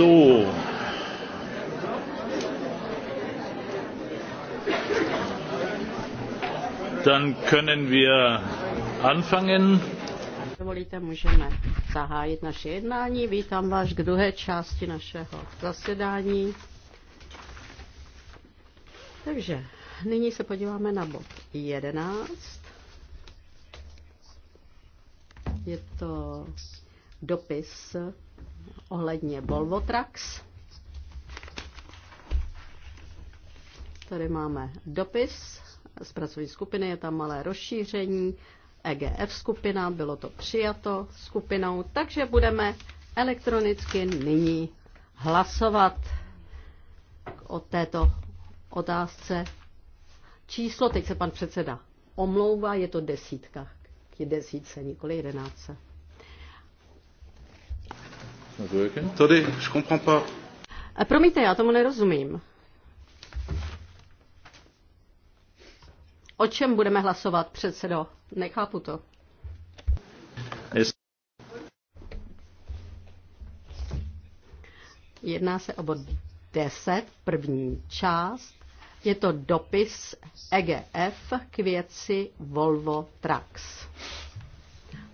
So. Dann können wir anfangen. Dovolíte, můžeme zahájit naše jednání. Vítám vás k druhé části našeho zasedání. Takže nyní se podíváme na bod 11. Je to dopis ohledně Volvotrax. Tady máme dopis z pracovní skupiny, je tam malé rozšíření. EGF skupina, bylo to přijato skupinou, takže budeme elektronicky nyní hlasovat o této otázce. Číslo, teď se pan předseda omlouvá, je to desítka, k desítce, nikoli jedenáctce. Tady, A eh, Promiňte, já tomu nerozumím. O čem budeme hlasovat, předsedo? Nechápu to. Jedná se o bod 10, první část. Je to dopis EGF k věci Volvo Trax.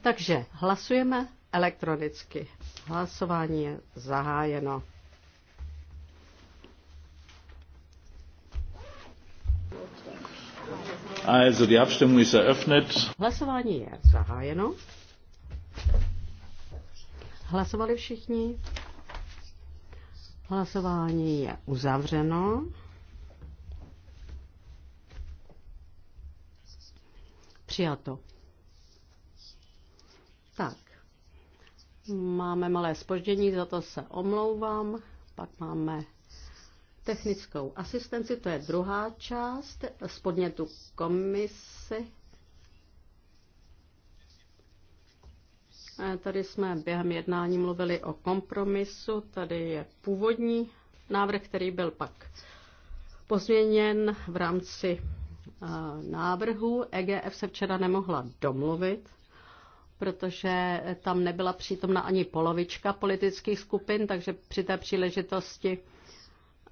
Takže hlasujeme elektronicky. Hlasování je zahájeno. Also die Abstimmung ist eröffnet. Hlasování je zahájeno. Hlasovali všichni. Hlasování je uzavřeno. Přijato. Tak, Máme malé spoždění, za to se omlouvám. Pak máme technickou asistenci, to je druhá část Spodně tu komisy. Eh, tady jsme během jednání mluvili o kompromisu. Tady je původní návrh, který byl pak pozměněn v rámci eh, návrhu. EGF se včera nemohla domluvit protože tam nebyla přítomna ani polovička politických skupin, takže při té příležitosti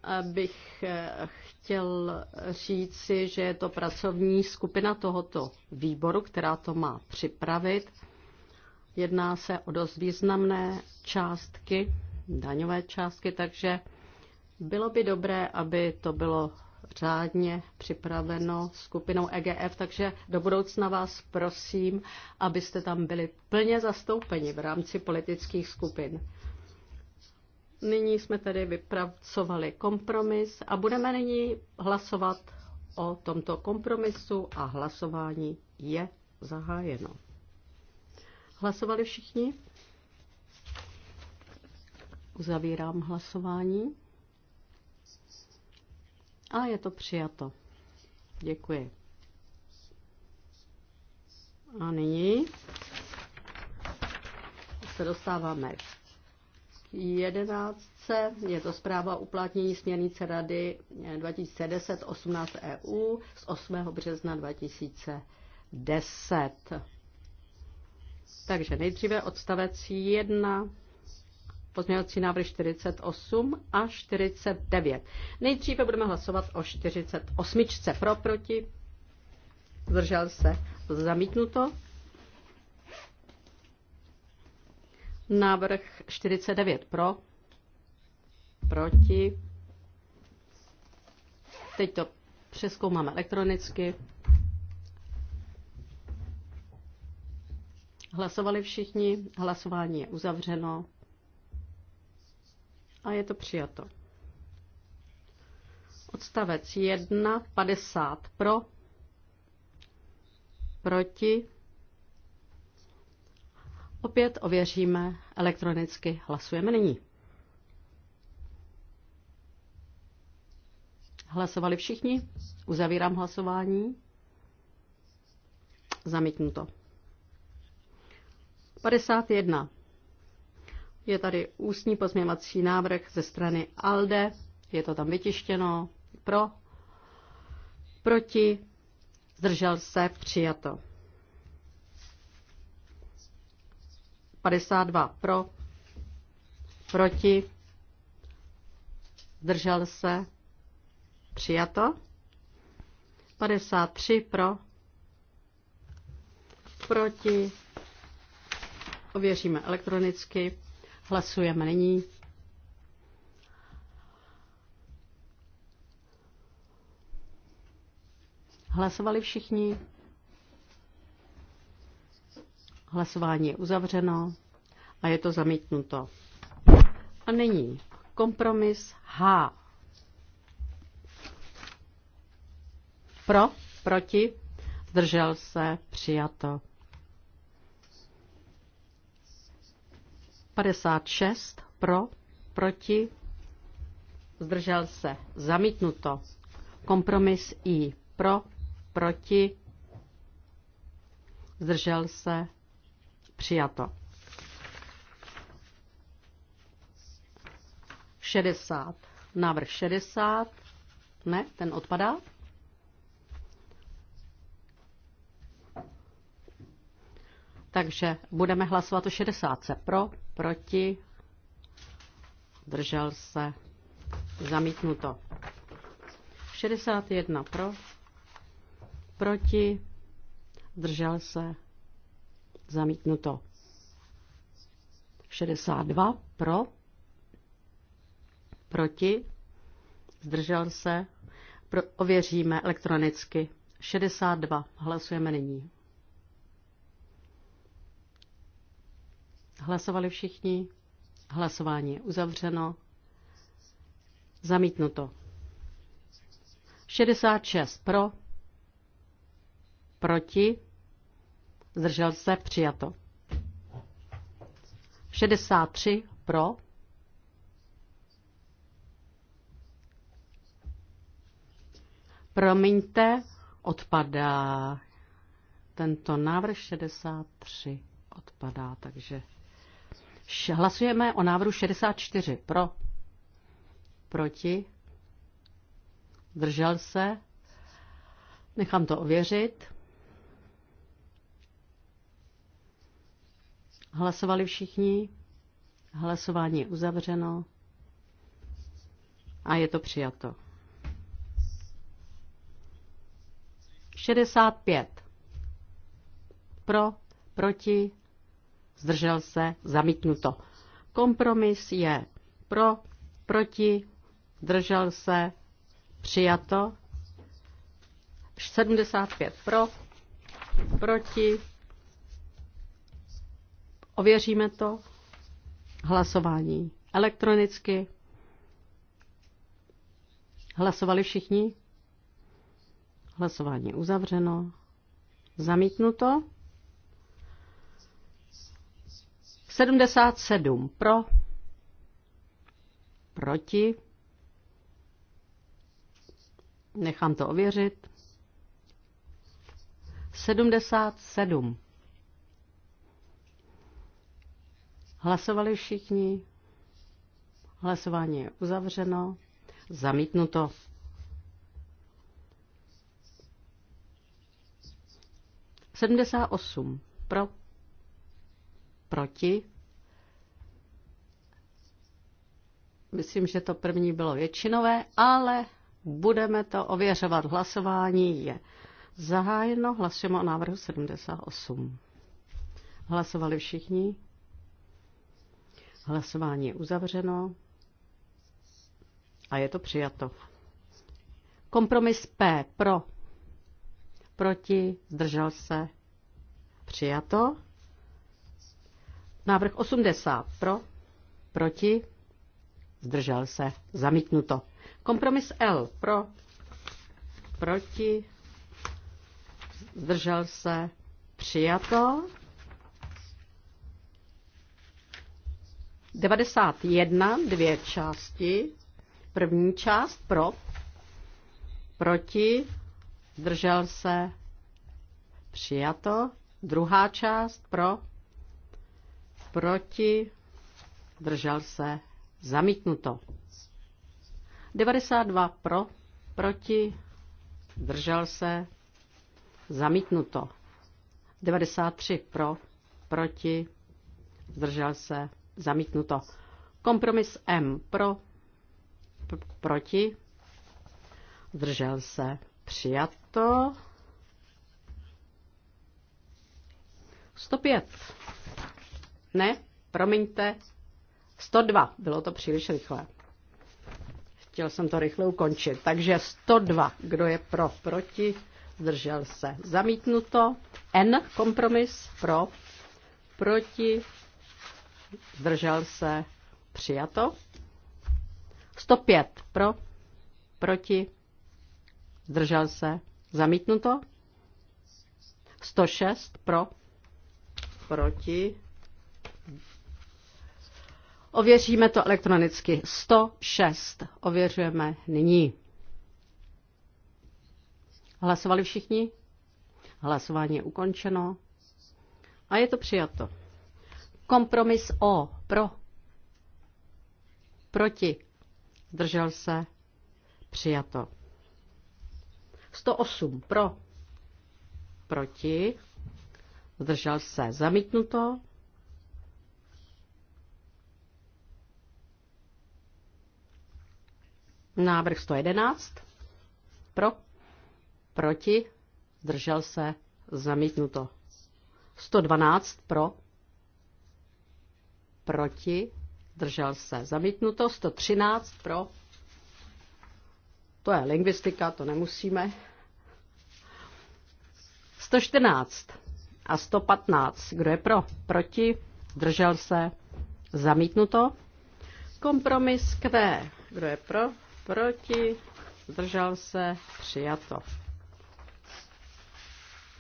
eh, bych eh, chtěl říci, že je to pracovní skupina tohoto výboru, která to má připravit. Jedná se o dost významné částky, daňové částky, takže bylo by dobré, aby to bylo řádně připraveno skupinou EGF, takže do budoucna vás prosím, abyste tam byli plně zastoupeni v rámci politických skupin. Nyní jsme tedy vypracovali kompromis a budeme nyní hlasovat o tomto kompromisu a hlasování je zahájeno. Hlasovali všichni? Uzavírám hlasování. A je to přijato. Děkuji. A nyní se dostáváme k jedenáctce. Je to zpráva uplatnění směrnice Rady 2010-18 eh, EU z 8. března 2010. Takže nejdříve odstavec 1 pozměňovací návrhy 48 a 49. Nejdříve budeme hlasovat o 48. Pro, proti, zdržel se, zamítnuto. Návrh 49 pro, proti. Teď to přeskoumáme elektronicky. Hlasovali všichni, hlasování je uzavřeno a je to přijato. Odstavec 1, 50 pro, proti. Opět ověříme elektronicky. Hlasujeme nyní. Hlasovali všichni? Uzavírám hlasování. Zamítnuto. 51 je tady ústní pozměvací návrh ze strany ALDE, je to tam vytištěno, pro, proti, zdržel se, přijato. 52 pro, proti, zdržel se, přijato. 53 pro, proti, ověříme elektronicky, Hlasujeme nyní. Hlasovali všichni? Hlasování je uzavřeno a je to zamítnuto. A nyní kompromis H. Pro, proti, zdržel se, přijato. 56 pro, proti, zdržel se, zamítnuto. Kompromis I pro, proti, zdržel se, přijato. 60, návrh 60, ne, ten odpadá. Takže budeme hlasovat o 60 pro, proti, držel se, zamítnuto. 61 pro, proti, držel se, zamítnuto. 62 pro, proti, zdržel se, pro, ověříme elektronicky. 62, hlasujeme nyní. Hlasovali všichni? Hlasování je uzavřeno. Zamítnuto. 66 pro, proti, zdržel se, přijato. 63 pro, promiňte, odpadá tento návrh 63 odpadá, takže Hlasujeme o návrhu 64. Pro. Proti. Držel se. Nechám to ověřit. Hlasovali všichni. Hlasování je uzavřeno. A je to přijato. 65. Pro, proti, zdržel se, zamítnuto. Kompromis je pro, proti, zdržel se, přijato. 75 pro, proti, ověříme to, hlasování elektronicky. Hlasovali všichni? Hlasování uzavřeno. Zamítnuto. 77 pro, proti, nechám to ověřit, 77. Hlasovali všichni, hlasování je uzavřeno, zamítnuto. Sedmdesát osm pro proti. Myslím, že to první bylo většinové, ale budeme to ověřovat. Hlasování je zahájeno. Hlasujeme o návrhu 78. Hlasovali všichni? Hlasování je uzavřeno a je to přijato. Kompromis P pro, proti, zdržel se, přijato. Návrh 80 pro, proti, zdržel se, zamítnuto. Kompromis L pro, proti, zdržel se, přijato. 91, dvě části. První část pro, proti, zdržel se, přijato. Druhá část pro, proti, držel se, zamítnuto. 92 pro, proti, držel se, zamítnuto. 93 pro, proti, zdržel se, zamítnuto. Kompromis M pro, proti, zdržel se, přijato. 105. Ne, promiňte, 102, bylo to příliš rychlé. Chtěl jsem to rychle ukončit. Takže 102, kdo je pro, proti, zdržel se. Zamítnuto. N, kompromis, pro, proti, zdržel se, přijato. 105, pro, proti, zdržel se, zamítnuto. 106, pro, proti, Ověříme to elektronicky. 106. Ověřujeme nyní. Hlasovali všichni? Hlasování je ukončeno. A je to přijato. Kompromis O. Pro. Proti. Zdržel se. Přijato. 108. Pro. Proti. Zdržel se. Zamítnuto. Návrh 111. Pro. Proti. Zdržel se. Zamítnuto. 112 pro. Proti. Zdržel se. Zamítnuto. 113 pro. To je lingvistika, to nemusíme. 114 a 115. Kdo je pro? Proti? Zdržel se? Zamítnuto. Kompromis Q. Kdo je pro? proti, zdržel se, přijato.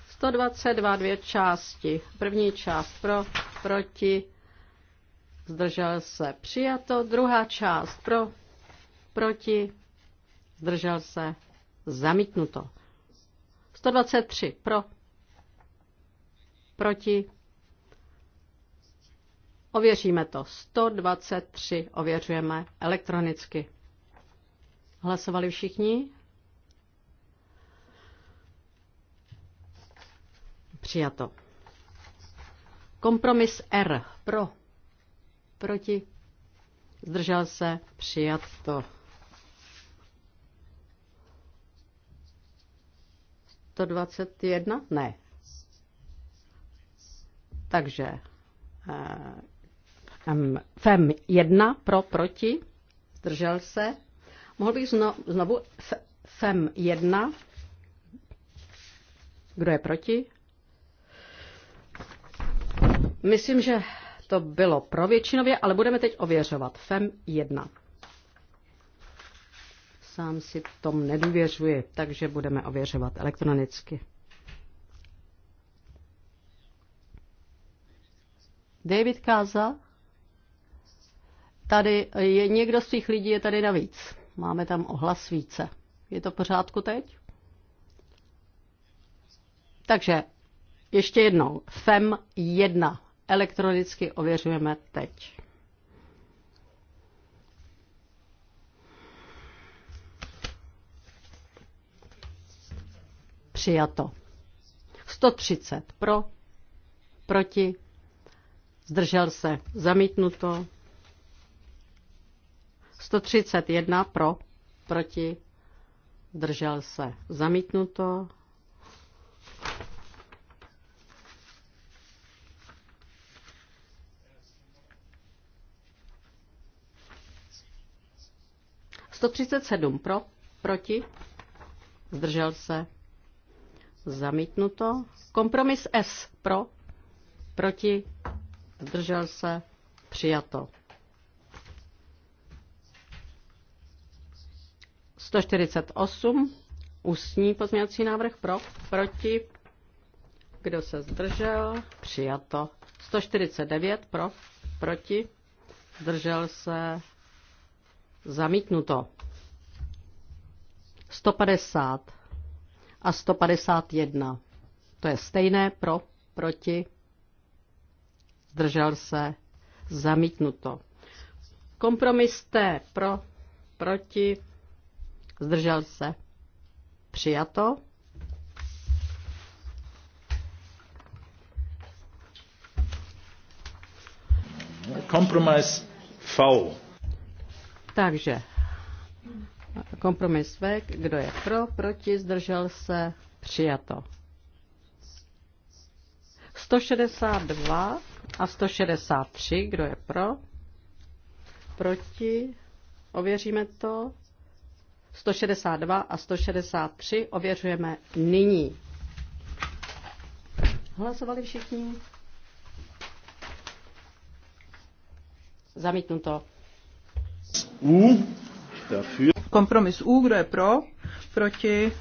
122 dvě části. První část pro, proti, zdržel se, přijato. Druhá část pro, proti, zdržel se, zamítnuto. 123 pro, proti, ověříme to. 123 ověřujeme elektronicky. Hlasovali všichni? Přijato. Kompromis R. Pro. Proti. Zdržel se. Přijato. 121? Ne. Takže eh, FEM 1 pro, proti, zdržel se, Mohl bych znovu, znovu FEM jedna? Kdo je proti? Myslím, že to bylo pro většinově, ale budeme teď ověřovat. FEM 1. Sám si tom nedůvěřuji, takže budeme ověřovat elektronicky. David Káza. Tady je někdo z těch lidí je tady navíc. Máme tam ohlas více. Je to pořádku teď? Takže ještě jednou. FEM 1. Elektronicky ověřujeme teď. Přijato. 130 pro, proti, zdržel se, zamítnuto. 131 pro, proti, držel se. Zamítnuto. Sto třicet sedm pro, proti, zdržel se, zamítnuto. Kompromis S pro, proti, zdržel se, přijato. 148, ústní pozměňovací návrh pro, proti, kdo se zdržel, přijato. 149 pro, proti, zdržel se, zamítnuto. 150 a 151. To je stejné pro, proti, zdržel se, zamítnuto. Kompromis T pro, proti, zdržel se, přijato. Kompromis V. Takže kompromis V, kdo je pro, proti, zdržel se, přijato. 162 a 163, kdo je pro, proti, ověříme to, 162 a 163 ověřujeme nyní. Hlasovali všichni? Zamítnuto. to. Kompromis U, kdo je pro? Proti?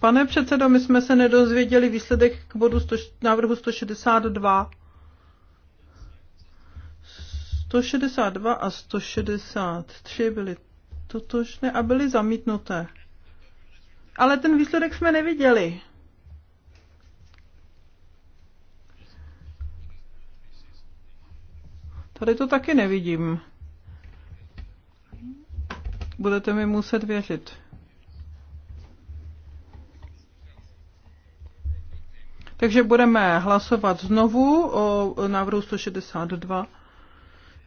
Pane předsedo, my jsme se nedozvěděli výsledek k bodu 100, návrhu 162. 162 a 163 byly totožné a byly zamítnuté. Ale ten výsledek jsme neviděli. Tady to taky nevidím. Budete mi muset věřit. Takže budeme hlasovat znovu o návrhu 162.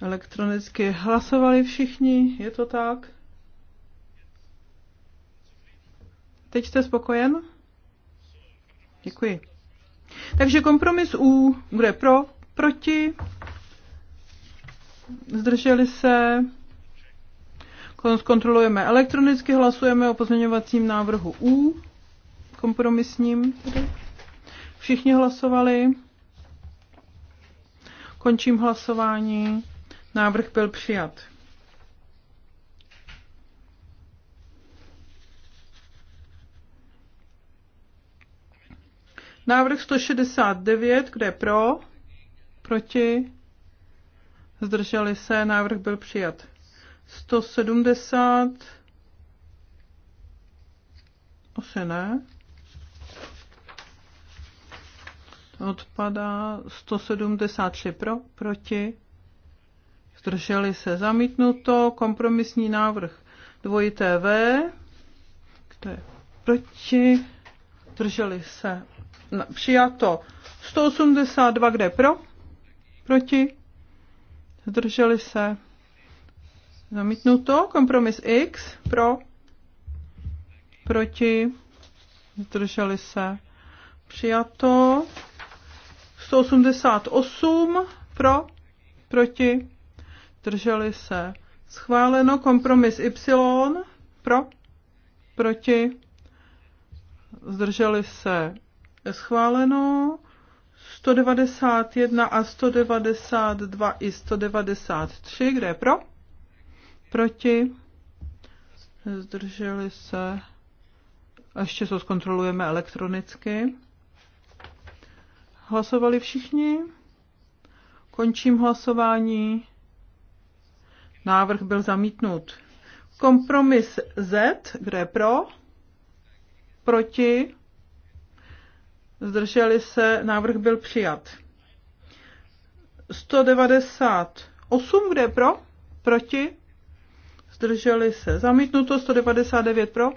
Elektronicky hlasovali všichni, je to tak? Teď jste spokojen? Děkuji. Takže kompromis U je pro, proti, zdrželi se, zkontrolujeme elektronicky, hlasujeme o pozměňovacím návrhu U, kompromisním. Všichni hlasovali. Končím hlasování. Návrh byl přijat. Návrh 169, kde pro, proti, zdrželi se, návrh byl přijat. 170, asi ne, odpadá 173 pro, proti, zdrželi se zamítnuto, kompromisní návrh dvojité V, kde proti, zdrželi se přijato 182, kde pro, proti, zdrželi se, zamítnuto, kompromis X, pro, proti, zdrželi se, přijato 188, pro, proti, zdrželi se, schváleno, kompromis Y, pro, proti, zdrželi se, schváleno. 191 a 192 i 193, kde je pro? Proti? Zdrželi se. Ještě to zkontrolujeme elektronicky. Hlasovali všichni? Končím hlasování. Návrh byl zamítnut. Kompromis Z, kde je pro? Proti? zdrželi se, návrh byl přijat. 198, kde pro? Proti? Zdrželi se. Zamítnuto 199 pro?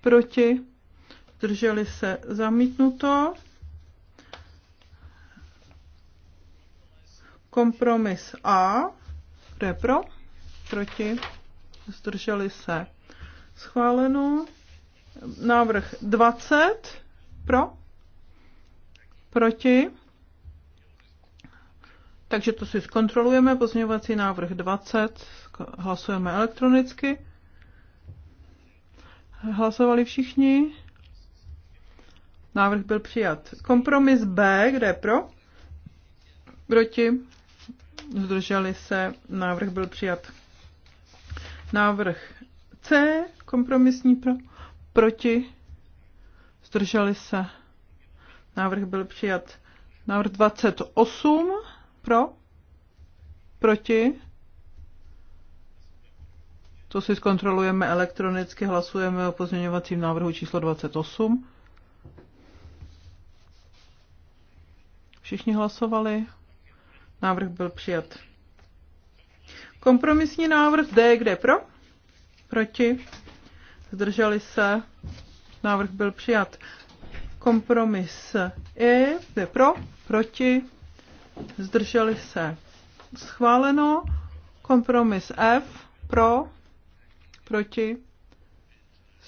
Proti? Zdrželi se. Zamítnuto. Kompromis A. Kde pro? Proti? Zdrželi se. Schváleno. Návrh 20 pro? Proti? Takže to si zkontrolujeme. Pozměňovací návrh 20. Hlasujeme elektronicky. Hlasovali všichni? Návrh byl přijat. Kompromis B, kde je pro? Proti? Zdrželi se. Návrh byl přijat. Návrh C, kompromisní pro? Proti? Zdrželi se. Návrh byl přijat. Návrh 28 pro, proti. To si zkontrolujeme elektronicky, hlasujeme o pozměňovacím návrhu číslo 28. Všichni hlasovali. Návrh byl přijat. Kompromisní návrh D, kde pro? Proti. Zdrželi se. Návrh byl přijat. Kompromis I, je pro, proti, zdrželi se. Schváleno. Kompromis F, pro, proti,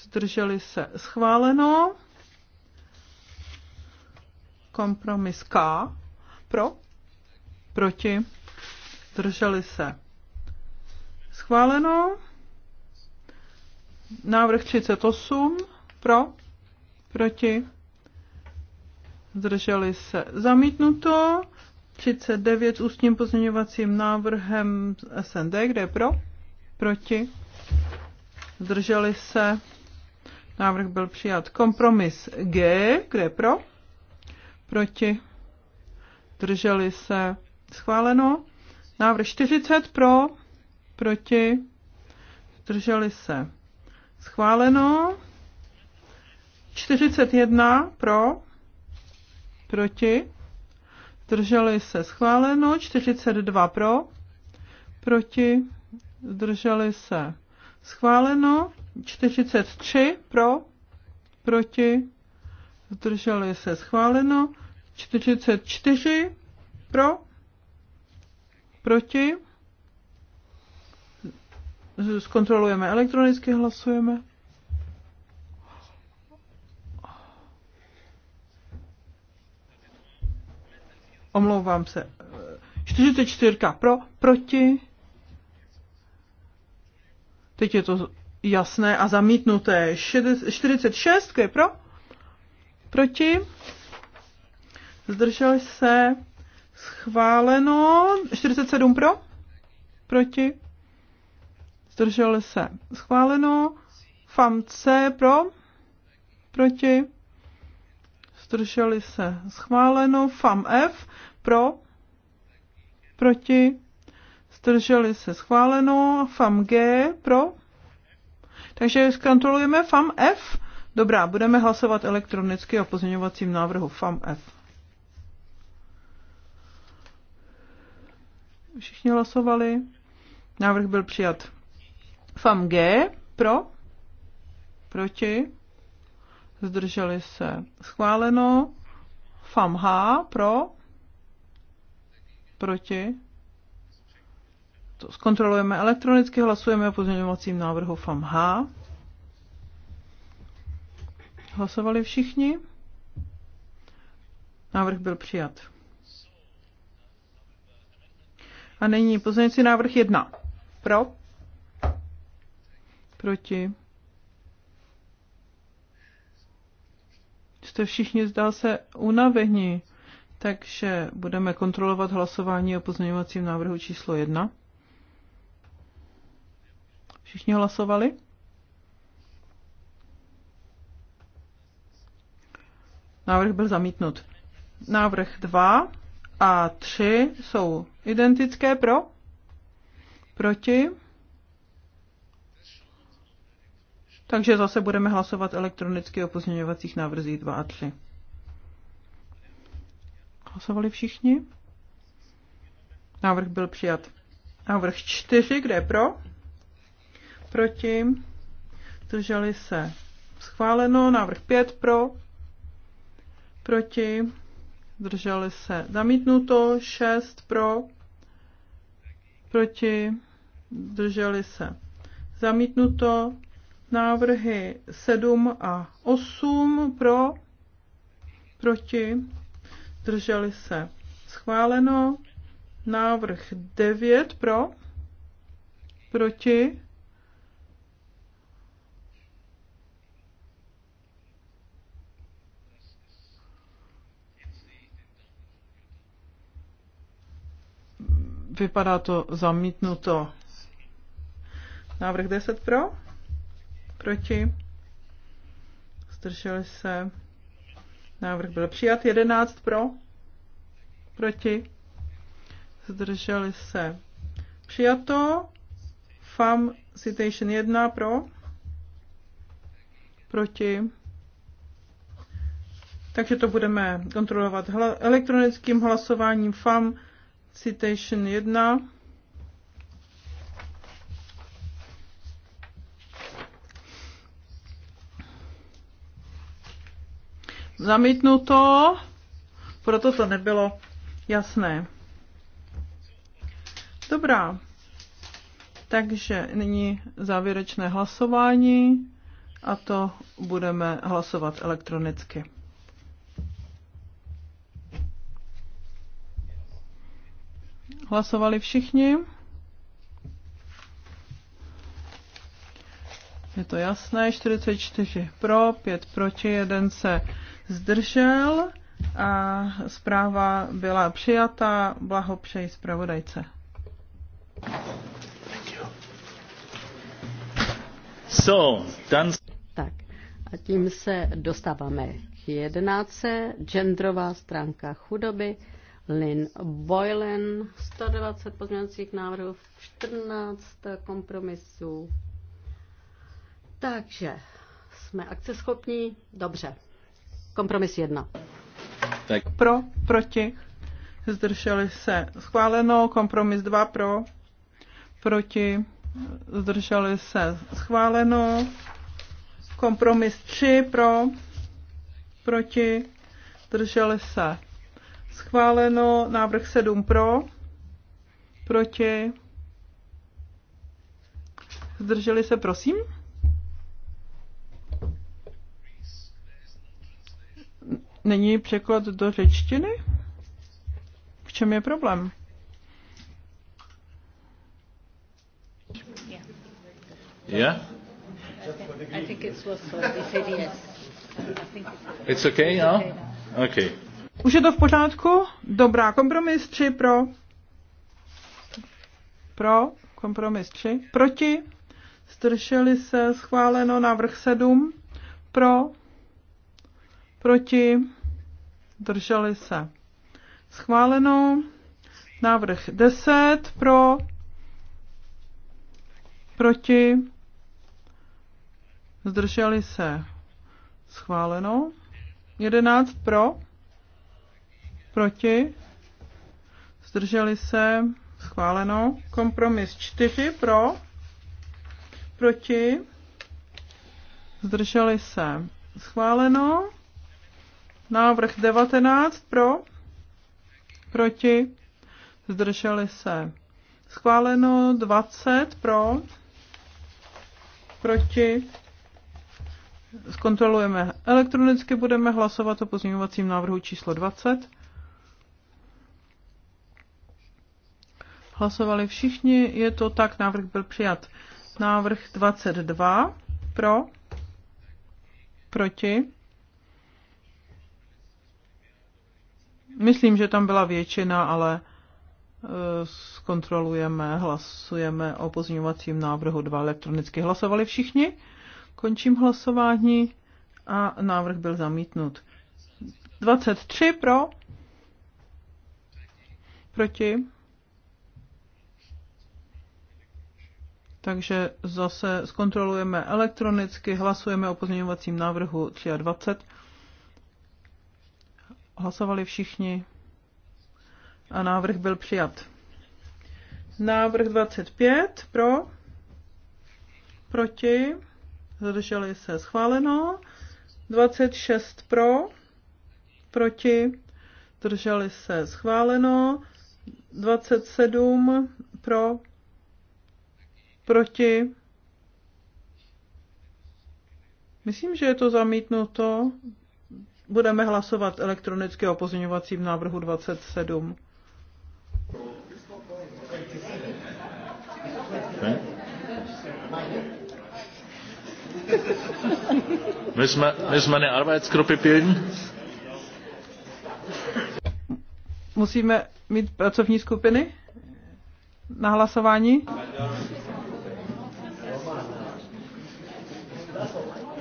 zdrželi se. Schváleno. Kompromis K, pro, proti, zdrželi se. Schváleno. Návrh 38, pro, proti, zdrželi se zamítnuto, 39 s ústním pozměňovacím návrhem SND, kde je pro, proti, zdrželi se, návrh byl přijat. Kompromis G, kde je pro, proti, zdrželi se, schváleno. Návrh 40 pro, proti, zdrželi se, schváleno. 41 pro, proti, zdrželi se schváleno, 42 pro, proti, zdrželi se schváleno, 43 pro, proti, zdrželi se schváleno, 44 pro, proti, zkontrolujeme elektronicky, hlasujeme. omlouvám se, 44 pro, proti. Teď je to jasné a zamítnuté. 46, je pro? Proti. Zdržel se. Schváleno. 47 pro? Proti. Zdržel se. Schváleno. FAM C pro? Proti. Zdrželi se. Schváleno. FAM F pro, proti, zdrželi se schváleno, FAM G pro. Takže zkontrolujeme FAM F. Dobrá, budeme hlasovat elektronicky o pozměňovacím návrhu FAM F. Všichni hlasovali. Návrh byl přijat. FAM G pro, proti, zdrželi se schváleno, FAM H pro, Proti? To zkontrolujeme elektronicky, hlasujeme o pozměňovacím návrhu FAM H. Hlasovali všichni? Návrh byl přijat. A nyní pozměňovací návrh 1. Pro? Proti? Jste všichni, zdá se, unavení. Takže budeme kontrolovat hlasování o pozměňovacím návrhu číslo 1. Všichni hlasovali? Návrh byl zamítnut. Návrh 2 a 3 jsou identické pro? Proti? Takže zase budeme hlasovat elektronicky o pozměňovacích návrzích 2 a 3. Hlasovali všichni? Návrh byl přijat. Návrh 4, kde je pro? Proti? Drželi se. Schváleno. Návrh 5 pro? Proti? Drželi se. Zamítnuto. 6 pro? Proti? Drželi se. Zamítnuto. Návrhy 7 a 8 pro? Proti? zdrželi se. Schváleno. Návrh 9 pro, proti, vypadá to zamítnuto. Návrh 10 pro? Proti? Zdrželi se? Návrh byl přijat. 11 pro. Proti. Zdrželi se. Přijato. FAM citation 1 pro. Proti. Takže to budeme kontrolovat hla- elektronickým hlasováním FAM citation 1. zamítnuto, proto to nebylo jasné. Dobrá, takže nyní závěrečné hlasování a to budeme hlasovat elektronicky. Hlasovali všichni? Je to jasné, 44 pro, 5 proti, 1 se zdržel a zpráva byla přijata. Blahopřeji zpravodajce. So, dan- Tak a tím se dostáváme k jedenáce, Genderová stránka chudoby. Lynn Boylen, 120 pozměňovacích návrhů, 14 kompromisů. Takže jsme akceschopní, dobře. Kompromis jedna. Tak. Pro, proti, zdrželi se. Schváleno, kompromis dva. pro, proti, zdrželi se. Schváleno, kompromis tři. pro, proti, zdrželi se. Schváleno, návrh sedm. pro, proti, zdrželi se, prosím. Není překlad do řečtiny? V čem je problém? Yeah? I think It's okay yeah, Okay. Už je to v pořádku? Dobrá, kompromis 3 pro. Pro, kompromis 3. Proti? Zdrželi se, schváleno, návrh 7. Pro. Proti? zdrželi se. Schváleno. Návrh 10 pro, proti, zdrželi se. Schváleno. 11 pro, proti, zdrželi se. Schváleno. Kompromis 4 pro, proti, zdrželi se. Schváleno. Návrh 19 pro, proti, zdrželi se. Schváleno 20 pro, proti, zkontrolujeme elektronicky, budeme hlasovat o pozměňovacím návrhu číslo 20. Hlasovali všichni, je to tak, návrh byl přijat. Návrh 22 pro, proti, Myslím, že tam byla většina, ale e, zkontrolujeme, hlasujeme o pozměňovacím návrhu Dva elektronicky. Hlasovali všichni? Končím hlasování a návrh byl zamítnut. 23 pro, proti. Takže zase zkontrolujeme elektronicky, hlasujeme o pozměňovacím návrhu 23. Hlasovali všichni a návrh byl přijat. Návrh 25 pro, proti, zdrželi se schváleno. 26 pro, proti, zdrželi se schváleno. 27 pro, proti. Myslím, že je to zamítnuto. Budeme hlasovat elektronicky o pozměňovacím návrhu 27. My jsme, my jsme wir bilden? Musíme mít pracovní skupiny na hlasování?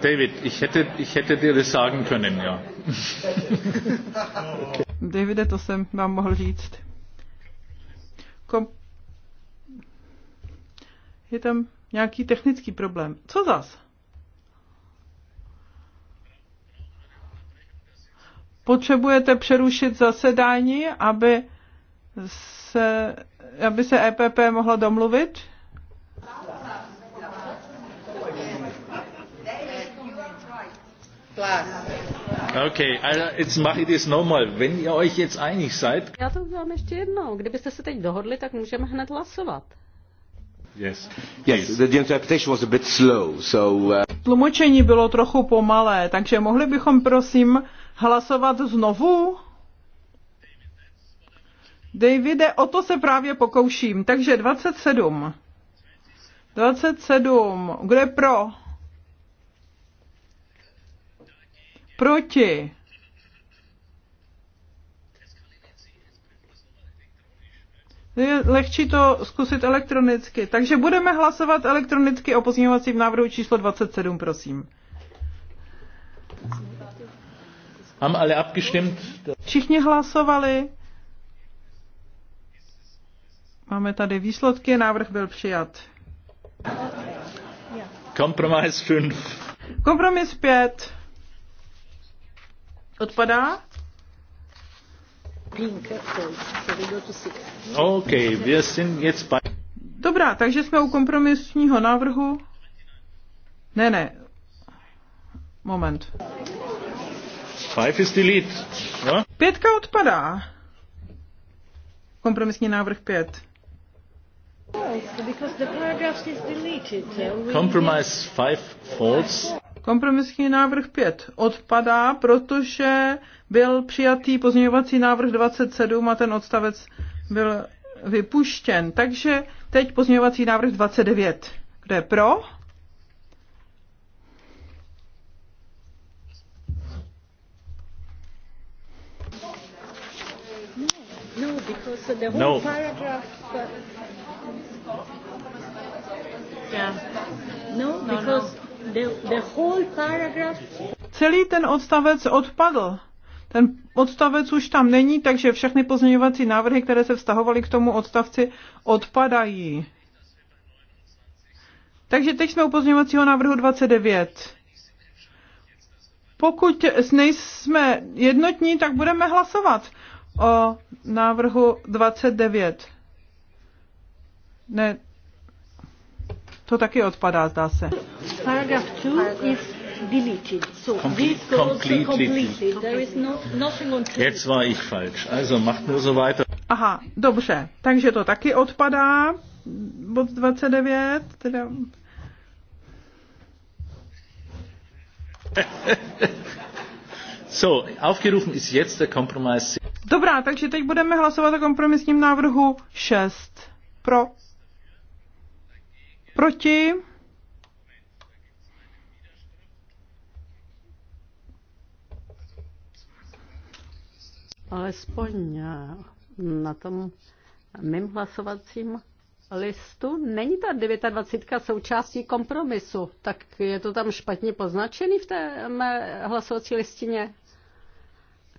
David, ich hätte, ich hätte dir das sagen können, ja. Davide, to jsem vám mohl říct. Kom... Je tam nějaký technický problém. Co zas? Potřebujete přerušit zasedání, aby se, aby se EPP mohla domluvit? Okay, jetzt mache ich das nochmal. Wenn ihr euch jetzt einig seid... Já to udělám ještě jednou. Kdybyste se teď dohodli, tak můžeme hned hlasovat. Yes. Yes, the interpretation was a bit slow, so, uh... Tlumočení bylo trochu pomalé, takže mohli bychom prosím hlasovat znovu? Davide, o to se právě pokouším. Takže 27. 27. Kdo je pro? proti. Je lehčí to zkusit elektronicky. Takže budeme hlasovat elektronicky o pozměňovacím návrhu číslo 27, prosím. Haben alle abgestimmt. Všichni hlasovali. Máme tady výsledky, návrh byl přijat. Kompromis 5. Kompromis 5. Odpadá? OK, Dobrá, takže jsme u kompromisního návrhu. Ne, ne. Moment. Five is delete. No? Pětka odpadá. Kompromisní návrh pět. Compromise five falls. Kompromisní návrh 5 odpadá, protože byl přijatý pozměňovací návrh 27 a ten odstavec byl vypuštěn. Takže teď pozměňovací návrh 29. Kdo je pro? No, because the whole no. paragraph. Uh, yeah. No, no, no. because no. The, the whole paragraph... Celý ten odstavec odpadl. Ten odstavec už tam není, takže všechny pozměňovací návrhy, které se vztahovaly k tomu odstavci, odpadají. Takže teď jsme u pozměňovacího návrhu 29. Pokud nejsme jednotní, tak budeme hlasovat o návrhu 29. Ne, to taky odpadá, zdá se. No, Aha, dobře. Takže to taky odpadá. Bod 29, teda... so, aufgerufen ist jetzt der Kompromiss. Dobrá, takže teď budeme hlasovat o kompromisním návrhu 6. Pro Proti? Alespoň eh, na tom mým hlasovacím listu není ta 29 součástí kompromisu, tak je to tam špatně poznačený v té mé hlasovací listině.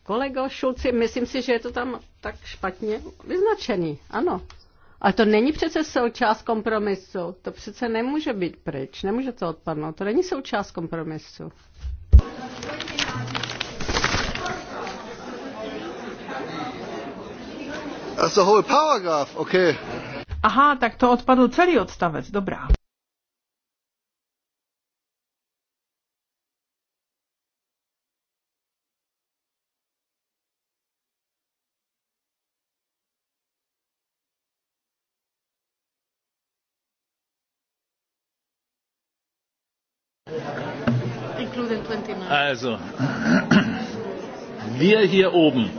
Kolego Šulci, myslím si, že je to tam tak špatně vyznačený. Ano, ale to není přece součást kompromisu. To přece nemůže být pryč. Nemůže to odpadnout. To není součást kompromisu. That's a whole paragraph, okay. Aha, tak to odpadl celý odstavec, dobrá. Also, wir hier oben.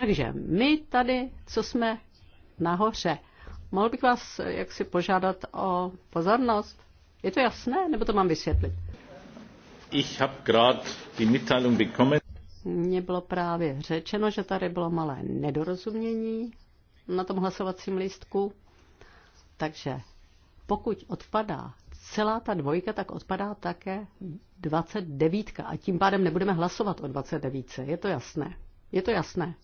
Takže my tady, co jsme nahoře, mohl bych vás jaksi požádat o pozornost. Je to jasné, nebo to mám vysvětlit? Ich hab gerade die Mitteilung bekommen. Mně bylo právě řečeno, že tady bylo malé nedorozumění na tom hlasovacím lístku. Takže pokud odpadá celá ta dvojka, tak odpadá také 29. A tím pádem nebudeme hlasovat o 29. Je to jasné. Je to jasné.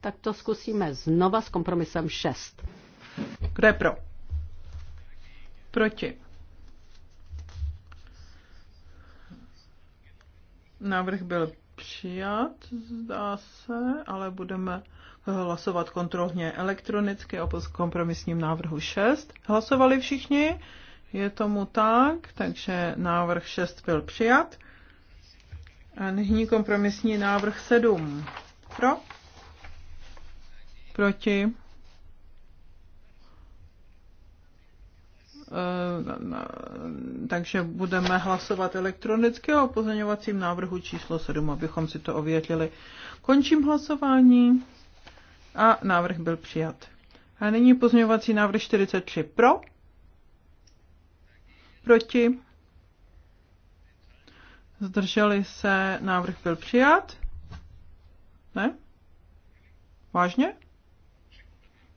Tak to zkusíme znova s kompromisem 6. Kdo je pro? Proti. Návrh byl přijat, zdá se, ale budeme hlasovat kontrolně elektronicky o kompromisním návrhu 6. Hlasovali všichni? Je tomu tak, takže návrh 6 byl přijat. A nyní kompromisní návrh 7. Pro? Proti? Eh, takže budeme hlasovat elektronicky o pozměňovacím návrhu číslo 7, abychom si to ověřili. Končím hlasování a návrh byl přijat. A nyní pozměňovací návrh 43 pro, proti, zdrželi se, návrh byl přijat. Ne? Vážně?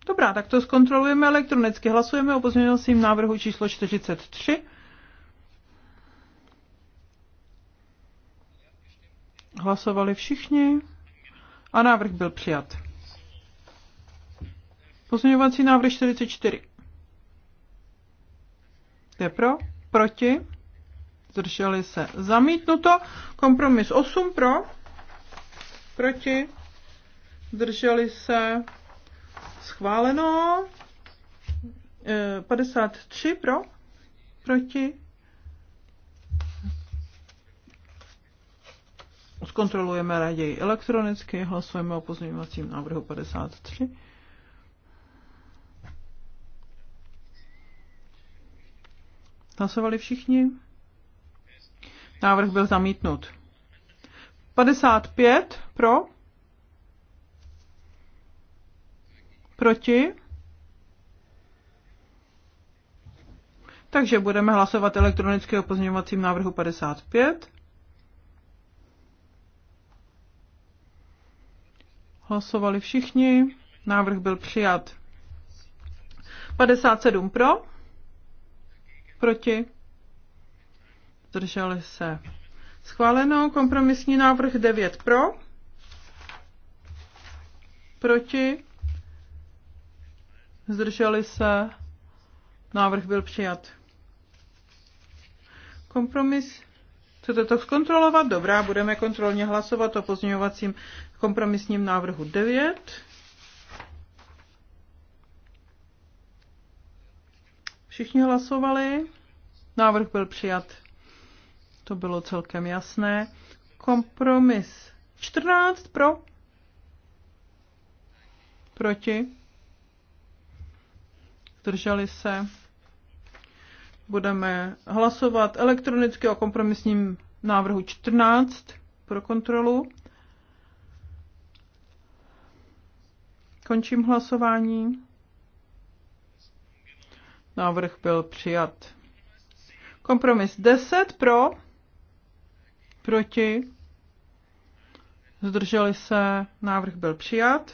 Dobrá, tak to zkontrolujeme elektronicky. Hlasujeme o pozměňovacím návrhu číslo 43. Hlasovali všichni a návrh byl přijat. Pozměňovací návrh 44. Kdo je pro? proti, zdrželi se zamítnuto. Kompromis 8 pro, proti, zdrželi se schváleno. 53 e, pro, proti. Zkontrolujeme raději elektronicky, hlasujeme o pozměňovacím návrhu 53. Hlasovali všichni? Návrh byl zamítnut. 55 pro? Proti? Takže budeme hlasovat elektronicky o pozměňovacím návrhu 55. Hlasovali všichni. Návrh byl přijat. 57 pro. Proti? Zdrželi se. Schváleno kompromisní návrh 9 pro. Proti? Zdrželi se. Návrh byl přijat. Kompromis. Chcete to zkontrolovat? Dobrá, budeme kontrolně hlasovat o pozměňovacím kompromisním návrhu 9. Všichni hlasovali. Návrh byl přijat. To bylo celkem jasné. Kompromis 14 pro. Proti. Zdrželi se. Budeme hlasovat elektronicky o kompromisním návrhu 14 pro kontrolu. Končím hlasování. Návrh byl přijat. Kompromis 10 pro, proti, zdrželi se, návrh byl přijat.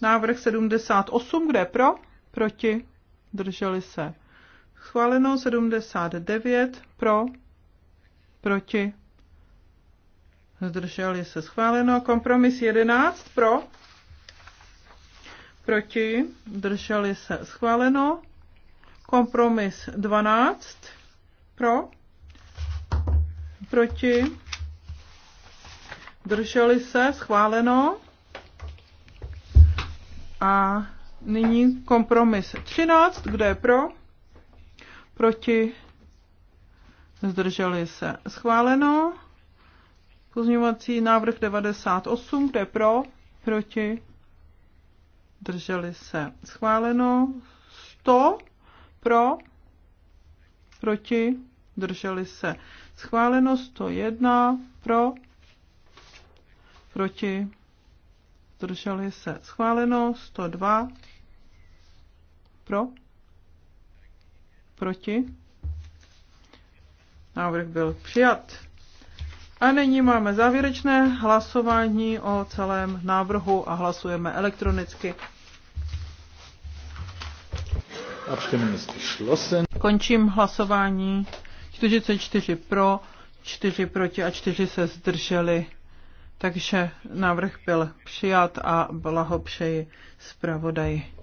Návrh 78, kde pro, proti, zdrželi se. Schváleno 79 pro, proti, zdrželi se. Schváleno kompromis 11 pro, proti, zdrželi se. Schváleno Kompromis 12 pro, proti, drželi se, schváleno. A nyní kompromis 13, kde je pro, proti, zdrželi se, schváleno. Pozměňovací návrh 98, kde je pro, proti, drželi se, schváleno. 100 pro, proti, drželi se. Schváleno 101 pro, proti, drželi se. Schváleno 102 pro, proti. Návrh byl přijat. A nyní máme závěrečné hlasování o celém návrhu a hlasujeme elektronicky. Končím hlasování. 44 pro, 4 proti a 4 se zdrželi. Takže návrh byl přijat a blahopřeji zpravodaji.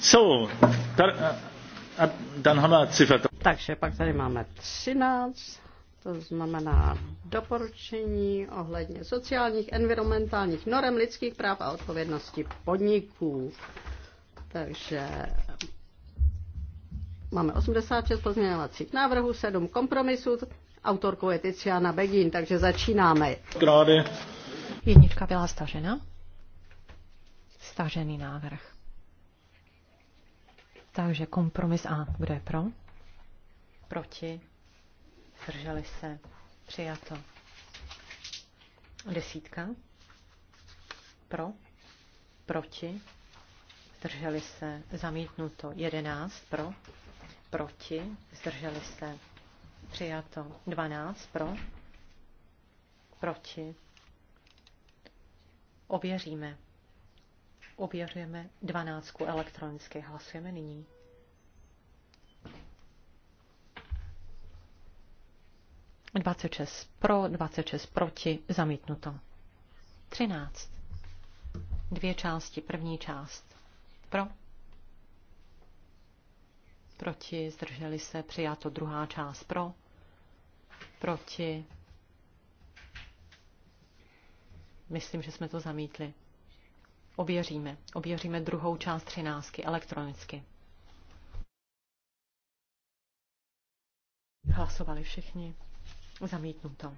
So, tar, a, a, dan Takže pak tady máme 13 to znamená doporučení ohledně sociálních, environmentálních norem, lidských práv a odpovědnosti podniků. Takže máme 86 pozměňovacích návrhů, 7 kompromisů, autorkou je Tiziana Begin, takže začínáme. Krády. Jednička byla stažena. Stažený návrh. Takže kompromis A. Kdo je pro? Proti? zdrželi se, přijato. Desítka, pro, proti, zdrželi se, zamítnuto. Jedenáct, pro, proti, zdrželi se, přijato. Dvanáct, pro, proti, ověříme. Ověřujeme dvanáctku elektronicky. Hlasujeme nyní. 26 pro, 26 proti, zamítnuto. 13. Dvě části, první část. Pro. Proti, zdrželi se, přijato druhá část pro. Proti. Myslím, že jsme to zamítli. Ověříme. Ověříme druhou část třináctky elektronicky. Hlasovali všichni. Zamítnuto.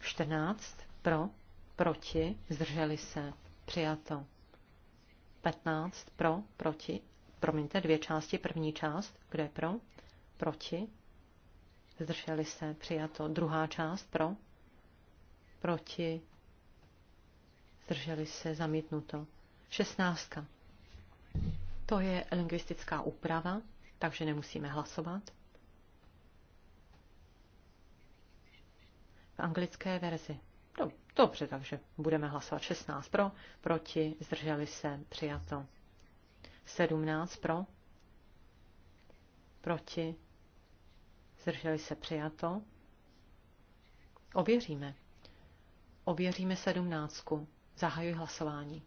14. Pro, proti, zdrželi se, přijato. 15. Pro, proti, promiňte, dvě části, první část, kde je pro, proti, zdrželi se, přijato. Druhá část, pro, proti, zdrželi se, zamítnuto. 16. To je lingvistická úprava, takže nemusíme hlasovat. V anglické verzi. No, dobře, takže budeme hlasovat 16 pro, proti, zdrželi se, přijato. 17 pro, proti, zdrželi se, přijato. Ověříme. Ověříme sedmnáctku. Zahajuji hlasování.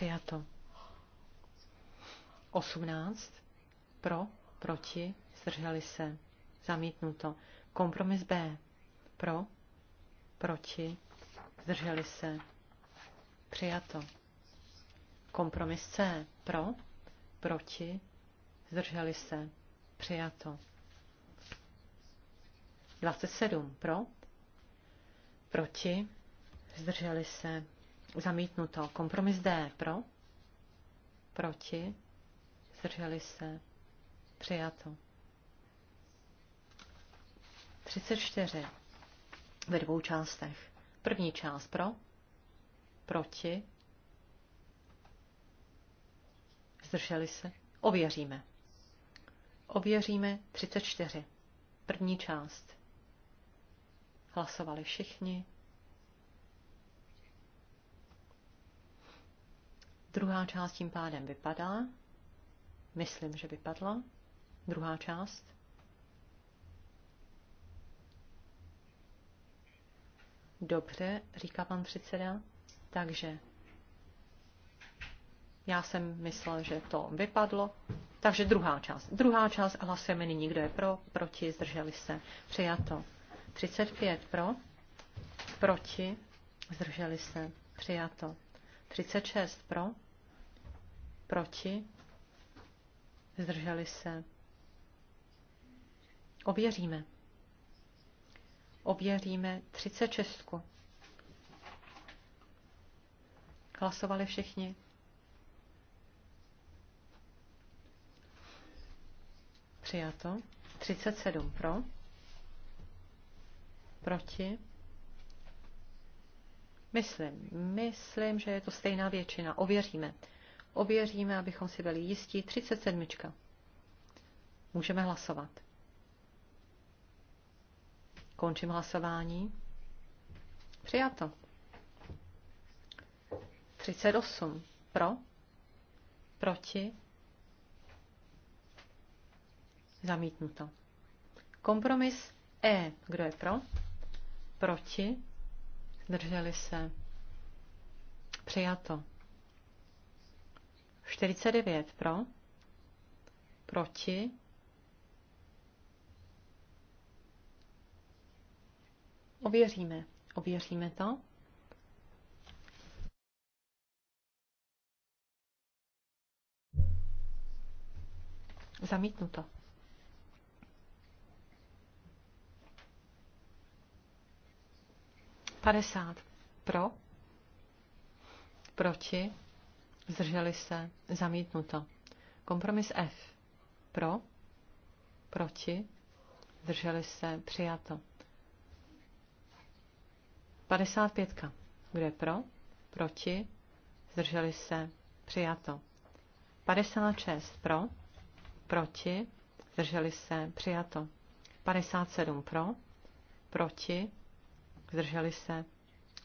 Přijato. 18. Pro, proti, zdrželi se. Zamítnuto. Kompromis B. Pro, proti, zdrželi se. Přijato. Kompromis C. Pro, proti, zdrželi se. Přijato. 27. Pro, proti, zdrželi se. Zamítnuto. Kompromis D. Pro? Proti? Zdrželi se? Přijato. 34. Ve dvou částech. První část pro? Proti? Zdrželi se? Ověříme. Ověříme 34. První část. Hlasovali všichni. Druhá část tím pádem vypadá. Myslím, že vypadla. Druhá část. Dobře, říká pan předseda. Takže já jsem myslel, že to vypadlo. Takže druhá část. Druhá část hlasujeme nyní, kdo je pro, proti, zdrželi se. Přijato. 35 pro, proti, zdrželi se. Přijato. 36 pro, proti, zdrželi se. Ověříme. Ověříme 36. Hlasovali všichni. Přijato. 37 pro. Proti. Myslím, myslím, že je to stejná většina. Ověříme. Ověříme, abychom si byli jistí. 37. Můžeme hlasovat. Končím hlasování. Přijato. 38. Pro. Proti. Zamítnuto. Kompromis E. Kdo je pro? Proti zdrželi se, přijato. 49 pro, proti, ověříme, ověříme to. Zamítnuto. 50 pro, proti, zdrželi se, zamítnuto. Kompromis F pro, proti, zdrželi se, přijato. 55. Kdo je pro? Proti? Zdrželi se? Přijato. 56. Pro? Proti? Zdrželi se? Přijato. 57. Pro? Proti? zdrželi se,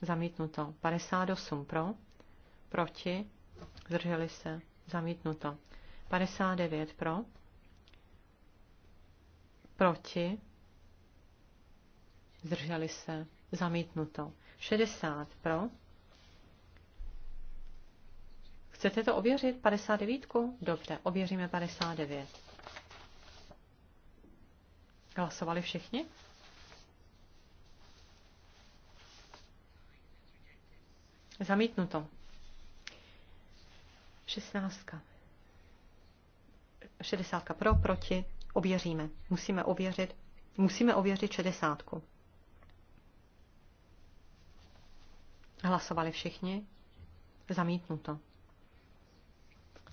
zamítnuto. 58 pro, proti, zdrželi se, zamítnuto. 59 pro, proti, zdrželi se, zamítnuto. 60 pro, Chcete to ověřit? 59? Dobře, ověříme 59. Hlasovali všichni? Zamítnuto. Šestnáctka. Šedesátka pro, proti, ověříme. Musíme ověřit, musíme ověřit šedesátku. Hlasovali všichni? Zamítnuto.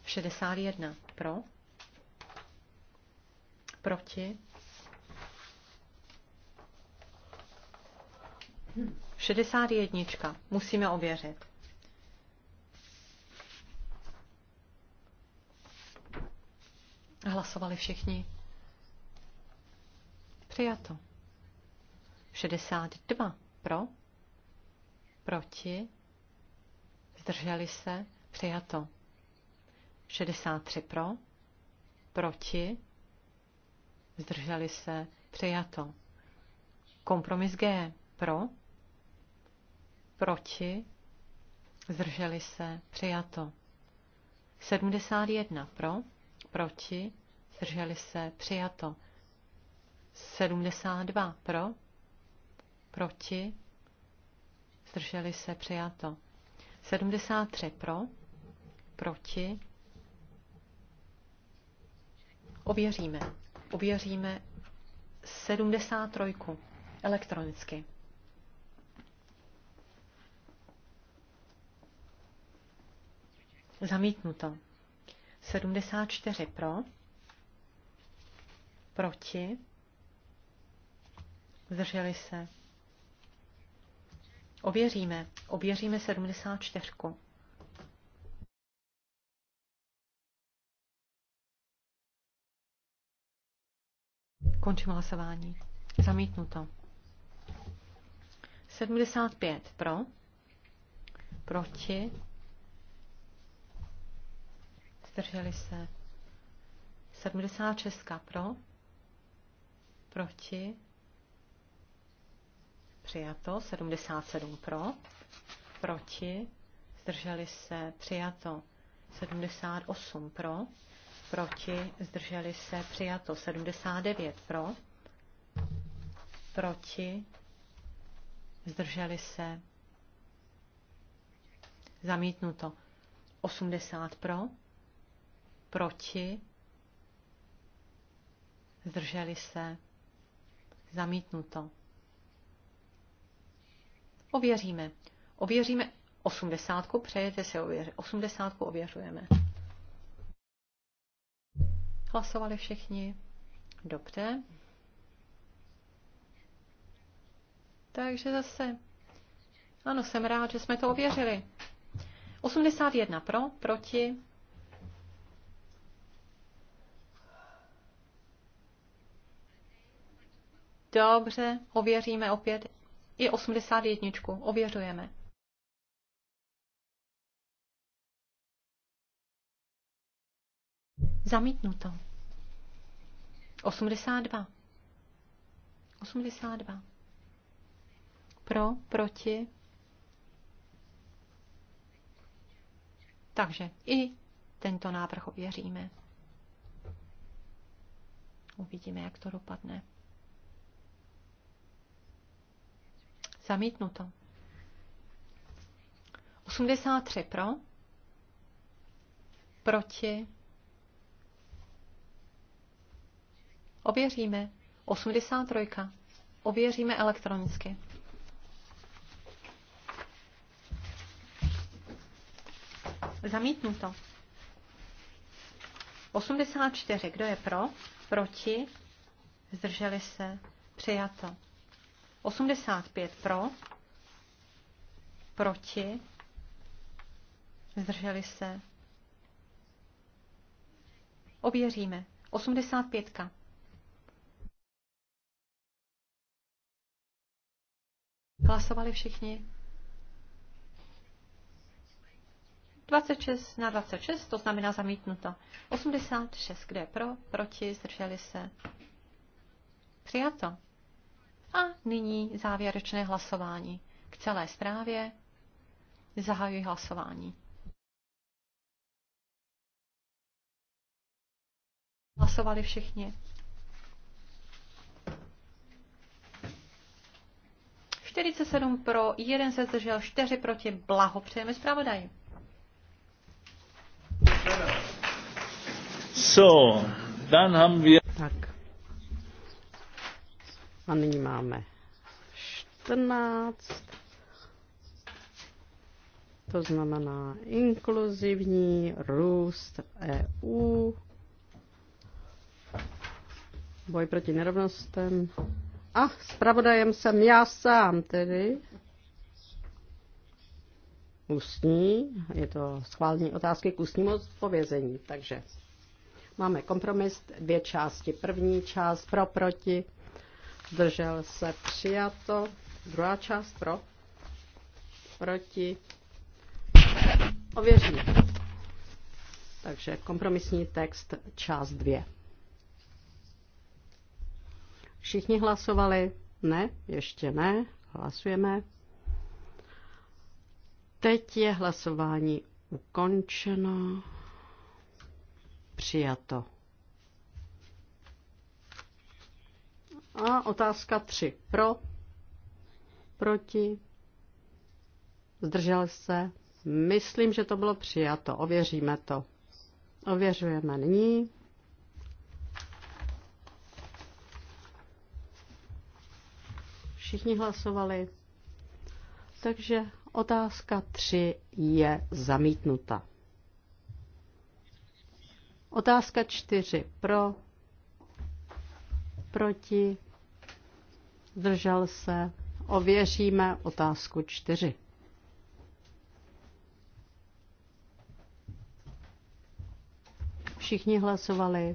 61 pro, proti, hmm. 61. Musíme ověřit. Hlasovali všichni. Přijato. 62. Pro. Proti. Zdrželi se. Přijato. 63 pro. Proti. Zdrželi se. Přijato. Kompromis G. Pro proti, zdrželi se, přijato. 71 pro, proti, zdrželi se, přijato. 72 pro, proti, zdrželi se, přijato. 73 pro, proti, ověříme. Ověříme 73 elektronicky. Zamítnuto. 74 pro. Proti. Zdrželi se. Ověříme. Ověříme 74. Končím hlasování. Zamítnuto. 75 pro. Proti zdrželi se. 76 pro, proti, přijato, 77 pro, proti, zdrželi se, přijato, 78 pro, proti, zdrželi se, přijato, 79 pro, proti, zdrželi se, zamítnuto, 80 pro, proti, zdrželi se, zamítnuto. Ověříme. Ověříme osmdesátku, přejete si ověřit. Osmdesátku ověřujeme. Hlasovali všichni? Dobře. Takže zase. Ano, jsem rád, že jsme to ověřili. 81 pro, proti, Dobře, ověříme opět i 81. Ověřujeme. Zamítnuto. 82. 82. Pro, proti. Takže i tento návrh ověříme. Uvidíme, jak to dopadne. Zamítnuto. 83 pro. Proti. Ověříme. 83. Ověříme elektronicky. Zamítnuto. 84. Kdo je pro? Proti? Zdrželi se? Přijato. 85 pro, proti, zdrželi se. Ověříme. 85. -ka. Hlasovali všichni? 26 na 26, to znamená zamítnuto. 86, kde je pro, proti, zdrželi se. Přijato. A nyní závěrečné hlasování. K celé zprávě zahajuji hlasování. Hlasovali všichni. 47 pro, jeden se zdržel, 4 proti. Blahopřejeme zpravodaji. So, dann haben wir... Tak, a nyní máme 14. To znamená inkluzivní růst EU, boj proti nerovnostem. A zpravodajem jsem já sám tedy. Ústní, je to schválení otázky k ústnímu odpovězení. Takže máme kompromis, dvě části. První část pro, proti zdržel se přijato. Druhá část pro, proti, ověříme. Takže kompromisní text část dvě. Všichni hlasovali? Ne, ještě ne, hlasujeme. Teď je hlasování ukončeno. Přijato. A otázka tři. Pro, proti, zdržel se. Myslím, že to bylo přijato. Ověříme to. Ověřujeme nyní. Všichni hlasovali. Takže otázka 3 je zamítnuta. Otázka 4. Pro, proti, zdržel se, ověříme otázku čtyři. Všichni hlasovali.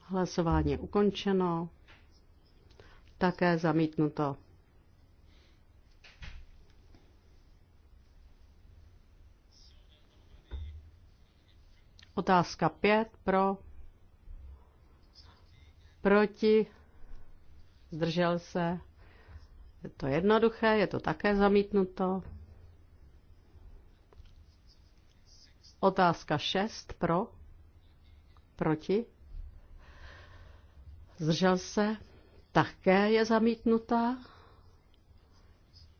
Hlasování ukončeno. Také zamítnuto. Otázka 5 pro proti, zdržel se, je to jednoduché, je to také zamítnuto. Otázka 6 pro, proti, zdržel se, také je zamítnutá.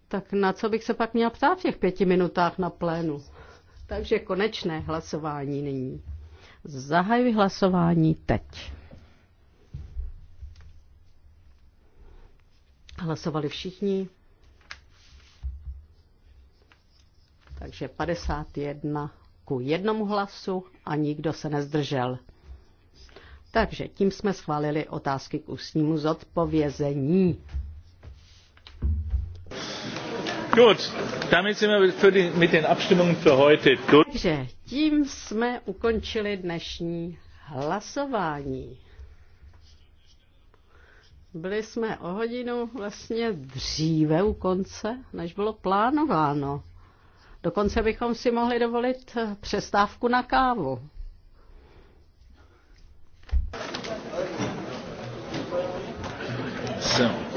Tak na co bych se pak měla ptát v těch pěti minutách na plénu? Takže konečné hlasování nyní. Zahajuji hlasování teď. Hlasovali všichni. Takže 51 ku jednomu hlasu a nikdo se nezdržel. Takže tím jsme schválili otázky k ústnímu zodpovězení. Gut, damit sind wir für die, mit den Abstimmungen für heute gut. Takže tím jsme ukončili dnešní hlasování. Byli jsme o hodinu vlastně dříve u konce, než bylo plánováno. Dokonce bychom si mohli dovolit přestávku na kávu. So.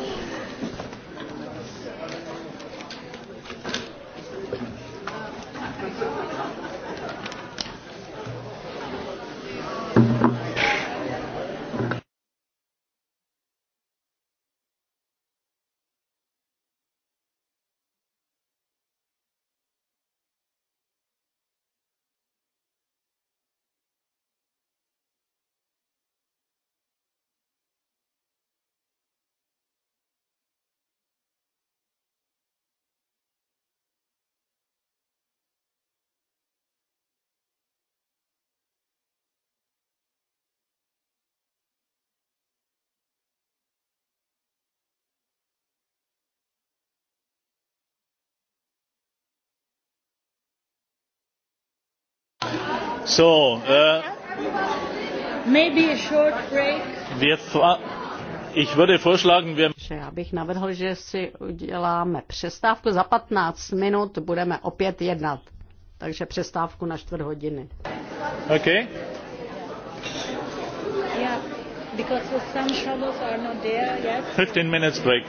So, uh, Maybe a short break. Wir ich würde vorschlagen, wir že já bych navrhl, že si uděláme přestávku za 15 minut, budeme opět jednat. Takže přestávku na čtvrt hodiny. OK. Yeah, because some troubles are not there, yes. 15 minutes break.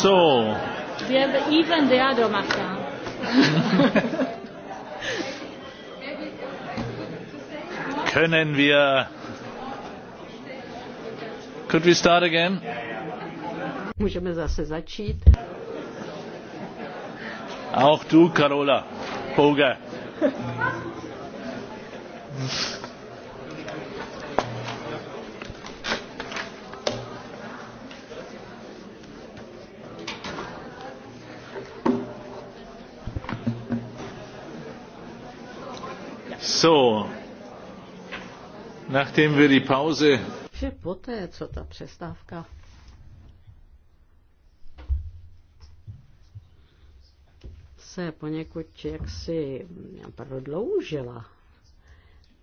So. Wir haben even the other matter. Können wir. Could we start again? Můžeme zase začít. Auch du, Carola. Poga. So, nachdem wir die Pause. Že poté, co ta přestávka se poněkud jaksi prodloužila,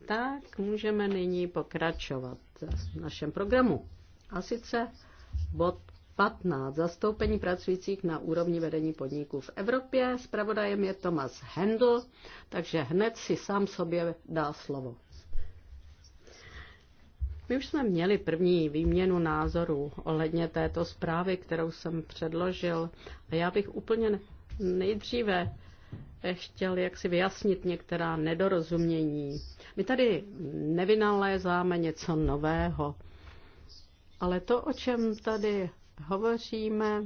tak můžeme nyní pokračovat v našem programu. A sice bod 15 zastoupení pracujících na úrovni vedení podniků v Evropě. Spravodajem je Thomas Hendl, takže hned si sám sobě dá slovo. My už jsme měli první výměnu názorů ohledně této zprávy, kterou jsem předložil. A já bych úplně nejdříve eh, chtěl jaksi vyjasnit některá nedorozumění. My tady nevynalézáme něco nového, ale to, o čem tady hovoříme,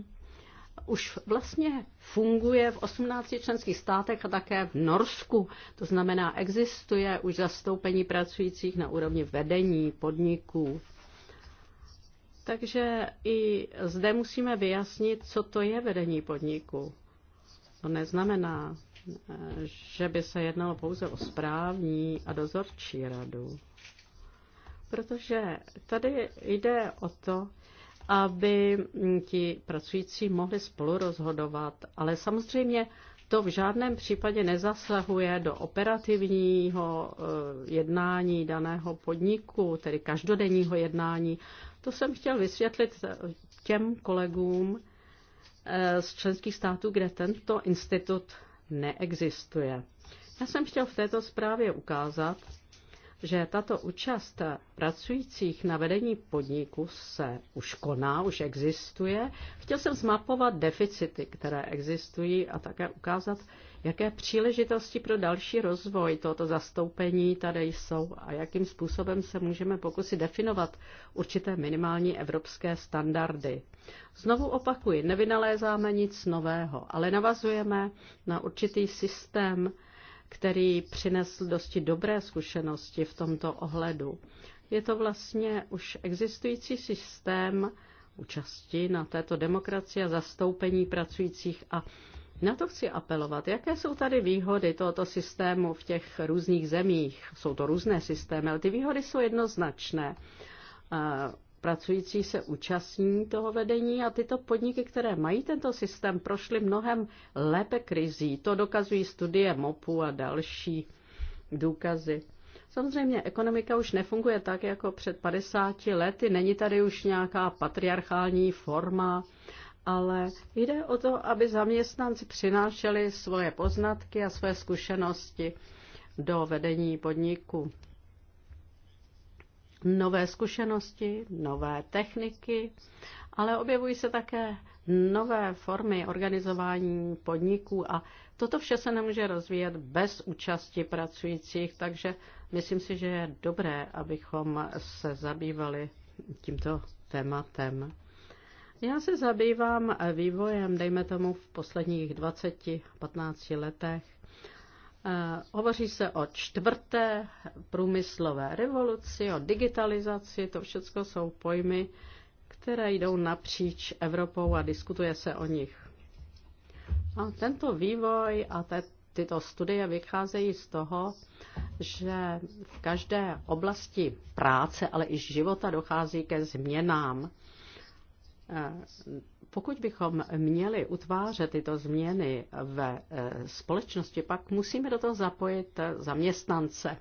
už vlastně funguje v 18 členských státech a také v Norsku. To znamená, existuje už zastoupení pracujících na úrovni vedení podniků. Takže i zde musíme vyjasnit, co to je vedení podniku. To neznamená, že by se jednalo pouze o správní a dozorčí radu. Protože tady jde o to, aby ti pracující mohli spolu rozhodovat. Ale samozřejmě to v žádném případě nezasahuje do operativního eh, jednání daného podniku, tedy každodenního jednání. To jsem chtěl vysvětlit těm kolegům eh, z členských států, kde tento institut neexistuje. Já jsem chtěl v této zprávě ukázat, že tato účast pracujících na vedení podniku se už koná, už existuje. Chtěl jsem zmapovat deficity, které existují a také ukázat, jaké příležitosti pro další rozvoj tohoto zastoupení tady jsou a jakým způsobem se můžeme pokusit definovat určité minimální evropské standardy. Znovu opakuji, nevynalézáme nic nového, ale navazujeme na určitý systém, který přinesl dosti dobré zkušenosti v tomto ohledu. Je to vlastně už existující systém účasti na této demokracii a zastoupení pracujících a na to chci apelovat. Jaké jsou tady výhody tohoto systému v těch různých zemích? Jsou to různé systémy, ale ty výhody jsou jednoznačné pracující se účastní toho vedení a tyto podniky, které mají tento systém, prošly mnohem lépe krizí. To dokazují studie MOPu a další důkazy. Samozřejmě ekonomika už nefunguje tak, jako před 50 lety. Není tady už nějaká patriarchální forma, ale jde o to, aby zaměstnanci přinášeli svoje poznatky a své zkušenosti do vedení podniku nové zkušenosti, nové techniky, ale objevují se také nové formy organizování podniků a toto vše se nemůže rozvíjet bez účasti pracujících, takže myslím si, že je dobré, abychom se zabývali tímto tématem. Já se zabývám vývojem, dejme tomu, v posledních 20-15 letech Hovoří se o čtvrté průmyslové revoluci, o digitalizaci, to všechno jsou pojmy, které jdou napříč Evropou a diskutuje se o nich. A tento vývoj a te, tyto studie vycházejí z toho, že v každé oblasti práce, ale i života dochází ke změnám. Pokud bychom měli utvářet tyto změny ve e, společnosti, pak musíme do toho zapojit e, zaměstnance.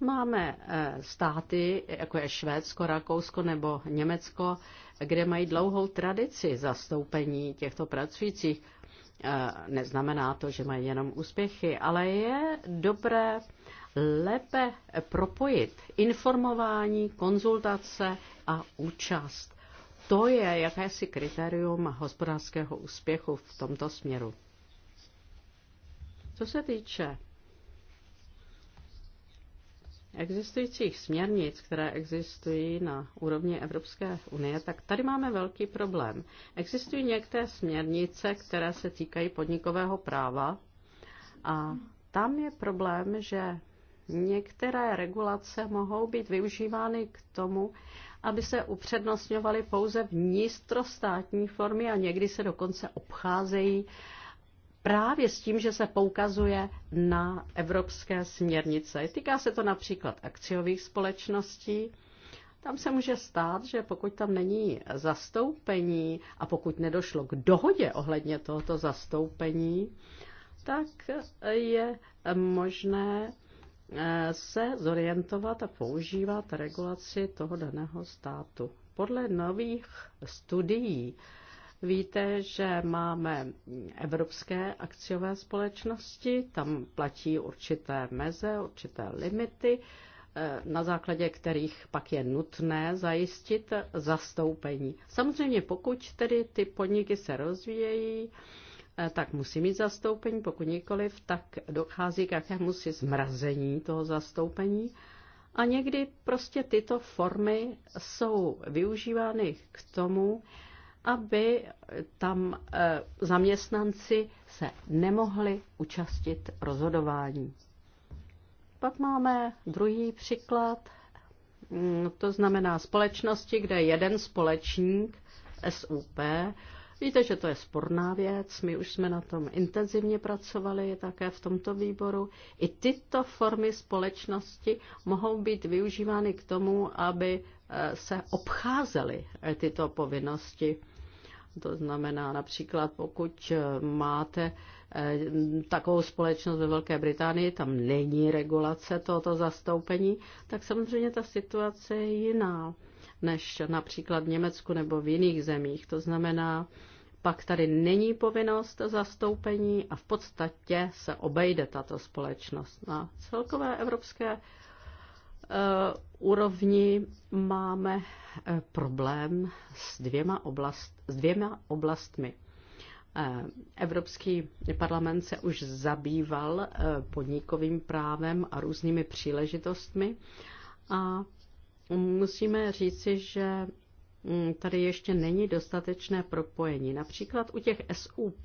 Máme e, státy, jako je Švédsko, Rakousko nebo Německo, kde mají dlouhou tradici zastoupení těchto pracujících. Neznamená to, že mají jenom úspěchy, ale je dobré lépe propojit informování, konzultace a účast to je jakési kritérium hospodářského úspěchu v tomto směru. Co se týče existujících směrnic, které existují na úrovni Evropské unie, tak tady máme velký problém. Existují některé směrnice, které se týkají podnikového práva a tam je problém, že některé regulace mohou být využívány k tomu, aby se upřednostňovaly pouze vnitrostátní formy a někdy se dokonce obcházejí právě s tím, že se poukazuje na evropské směrnice. Týká se to například akciových společností. Tam se může stát, že pokud tam není zastoupení a pokud nedošlo k dohodě ohledně tohoto zastoupení, tak je možné se zorientovat a používat regulaci toho daného státu. Podle nových studií víte, že máme evropské akciové společnosti, tam platí určité meze, určité limity, eh, na základě kterých pak je nutné zajistit zastoupení. Samozřejmě pokud tedy ty podniky se rozvíjejí, Eh, tak musí mít zastoupení, pokud nikoliv, tak dochází k jakémusi zmrazení toho zastoupení. A někdy prostě tyto formy jsou využívány k tomu, aby tam eh, zaměstnanci se nemohli účastnit rozhodování. Pak máme druhý příklad, mm, to znamená společnosti, kde jeden společník SUP Víte, že to je sporná věc, my už jsme na tom intenzivně pracovali také v tomto výboru. I tyto formy společnosti mohou být využívány k tomu, aby eh, se obcházely eh, tyto povinnosti. To znamená například, pokud eh, máte takovou společnost ve Velké Británii, tam není regulace tohoto zastoupení, tak samozřejmě ta situace je jiná než například v Německu nebo v jiných zemích. To znamená, pak tady není povinnost zastoupení a v podstatě se obejde tato společnost. Na celkové evropské eh, úrovni máme eh, problém s dvěma, oblast, s dvěma oblastmi. Eh, Evropský parlament se už zabýval podnikovým právem a různými příležitostmi a musíme říci, že Mm, tady ještě není dostatečné propojení. Například u těch SUP,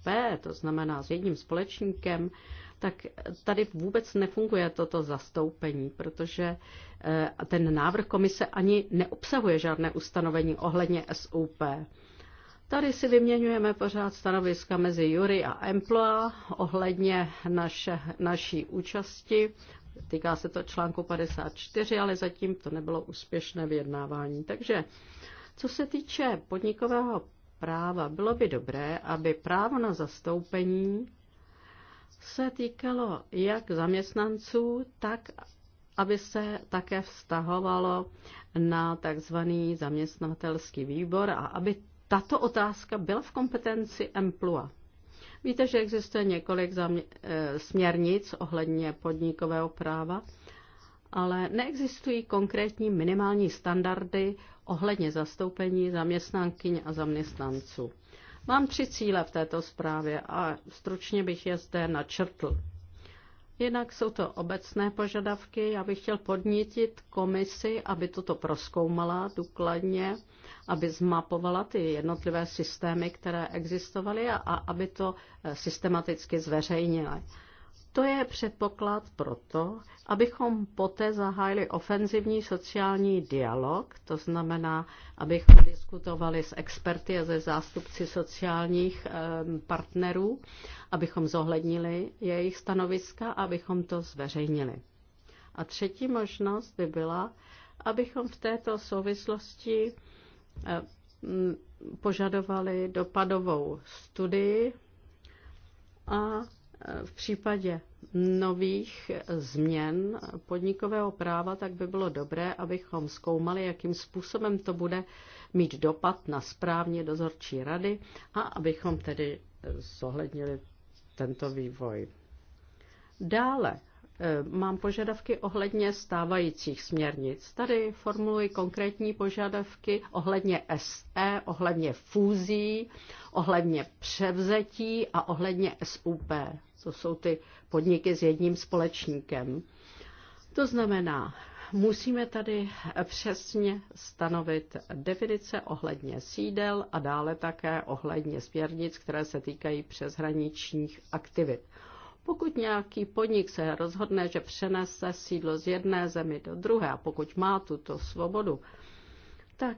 to znamená s jedním společníkem, tak tady vůbec nefunguje toto zastoupení, protože eh, ten návrh komise ani neobsahuje žádné ustanovení ohledně SUP. Tady si vyměňujeme pořád stanoviska mezi Jury a Emploa ohledně naše, naší účasti. Týká se to článku 54, ale zatím to nebylo úspěšné vyjednávání. Takže co se týče podnikového práva, bylo by dobré, aby právo na zastoupení se týkalo jak zaměstnanců, tak aby se také vztahovalo na takzvaný zaměstnavatelský výbor a aby tato otázka byla v kompetenci Emplua. Víte, že existuje několik eh, směrnic ohledně podnikového práva, ale neexistují konkrétní minimální standardy ohledně zastoupení zaměstnankyň a zaměstnanců. Mám tři cíle v této zprávě a stručně bych je zde načrtl. Jinak jsou to obecné požadavky. Já bych chtěl podnítit komisi, aby toto proskoumala důkladně, aby zmapovala ty jednotlivé systémy, které existovaly a aby to eh, systematicky zveřejnila. To je předpoklad pro to, abychom poté zahájili ofenzivní sociální dialog, to znamená, abychom diskutovali s experty a ze zástupci sociálních partnerů, abychom zohlednili jejich stanoviska a abychom to zveřejnili. A třetí možnost by byla, abychom v této souvislosti požadovali dopadovou studii a v případě nových změn podnikového práva, tak by bylo dobré, abychom zkoumali, jakým způsobem to bude mít dopad na správně dozorčí rady a abychom tedy zohlednili tento vývoj. Dále eh, mám požadavky ohledně stávajících směrnic. Tady formuluji konkrétní požadavky ohledně SE, ohledně fúzí, ohledně převzetí a ohledně SUP. To jsou ty podniky s jedním společníkem. To znamená, musíme tady přesně stanovit definice ohledně sídel a dále také ohledně směrnic, které se týkají přeshraničních aktivit. Pokud nějaký podnik se rozhodne, že přenese sídlo z jedné zemi do druhé a pokud má tuto svobodu, tak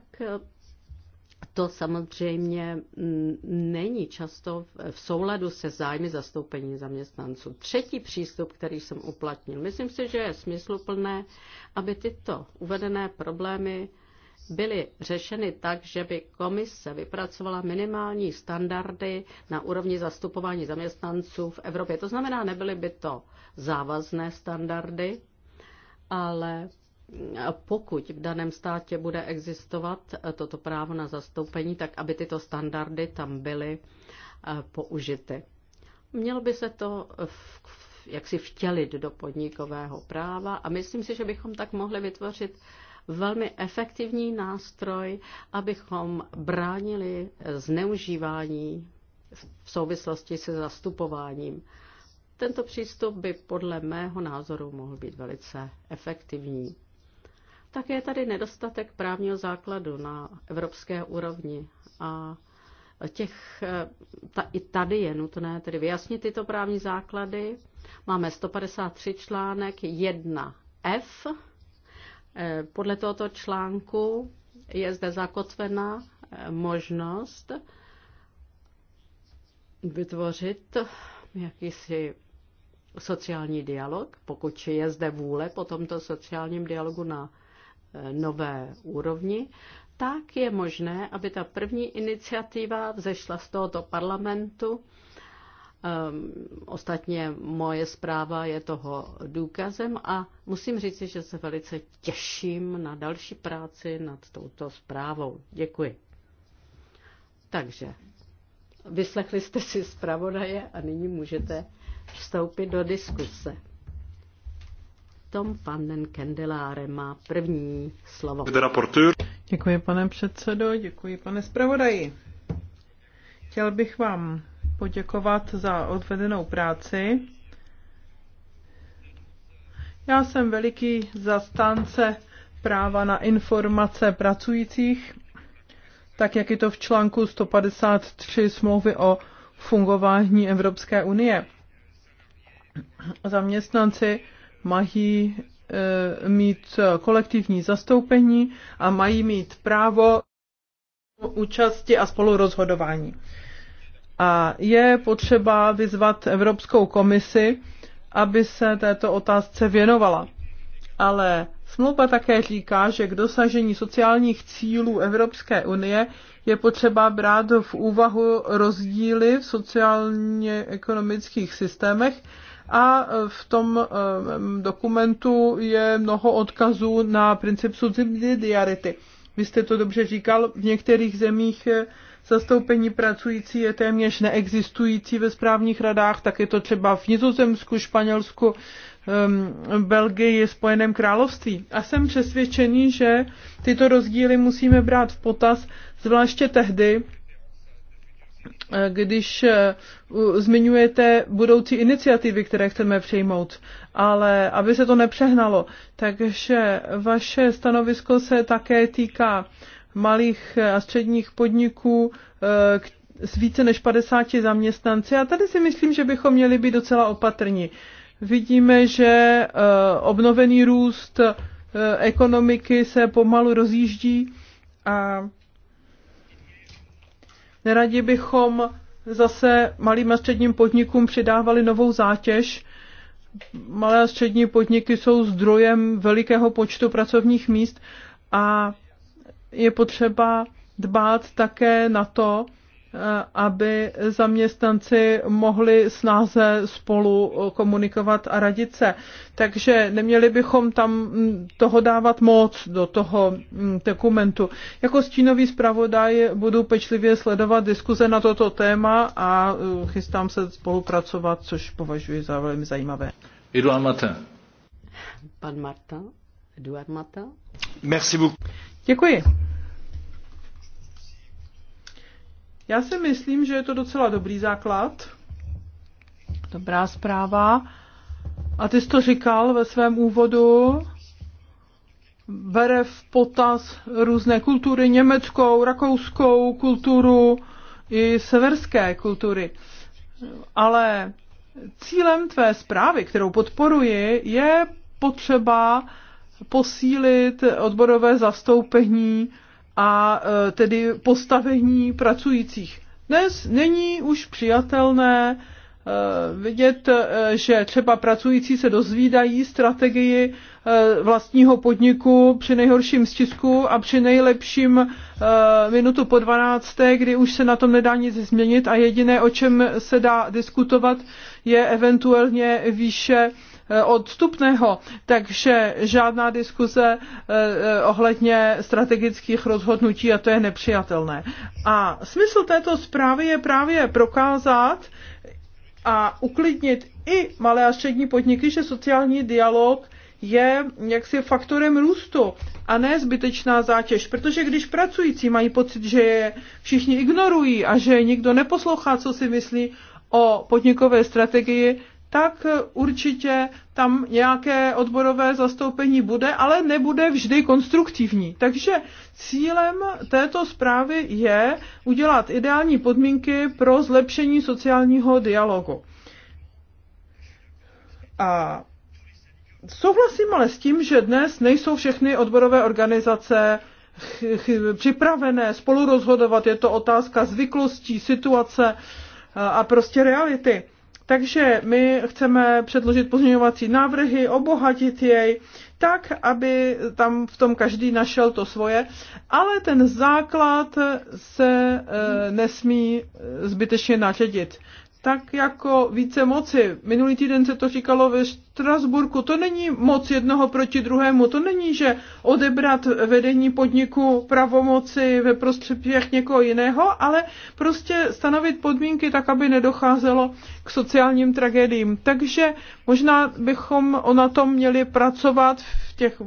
to samozřejmě mm, není často v souladu se zájmy zastoupení zaměstnanců. Třetí přístup, který jsem uplatnil, myslím si, že je smysluplné, aby tyto uvedené problémy byly řešeny tak, že by komise vypracovala minimální standardy na úrovni zastupování zaměstnanců v Evropě. To znamená, nebyly by to závazné standardy, ale pokud v daném státě bude existovat eh, toto právo na zastoupení, tak aby tyto standardy tam byly eh, použity. Mělo by se to jaksi vtělit do podnikového práva a myslím si, že bychom tak mohli vytvořit velmi efektivní nástroj, abychom bránili zneužívání v souvislosti se zastupováním. Tento přístup by podle mého názoru mohl být velice efektivní. Také je tady nedostatek právního základu na evropské úrovni a těch, eh, ta, i tady je nutné tedy vyjasnit tyto právní základy. Máme 153 článek 1F. Eh, podle tohoto článku je zde zakotvena eh, možnost vytvořit jakýsi sociální dialog, pokud je zde vůle po tomto sociálním dialogu na nové úrovni, tak je možné, aby ta první iniciativa vzešla z tohoto parlamentu. Ehm, ostatně moje zpráva je toho důkazem a musím říct, že se velice těším na další práci nad touto zprávou. Děkuji. Takže vyslechli jste si zpravodaje a nyní můžete vstoupit do diskuse. Tom van den Kendeláre má první slovo. Děkuji, pane předsedo, děkuji, pane zpravodaji. Chtěl bych vám poděkovat za odvedenou práci. Já jsem veliký zastánce práva na informace pracujících, tak jak je to v článku 153 smlouvy o fungování Evropské unie. Zaměstnanci mají e, mít kolektivní zastoupení a mají mít právo účasti a spolurozhodování. A je potřeba vyzvat Evropskou komisi, aby se této otázce věnovala. Ale smlouva také říká, že k dosažení sociálních cílů Evropské unie je potřeba brát v úvahu rozdíly v sociálně-ekonomických systémech a e, v tom e, dokumentu je mnoho odkazů na princip subsidiarity. Vy jste to dobře říkal, v některých zemích e, zastoupení pracující je téměř neexistující ve správních radách, tak je to třeba v Nizozemsku, Španělsku, Belgii, Spojeném království. A jsem přesvědčený, že tyto rozdíly musíme brát v potaz, zvláště tehdy, Eh, když eh, zmiňujete budoucí iniciativy, které chceme přijmout, ale aby se to nepřehnalo, takže vaše stanovisko se také týká malých eh, a středních podniků s více než 50 zaměstnanci a tady si myslím, že bychom měli být docela opatrní. Vidíme, že obnovený růst ekonomiky se pomalu rozjíždí a Neradi bychom zase malým a středním podnikům přidávali novou zátěž. Malé a střední podniky jsou zdrojem velikého počtu pracovních míst a je potřeba dbát také na to, Eh, aby zaměstnanci mohli snáze spolu eh, komunikovat a radit se. Takže neměli bychom tam mm, toho dávat moc do toho mm, dokumentu. Jako stínový zpravodaj budu pečlivě sledovat diskuze na toto téma a eh, chystám se spolupracovat, což považuji za velmi zajímavé. Eduard Martin. Pan Marta. Eduard Marta. Merci beaucoup. Děkuji. Já si myslím, že je to docela dobrý základ, dobrá zpráva. A ty jsi to říkal ve svém úvodu, bere v potaz různé kultury, německou, rakouskou kulturu i severské kultury. Ale cílem tvé zprávy, kterou podporuji, je potřeba posílit odborové zastoupení a e, tedy postavení pracujících. Dnes není už přijatelné e, vidět, e, že třeba pracující se dozvídají strategii vlastního podniku při nejhorším stisku a při nejlepším minutu po 12., kdy už se na tom nedá nic změnit a jediné, o čem se dá diskutovat, je eventuálně výše Eh, odstupného, takže žádná diskuze eh, eh, ohledně strategických rozhodnutí a to je nepřijatelné. A smysl této zprávy je právě prokázat, a uklidnit i malé a střední podniky, že sociální dialog je jaksi faktorem růstu a ne zbytečná zátěž. Protože když pracující mají pocit, že je všichni ignorují a že nikdo neposlouchá, co si myslí o podnikové strategii, tak určitě tam nějaké odborové zastoupení bude, ale nebude vždy konstruktivní. Takže cílem této zprávy je udělat ideální podmínky pro zlepšení sociálního dialogu. A souhlasím ale s tím, že dnes nejsou všechny odborové organizace připravené spolurozhodovat. Je to otázka zvyklostí, situace a prostě reality. Takže my chceme předložit pozměňovací návrhy, obohatit jej tak, aby tam v tom každý našel to svoje, ale ten základ se e, nesmí eh, zbytečně naředit tak jako více moci. Minulý týden se to říkalo ve Strasburku. To není moc jednoho proti druhému. To není, že odebrat vedení podniku pravomoci ve prospěch někoho jiného, ale prostě stanovit podmínky tak, aby nedocházelo k sociálním tragédiím. Takže možná bychom na tom měli pracovat v těch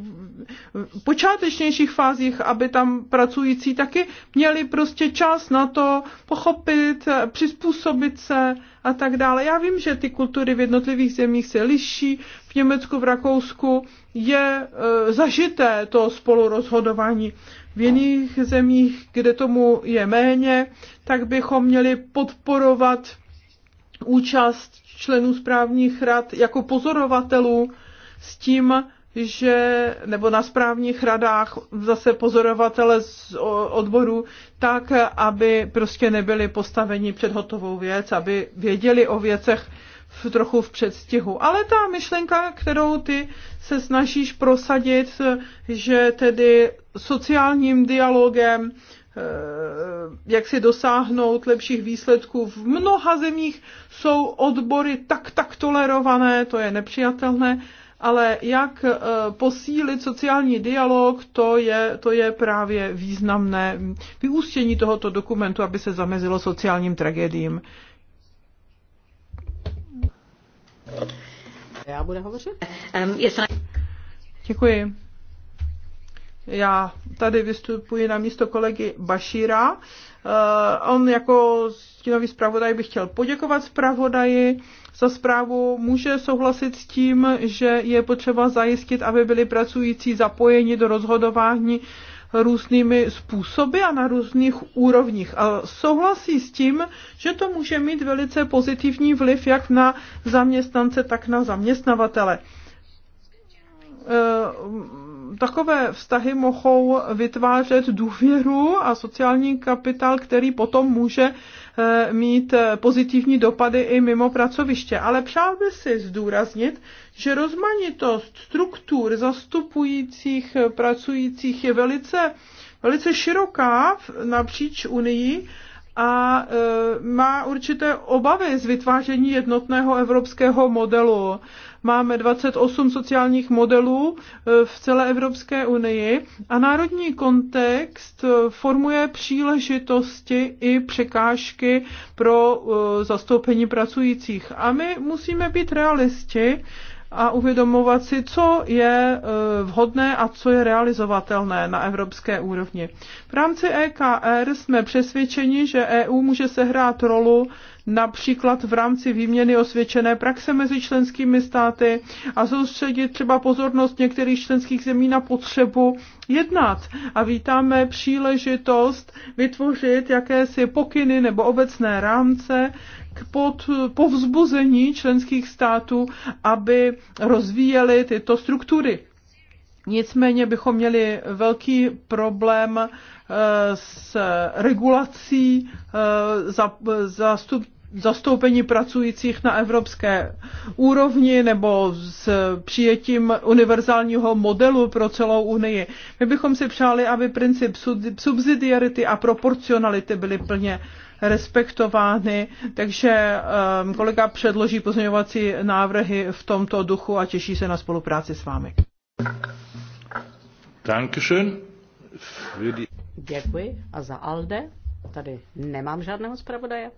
počátečnějších fázích, aby tam pracující taky měli prostě čas na to pochopit, přizpůsobit se a tak dále. Já vím, že ty kultury v jednotlivých zemích se liší, v Německu, v Rakousku je e, zažité to spolurozhodování. V jiných zemích, kde tomu je méně, tak bychom měli podporovat účast členů správních rad jako pozorovatelů s tím, že, nebo na správních radách zase pozorovatele z odboru, tak, aby prostě nebyli postaveni před hotovou věc, aby věděli o věcech v, trochu v předstihu. Ale ta myšlenka, kterou ty se snažíš prosadit, že tedy sociálním dialogem e, jak si dosáhnout lepších výsledků. V mnoha zemích jsou odbory tak tak tolerované, to je nepřijatelné, ale jak eh, posílit sociální dialog, to je, to je právě významné vyústění tohoto dokumentu, aby se zamezilo sociálním tragédiím. Já budu hovořit? Ehm, Děkuji. Já tady vystupuji na místo kolegy Bašíra Eh, on jako stínový zpravodaj by chtěl poděkovat zpravodaji za zprávu. Může souhlasit s tím, že je potřeba zajistit, aby byli pracující zapojeni do rozhodování různými způsoby a na různých úrovních. A souhlasí s tím, že to může mít velice pozitivní vliv jak na zaměstnance, tak na zaměstnavatele. Eh, takové vztahy mohou vytvářet důvěru a sociální kapitál, který potom může eh, mít eh, pozitivní dopady i mimo pracoviště. Ale přál by si zdůraznit, že rozmanitost struktur zastupujících pracujících je velice, velice široká napříč Unii a e, má určité obavy z vytváření jednotného evropského modelu. Máme 28 sociálních modelů e, v celé Evropské unii a národní kontext e, formuje příležitosti i překážky pro zastoupení pracujících. A my musíme být realisti a uvědomovat si, co je e, vhodné a co je realizovatelné na evropské úrovni. V rámci EKR jsme přesvědčeni, že EU může sehrát rolu například v rámci výměny osvědčené praxe mezi členskými státy a soustředit třeba pozornost některých členských zemí na potřebu jednat. A vítáme příležitost vytvořit jakési pokyny nebo obecné rámce, k pod povzbuzení členských států, aby rozvíjeli tyto struktury. Nicméně bychom měli velký problém eh, s regulací eh, za, zastoupení pracujících na evropské úrovni nebo s přijetím univerzálního modelu pro celou Unii. My bychom si přáli, aby princip subsidiarity a proporcionality byly plně respektovány, takže ehm, kolega předloží pozměňovací návrhy v tomto duchu a těší se na spolupráci s vámi. Dankeschön. Děkuji. A za Alde? Tady nemám žádného zpravodaje.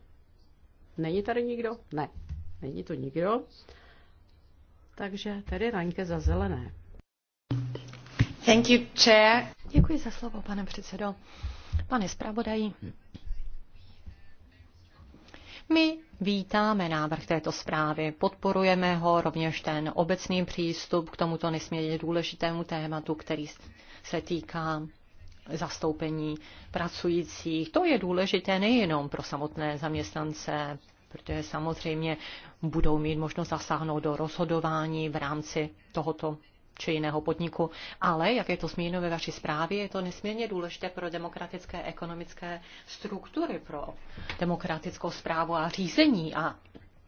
Není tady nikdo? Ne, není tu nikdo. Takže tady Raňke za zelené. Thank you, chair. Děkuji za slovo, pane předsedo. Pane zpravodaji, my vítáme návrh této zprávy, podporujeme ho, rovněž ten obecný přístup k tomuto nesmírně důležitému tématu, který se týká zastoupení pracujících. To je důležité nejenom pro samotné zaměstnance, protože samozřejmě budou mít možnost zasáhnout do rozhodování v rámci tohoto či jiného podniku. Ale, jak je to zmíněno ve vaší zprávě, je to nesmírně důležité pro demokratické ekonomické struktury, pro demokratickou zprávu a řízení a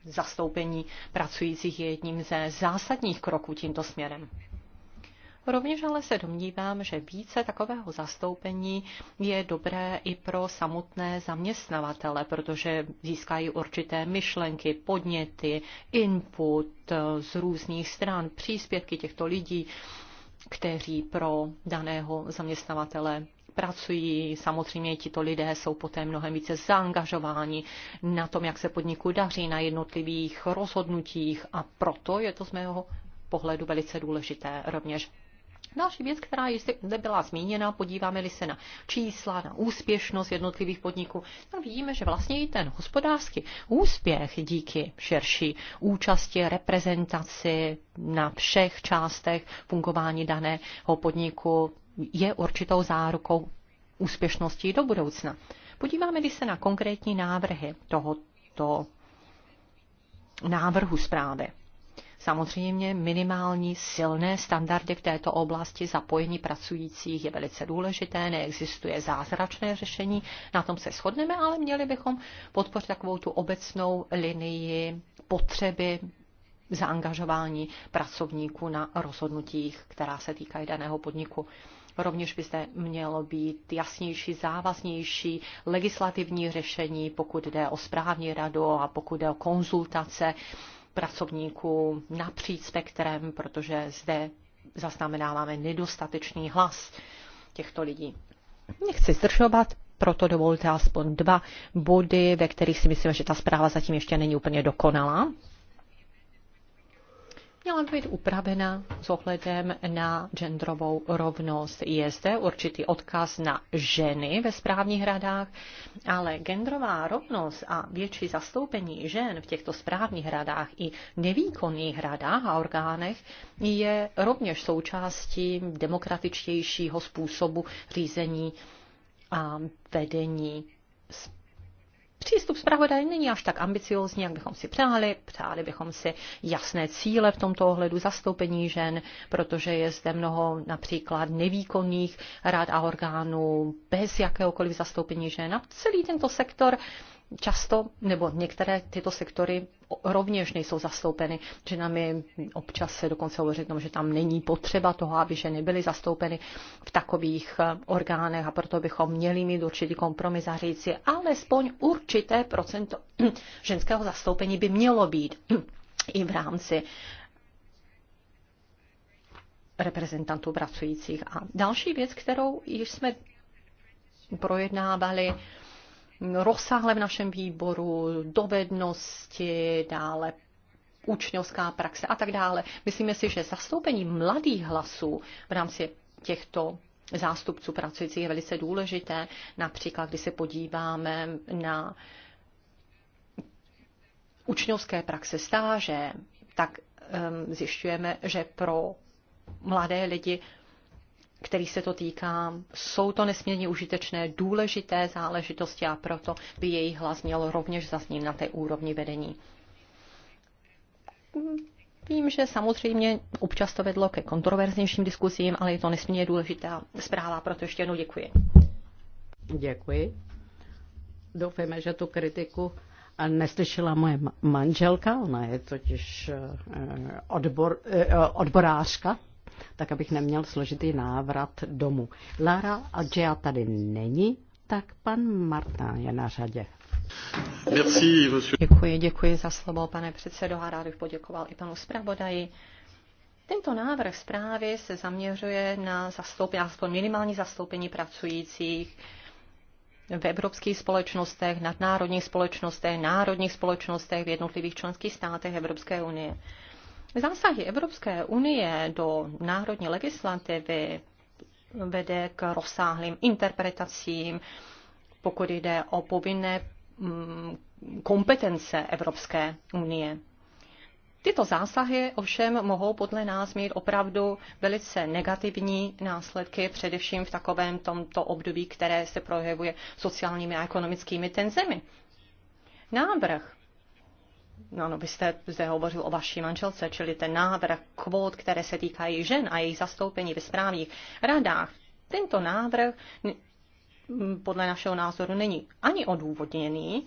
zastoupení pracujících je jedním ze zásadních kroků tímto směrem. Rovněž ale se domnívám, že více takového zastoupení je dobré i pro samotné zaměstnavatele, protože získají určité myšlenky, podněty, input eh, z různých stran, příspěvky těchto lidí, kteří pro daného zaměstnavatele pracují. Samozřejmě tito lidé jsou poté mnohem více zaangažováni na tom, jak se podniku daří, na jednotlivých rozhodnutích a proto je to z mého pohledu velice důležité rovněž Další věc, která již zde byla zmíněna, podíváme-li se na čísla, na úspěšnost jednotlivých podniků, tak vidíme, že vlastně i ten hospodářský úspěch díky širší účasti, reprezentaci na všech částech fungování daného podniku je určitou zárukou úspěšnosti do budoucna. Podíváme-li se na konkrétní návrhy tohoto návrhu zprávy. Samozřejmě minimální silné standardy v této oblasti zapojení pracujících je velice důležité, neexistuje zázračné řešení, na tom se shodneme, ale měli bychom podpořit takovou tu obecnou linii potřeby zaangažování pracovníků na rozhodnutích, která se týkají daného podniku. Rovněž by zde mělo být jasnější, závaznější legislativní řešení, pokud jde o správní radu a pokud jde o konzultace pracovníků napříč spektrem, protože zde zaznamenáváme nedostatečný hlas těchto lidí. Nechci zdržovat, proto dovolte aspoň dva body, ve kterých si myslím, že ta zpráva zatím ještě není úplně dokonalá měla by být upravena s ohledem na genderovou rovnost. Je zde určitý odkaz na ženy ve správních radách, ale genderová rovnost a větší zastoupení žen v těchto správních radách i nevýkonných radách a orgánech je rovněž součástí demokratičtějšího způsobu řízení a vedení Přístup zpravodaje není až tak ambiciózní, jak bychom si přáli. Přáli bychom si jasné cíle v tomto ohledu zastoupení žen, protože je zde mnoho například nevýkonných rád a orgánů bez jakéhokoliv zastoupení žen. A celý tento sektor často, nebo některé tyto sektory rovněž nejsou zastoupeny. Ženami občas se dokonce hovoří tomu, že tam není potřeba toho, aby ženy byly zastoupeny v takových eh, orgánech a proto bychom měli mít určitý kompromis a říci, alespoň určité procento ženského zastoupení by mělo být i v rámci reprezentantů pracujících. A další věc, kterou již jsme projednávali, rozsáhle v našem výboru, dovednosti, dále učňovská praxe a tak dále. Myslíme si, že zastoupení mladých hlasů v rámci těchto zástupců pracujících je velice důležité. Například, když se podíváme na učňovské praxe stáže, tak um, zjišťujeme, že pro mladé lidi který se to týká, jsou to nesmírně užitečné, důležité záležitosti a proto by její hlas měl rovněž zaznít na té úrovni vedení. Vím, že samozřejmě občas to vedlo ke kontroverznějším diskuzím, ale je to nesmírně důležitá zpráva, proto ještě jednou děkuji. Děkuji. Doufejme, že tu kritiku neslyšela moje manželka, ona je totiž eh, odbor, eh, odborářka tak abych neměl složitý návrat domů. Lara Adžia tady není, tak pan Marta je na řadě. Merci, děkuji, děkuji za slovo, pane předsedo, a rád bych poděkoval i panu zpravodaji. Tento návrh zprávy se zaměřuje na zastoupení, aspoň minimální zastoupení pracujících v evropských společnostech, nadnárodních společnostech, národních společnostech v jednotlivých členských státech Evropské unie. Zásahy Evropské unie do národní legislativy vede k rozsáhlým interpretacím, pokud jde o povinné mm, kompetence Evropské unie. Tyto zásahy ovšem mohou podle nás mít opravdu velice negativní následky, především v takovém tomto období, které se projevuje sociálními a ekonomickými tenzemi. Návrh ano, no, vy jste zde hovořil o vaší manželce, čili ten návrh kvót, které se týkají žen a jejich zastoupení ve správních radách, tento návrh podle našeho názoru není ani odůvodněný,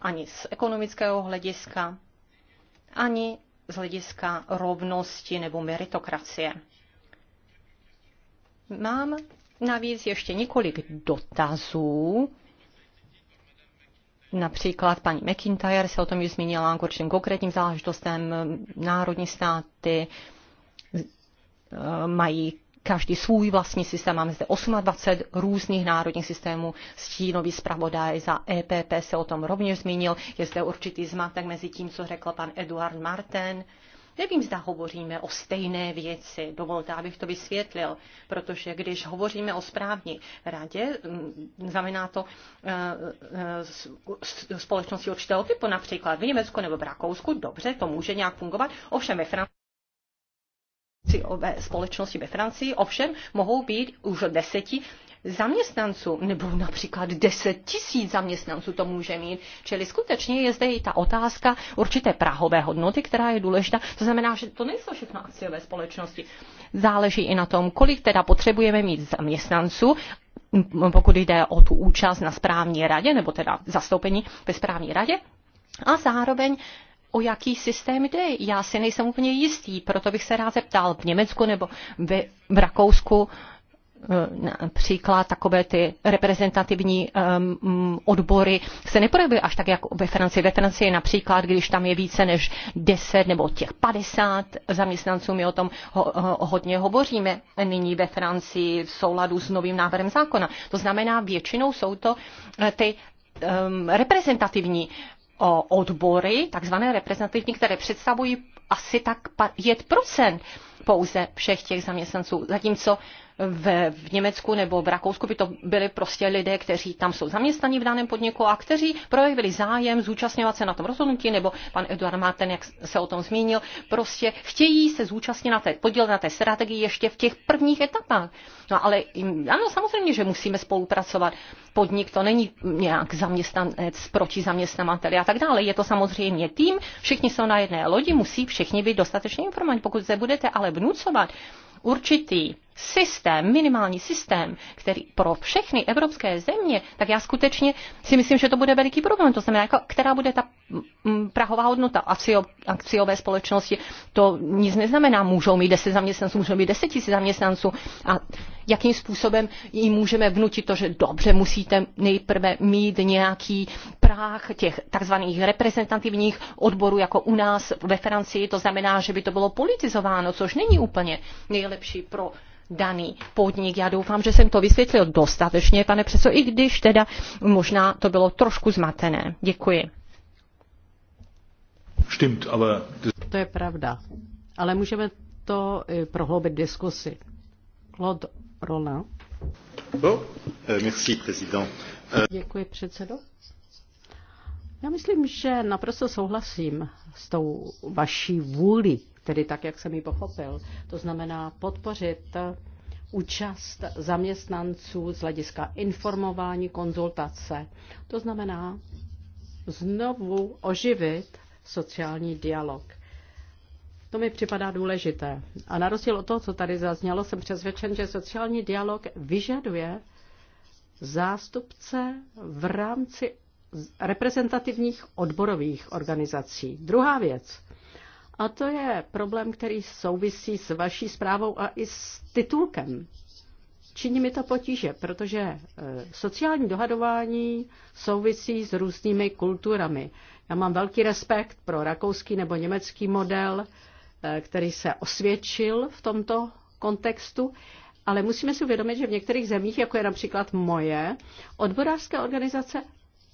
ani z ekonomického hlediska, ani z hlediska rovnosti nebo meritokracie. Mám navíc ještě několik dotazů Například paní McIntyre se o tom již zmínila k určitým konkrétním záležitostem. Národní státy eh, mají každý svůj vlastní systém. Máme zde 28 různých národních systémů. Stínový zpravodaj za EPP se o tom rovněž zmínil. Je zde určitý zmatek mezi tím, co řekl pan Eduard Martin Nevím, zda hovoříme o stejné věci. Dovolte, abych to vysvětlil, protože když hovoříme o správní radě, znamená to eh, eh, společnosti určitého typu, například v Německu nebo v Rakousku, dobře, to může nějak fungovat, ovšem ve Francii společnosti ve Francii ovšem mohou být už od deseti zaměstnanců, nebo například 10 tisíc zaměstnanců to může mít. Čili skutečně je zde i ta otázka určité prahové hodnoty, která je důležitá. To znamená, že to nejsou všechno akciové společnosti. Záleží i na tom, kolik teda potřebujeme mít zaměstnanců pokud jde o tu účast na správní radě, nebo teda zastoupení ve správní radě, a zároveň o jaký systém jde. Já si nejsem úplně jistý, proto bych se rád zeptal v Německu nebo v, v Rakousku Eh, například takové ty reprezentativní um, odbory se neprojevují až tak, jako ve Francii. Ve Francii například, když tam je více než 10 nebo těch 50 zaměstnanců, my o tom ho, ho, eh, hodně hovoříme nyní ve Francii v souladu s novým návrhem zákona. To znamená, většinou jsou to eh, ty um, reprezentativní o odbory, takzvané reprezentativní, které představují asi tak 5% pouze všech těch zaměstnanců, zatímco v, v Německu nebo v Rakousku by to byli prostě lidé, kteří tam jsou zaměstnaní v daném podniku a kteří projevili zájem zúčastňovat se na tom rozhodnutí, nebo pan Eduard Martin, jak se o tom zmínil, prostě chtějí se zúčastnit na té, podílet na té strategii ještě v těch prvních etapách. No ale ano, samozřejmě, že musíme spolupracovat. Podnik to není nějak zaměstnanec proti zaměstnavateli a tak dále. Je to samozřejmě tým, všichni jsou na jedné lodi, musí všichni být dostatečně informovaní. Pokud se budete ale vnucovat určitý systém, minimální systém, který pro všechny evropské země, tak já skutečně si myslím, že to bude veliký problém. To znamená, jako, která bude ta mm, mm, prahová hodnota akcio, akciové společnosti. To nic neznamená, můžou mít 10 zaměstnanců, můžou mít 10 tisíc zaměstnanců a jakým způsobem jim můžeme vnutit to, že dobře musíte nejprve mít nějaký práh těch takzvaných reprezentativních odborů, jako u nás ve Francii, to znamená, že by to bylo politizováno, což není úplně nejlepší pro daný podnik. Já doufám, že jsem to vysvětlil dostatečně, pane předsedo, i když teda možná to bylo trošku zmatené. Děkuji. Stimmt, ale... To je pravda. Ale můžeme to eh, prohloubit diskusi. Claude Roland. Bon. Euh, merci, président. Euh, Děkuji, předsedo. Já myslím, že naprosto souhlasím s tou vaší vůli tedy tak, jak jsem ji pochopil. To znamená podpořit účast zaměstnanců z hlediska informování, konzultace. To znamená znovu oživit sociální dialog. To mi připadá důležité. A na rozdíl od toho, co tady zaznělo, jsem přesvědčen, že sociální dialog vyžaduje zástupce v rámci reprezentativních odborových organizací. Druhá věc. A to je problém, který souvisí s vaší zprávou a i s titulkem. Činí mi to potíže, protože e, sociální dohadování souvisí s různými kulturami. Já mám velký respekt pro rakouský nebo německý model, e, který se osvědčil v tomto kontextu, ale musíme si uvědomit, že v některých zemích, jako je například moje, odborářské organizace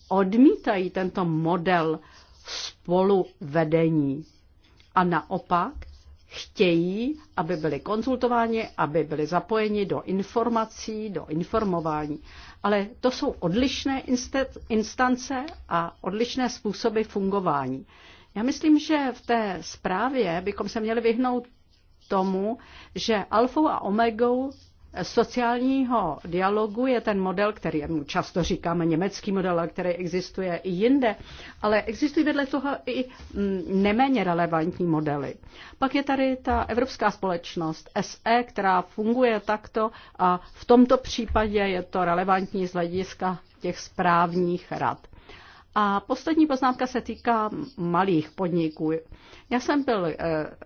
odmítají tento model spoluvedení a naopak chtějí, aby byli konzultováni, aby byli zapojeni do informací, do informování. Ale to jsou odlišné instance a odlišné způsoby fungování. Já myslím, že v té zprávě bychom se měli vyhnout tomu, že alfou a omegou sociálního dialogu je ten model, který často říkáme německý model, který existuje i jinde, ale existují vedle toho i mm, neméně relevantní modely. Pak je tady ta evropská společnost SE, která funguje takto a v tomto případě je to relevantní z hlediska těch správních rad. A poslední poznámka se týká malých podniků. Já jsem byl eh,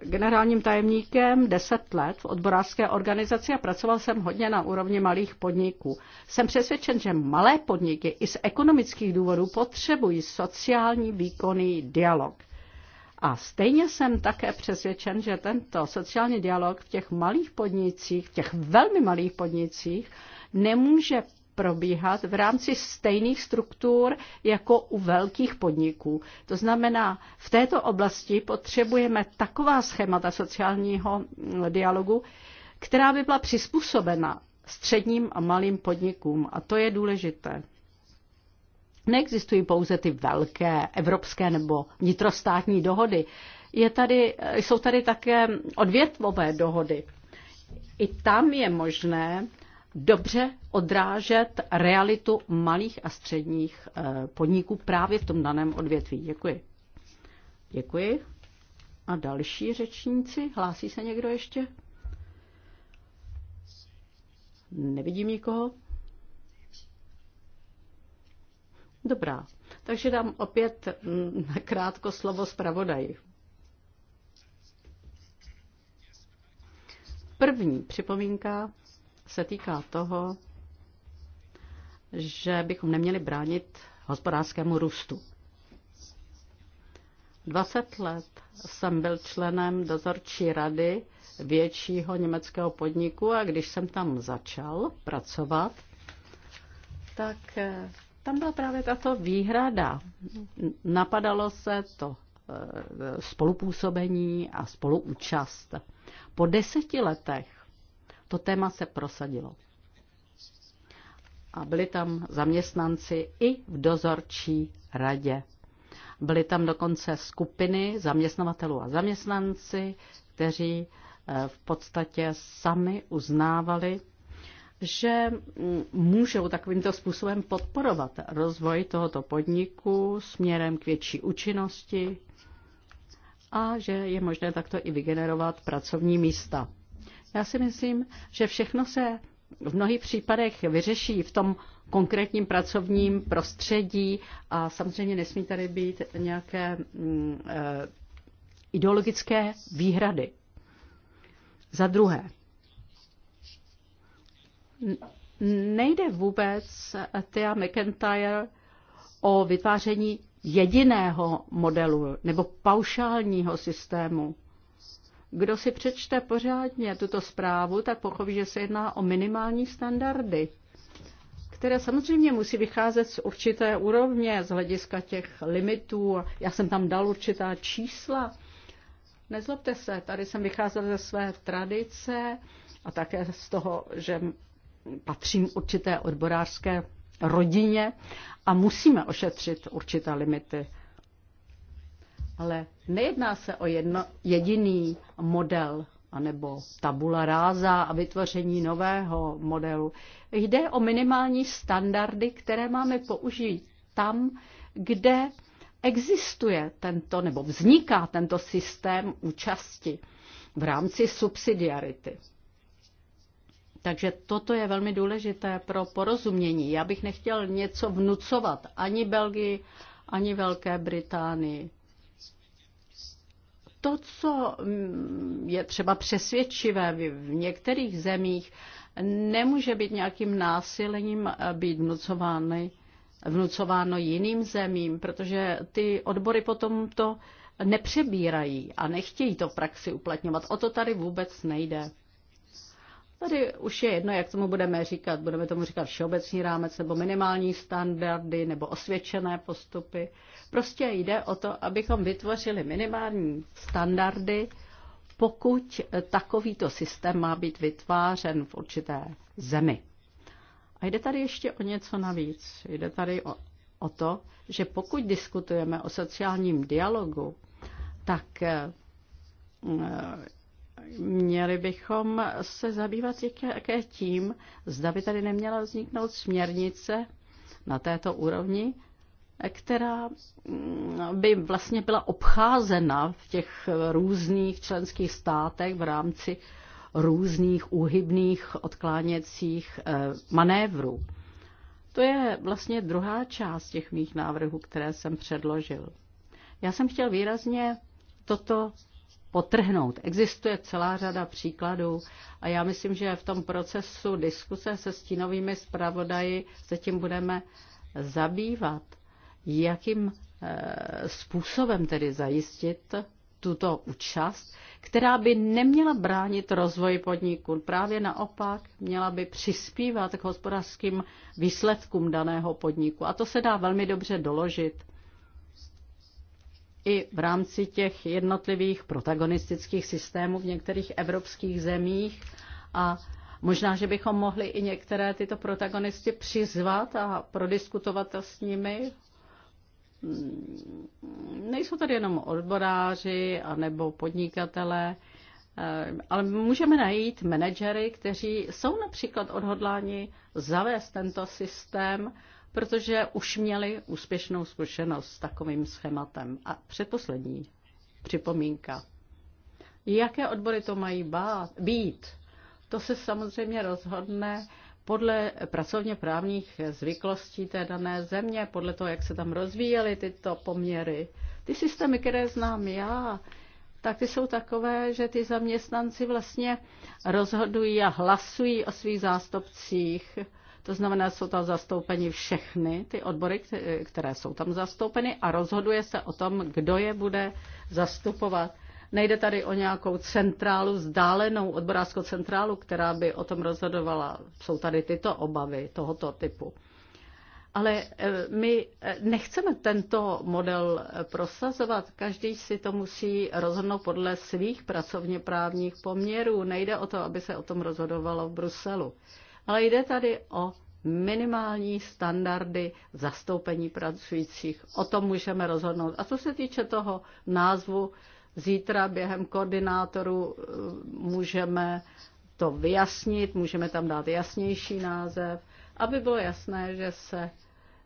generálním tajemníkem 10 let v odborářské organizaci a pracoval jsem hodně na úrovni malých podniků. Jsem přesvědčen, že malé podniky i z ekonomických důvodů potřebují sociální výkonný dialog. A stejně jsem také přesvědčen, že tento sociální dialog v těch malých podnicích, v těch velmi malých podnicích, nemůže probíhat v rámci stejných struktur jako u velkých podniků. To znamená, v této oblasti potřebujeme taková schémata sociálního dialogu, která by byla přizpůsobena středním a malým podnikům. A to je důležité. Neexistují pouze ty velké evropské nebo vnitrostátní dohody. Je tady, jsou tady také odvětvové dohody. I tam je možné dobře odrážet realitu malých a středních eh, podniků právě v tom daném odvětví. Děkuji. Děkuji. A další řečníci? Hlásí se někdo ještě? Nevidím nikoho. Dobrá, takže dám opět na mm, krátko slovo zpravodaji. První připomínka se týká toho, že bychom neměli bránit hospodářskému růstu. 20 let jsem byl členem dozorčí rady většího německého podniku a když jsem tam začal pracovat, tak eh, tam byla právě tato výhrada. Napadalo se to eh, spolupůsobení a spoluúčast. Po deseti letech to téma se prosadilo. A byli tam zaměstnanci i v dozorčí radě. Byly tam dokonce skupiny zaměstnavatelů a zaměstnanci, kteří eh, v podstatě sami uznávali, že mm, můžou takovýmto způsobem podporovat rozvoj tohoto podniku směrem k větší účinnosti a že je možné takto i vygenerovat pracovní místa. Já si myslím, že všechno se v mnohých případech vyřeší v tom konkrétním pracovním prostředí a samozřejmě nesmí tady být nějaké mm, eh, ideologické výhrady. Za druhé, nejde vůbec eh, Thea McIntyre o vytváření jediného modelu nebo paušálního systému. Kdo si přečte pořádně tuto zprávu, tak pochopí, že se jedná o minimální standardy, které samozřejmě musí vycházet z určité úrovně, z hlediska těch limitů. Já jsem tam dal určitá čísla. Nezlobte se, tady jsem vycházel ze své tradice a také z toho, že patřím určité odborářské rodině a musíme ošetřit určité limity. Ale nejedná se o jedno, jediný model anebo tabula ráza a vytvoření nového modelu. Jde o minimální standardy, které máme použít tam, kde existuje tento nebo vzniká tento systém účasti v rámci subsidiarity. Takže toto je velmi důležité pro porozumění. Já bych nechtěl něco vnucovat ani Belgii, ani Velké Británii to, co mm, je třeba přesvědčivé v některých zemích, nemůže být nějakým násilením eh, být vnucovány, vnucováno jiným zemím, protože ty odbory potom to nepřebírají a nechtějí to v praxi uplatňovat. O to tady vůbec nejde. Tady už je jedno, jak tomu budeme říkat. Budeme tomu říkat všeobecný rámec nebo minimální standardy nebo osvědčené postupy. Prostě jde o to, abychom vytvořili minimální standardy, pokud takovýto systém má být vytvářen v určité zemi. A jde tady ještě o něco navíc. Jde tady o, o to, že pokud diskutujeme o sociálním dialogu, tak eh, měli bychom se zabývat také tím, zda by tady neměla vzniknout směrnice na této úrovni, která mm, by vlastně byla obcházena v těch různých členských státech v rámci různých úhybných odkláněcích eh, manévrů. To je vlastně druhá část těch mých návrhů, které jsem předložil. Já jsem chtěl výrazně toto potrhnout. Existuje celá řada příkladů a já myslím, že v tom procesu diskuse se stínovými zpravodaji se tím budeme zabývat jakým eh, způsobem tedy zajistit tuto účast, která by neměla bránit rozvoji podniku. Právě naopak měla by přispívat k hospodářským výsledkům daného podniku. A to se dá velmi dobře doložit i v rámci těch jednotlivých protagonistických systémů v některých evropských zemích. A možná, že bychom mohli i některé tyto protagonisty přizvat a prodiskutovat s nimi Mm, nejsou tady jenom odboráři nebo podnikatelé, eh, ale můžeme najít manažery, kteří jsou například odhodláni zavést tento systém, protože už měli úspěšnou zkušenost s takovým schématem. A předposlední připomínka. Jaké odbory to mají bát, být? To se samozřejmě rozhodne podle pracovně právních zvyklostí té dané země, podle toho, jak se tam rozvíjely tyto poměry. Ty systémy, které znám já, tak ty jsou takové, že ty zaměstnanci vlastně rozhodují a hlasují o svých zástupcích. To znamená, jsou tam zastoupeni všechny ty odbory, které jsou tam zastoupeny a rozhoduje se o tom, kdo je bude zastupovat. Nejde tady o nějakou centrálu, vzdálenou odborářskou centrálu, která by o tom rozhodovala. Jsou tady tyto obavy tohoto typu. Ale eh, my eh, nechceme tento model eh, prosazovat. Každý si to musí rozhodnout podle svých pracovně právních poměrů. Nejde o to, aby se o tom rozhodovalo v Bruselu. Ale jde tady o minimální standardy zastoupení pracujících. O tom můžeme rozhodnout. A co se týče toho názvu, Zítra během koordinátoru eh, můžeme to vyjasnit, můžeme tam dát jasnější název, aby bylo jasné, že se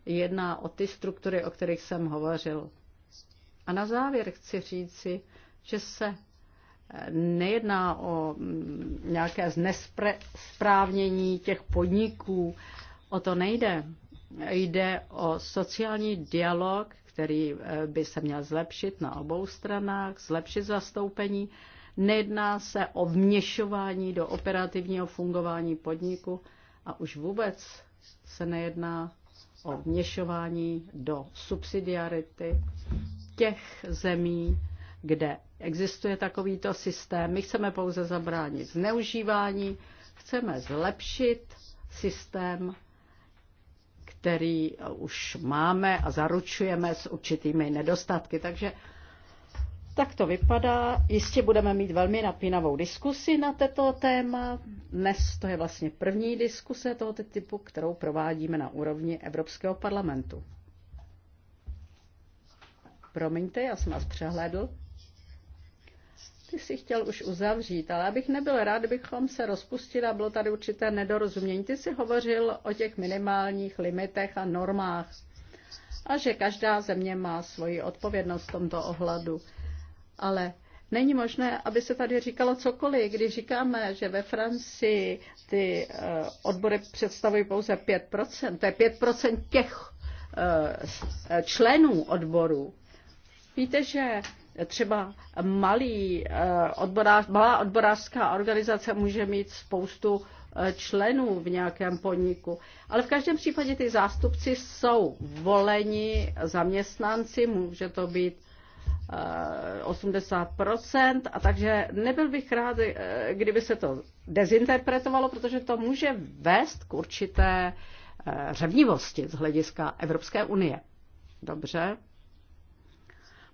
jedná o ty struktury, o kterých jsem hovořil. A na závěr chci říci, že se eh, nejedná o mm, nějaké znesprávnění těch podniků, o to nejde. Jde o sociální dialog, který eh, by se měl zlepšit na obou stranách, zlepšit zastoupení. Nejedná se o vměšování do operativního fungování podniku a už vůbec se nejedná o vměšování do subsidiarity těch zemí, kde existuje takovýto systém. My chceme pouze zabránit zneužívání, chceme zlepšit systém který už máme a zaručujeme s určitými nedostatky. Takže tak to vypadá. Jistě budeme mít velmi napínavou diskusi na této téma. Dnes to je vlastně první diskuse tohoto typu, kterou provádíme na úrovni Evropského parlamentu. Promiňte, já jsem vás přehlédl bych si chtěl už uzavřít, ale abych nebyl rád, bychom se rozpustili a bylo tady určité nedorozumění. Ty jsi hovořil o těch minimálních limitech a normách a že každá země má svoji odpovědnost v tomto ohledu. Ale není možné, aby se tady říkalo cokoliv, když říkáme, že ve Francii ty eh, odbory představují pouze 5%, to je 5% těch eh, eh, členů odborů. Víte, že třeba malý eh, odborář, malá odborářská organizace může mít spoustu eh, členů v nějakém podniku. Ale v každém případě ty zástupci jsou voleni zaměstnanci, může to být 80%, eh, a takže nebyl bych rád, kdyby se to dezinterpretovalo, protože to může vést k určité řevnivosti z hlediska Evropské unie. Dobře.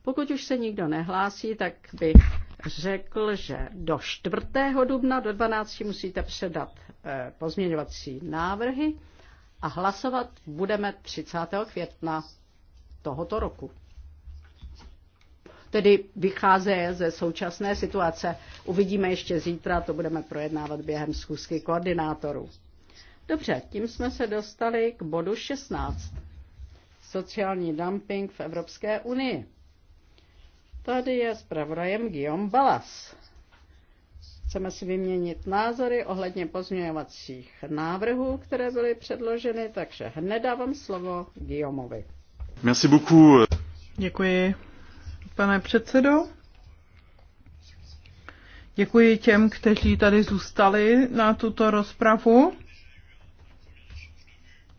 Pokud už se nikdo nehlásí, tak bych řekl, že do 4. dubna do 12. musíte předat eh, pozměňovací návrhy a hlasovat budeme 30. května tohoto roku. Tedy vychází ze současné situace. Uvidíme ještě zítra, to budeme projednávat během schůzky koordinátorů. Dobře, tím jsme se dostali k bodu 16. Sociální dumping v Evropské unii. Tady je zpravodajem Guillaume Balas. Chceme si vyměnit názory ohledně pozměňovacích návrhů, které byly předloženy, takže hned dávám slovo Guillaumeovi. Merci beaucoup. Děkuji, pane předsedo. Děkuji těm, kteří tady zůstali na tuto rozpravu.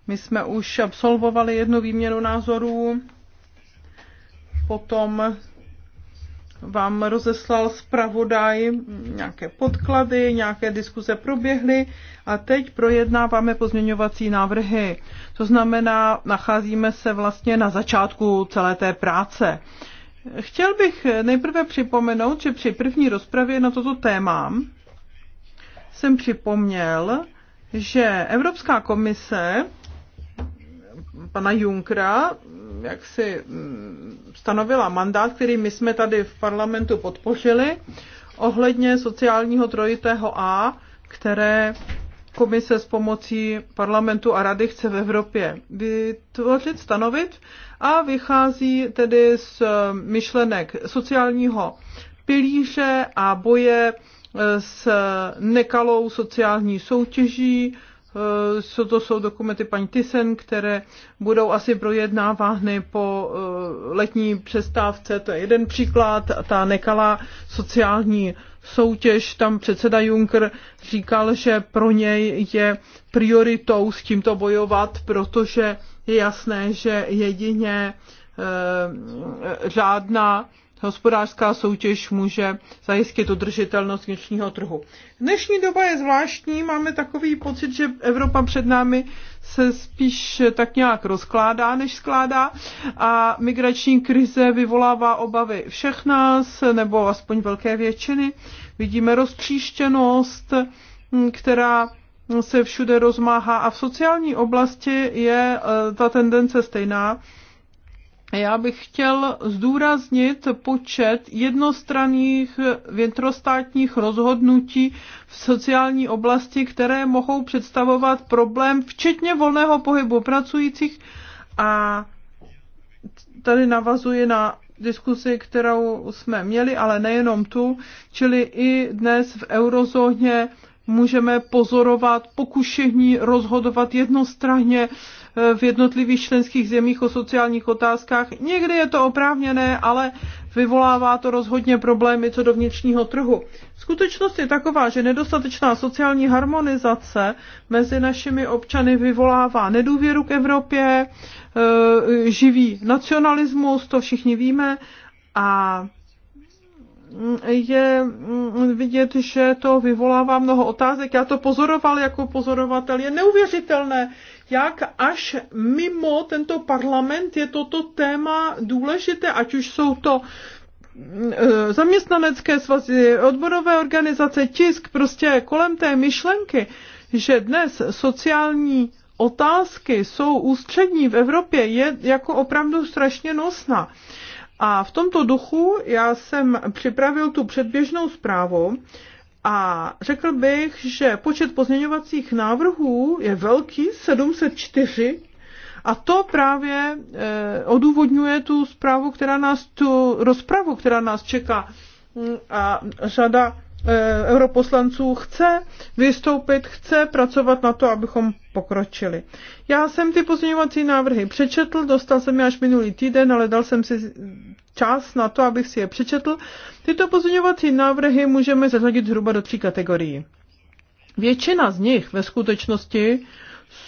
My jsme už absolvovali jednu výměnu názorů, potom vám rozeslal zpravodaj nějaké podklady, nějaké diskuze proběhly a teď projednáváme pozměňovací návrhy. To znamená, nacházíme se vlastně na začátku celé té práce. Chtěl bych nejprve připomenout, že při první rozpravě na toto téma jsem připomněl, že Evropská komise pana Junkra, jak si mm, stanovila mandát, který my jsme tady v parlamentu podpořili, ohledně sociálního trojitého A, které komise s pomocí parlamentu a rady chce v Evropě vytvořit, stanovit a vychází tedy z myšlenek sociálního pilíře a boje s nekalou sociální soutěží, co eh, to jsou dokumenty paní Tysen, které budou asi projednávány po eh, letní přestávce. To je jeden příklad. Ta nekalá sociální soutěž, tam předseda Juncker říkal, že pro něj je prioritou s tímto bojovat, protože je jasné, že jedině eh, řádná hospodářská soutěž může zajistit udržitelnost vnitřního trhu. Dnešní doba je zvláštní, máme takový pocit, že Evropa před námi se spíš tak nějak rozkládá, než skládá a migrační krize vyvolává obavy všech nás, nebo aspoň velké většiny. Vidíme roztříštěnost, která se všude rozmáhá a v sociální oblasti je e, ta tendence stejná já bych chtěl zdůraznit počet jednostranných větrostátních rozhodnutí v sociální oblasti, které mohou představovat problém, včetně volného pohybu pracujících. A tady navazuji na diskusi, kterou jsme měli, ale nejenom tu, čili i dnes v eurozóně můžeme pozorovat pokušení rozhodovat jednostranně v jednotlivých členských zemích o sociálních otázkách. Někdy je to oprávněné, ale vyvolává to rozhodně problémy co do vnitřního trhu. Skutečnost je taková, že nedostatečná sociální harmonizace mezi našimi občany vyvolává nedůvěru k Evropě, e, živý nacionalismus, to všichni víme, a je vidět, že to vyvolává mnoho otázek. Já to pozoroval jako pozorovatel. Je neuvěřitelné, jak až mimo tento parlament je toto téma důležité, ať už jsou to mm, e, zaměstnanecké svazy, odborové organizace, tisk, prostě kolem té myšlenky, že dnes sociální otázky jsou ústřední v Evropě, je jako opravdu strašně nosná. A v tomto duchu já jsem připravil tu předběžnou zprávu, a řekl bych, že počet pozměňovacích návrhů je velký, 704, a to právě eh, odůvodňuje tu zprávu, která nás, tu rozpravu, která nás čeká. Mm, a řada Eh, europoslanců chce vystoupit, chce pracovat na to, abychom pokročili. Já jsem ty pozměňovací návrhy přečetl, dostal jsem je až minulý týden, ale dal jsem si čas na to, abych si je přečetl. Tyto pozměňovací návrhy můžeme zařadit zhruba do tří kategorií. Většina z nich ve skutečnosti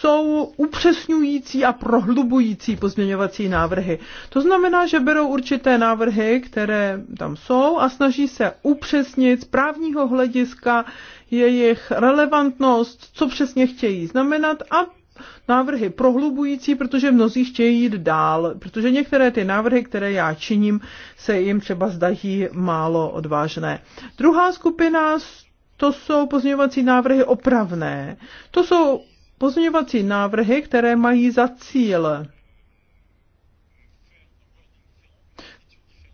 jsou upřesňující a prohlubující pozměňovací návrhy. To znamená, že berou určité návrhy, které tam jsou a snaží se upřesnit z právního hlediska jejich relevantnost, co přesně chtějí znamenat a návrhy prohlubující, protože mnozí chtějí jít dál, protože některé ty návrhy, které já činím, se jim třeba zdají málo odvážné. Druhá skupina to jsou pozměňovací návrhy opravné. To jsou pozměňovací návrhy, které mají za cíl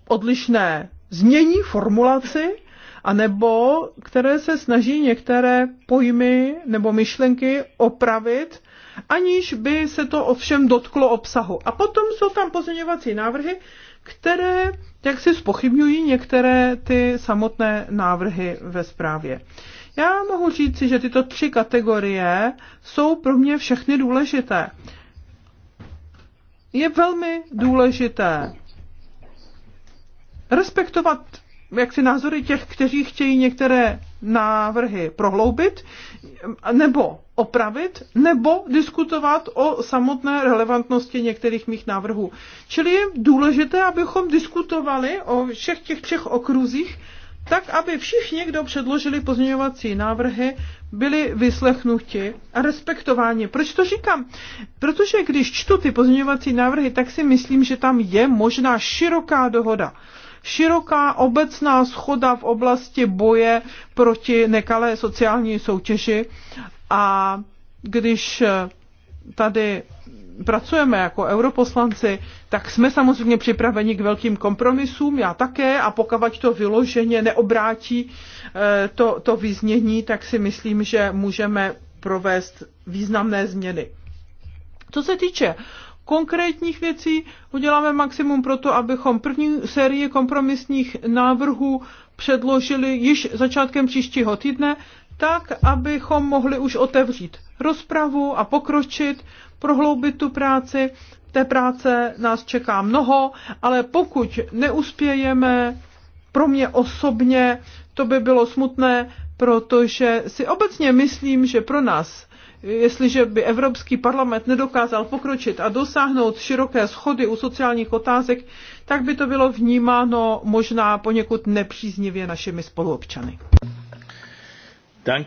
odlišné změní formulaci, anebo které se snaží některé pojmy nebo myšlenky opravit, aniž by se to ovšem dotklo obsahu. A potom jsou tam pozměňovací návrhy, které jak si spochybňují některé ty samotné návrhy ve zprávě. Já mohu říci, že tyto tři kategorie jsou pro mě všechny důležité. Je velmi důležité respektovat jak si názory těch, kteří chtějí některé návrhy prohloubit, nebo opravit, nebo diskutovat o samotné relevantnosti některých mých návrhů. Čili je důležité, abychom diskutovali o všech těch třech okruzích tak aby všichni, kdo předložili pozměňovací návrhy, byli vyslechnuti a respektováni. Proč to říkám? Protože když čtu ty pozměňovací návrhy, tak si myslím, že tam je možná široká dohoda široká obecná schoda v oblasti boje proti nekalé sociální soutěži a když tady pracujeme jako europoslanci, tak jsme samozřejmě připraveni k velkým kompromisům, já také, a pokud to vyloženě neobrátí eh, to, to vyznění, tak si myslím, že můžeme provést významné změny. Co se týče konkrétních věcí, uděláme maximum pro to, abychom první sérii kompromisních návrhů předložili již začátkem příštího týdne tak, abychom mohli už otevřít rozpravu a pokročit, prohloubit tu práci. Té práce nás čeká mnoho, ale pokud neuspějeme, pro mě osobně to by bylo smutné, protože si obecně myslím, že pro nás jestliže by Evropský parlament nedokázal pokročit a dosáhnout široké schody u sociálních otázek, tak by to bylo vnímáno možná poněkud nepříznivě našimi spoluobčany. E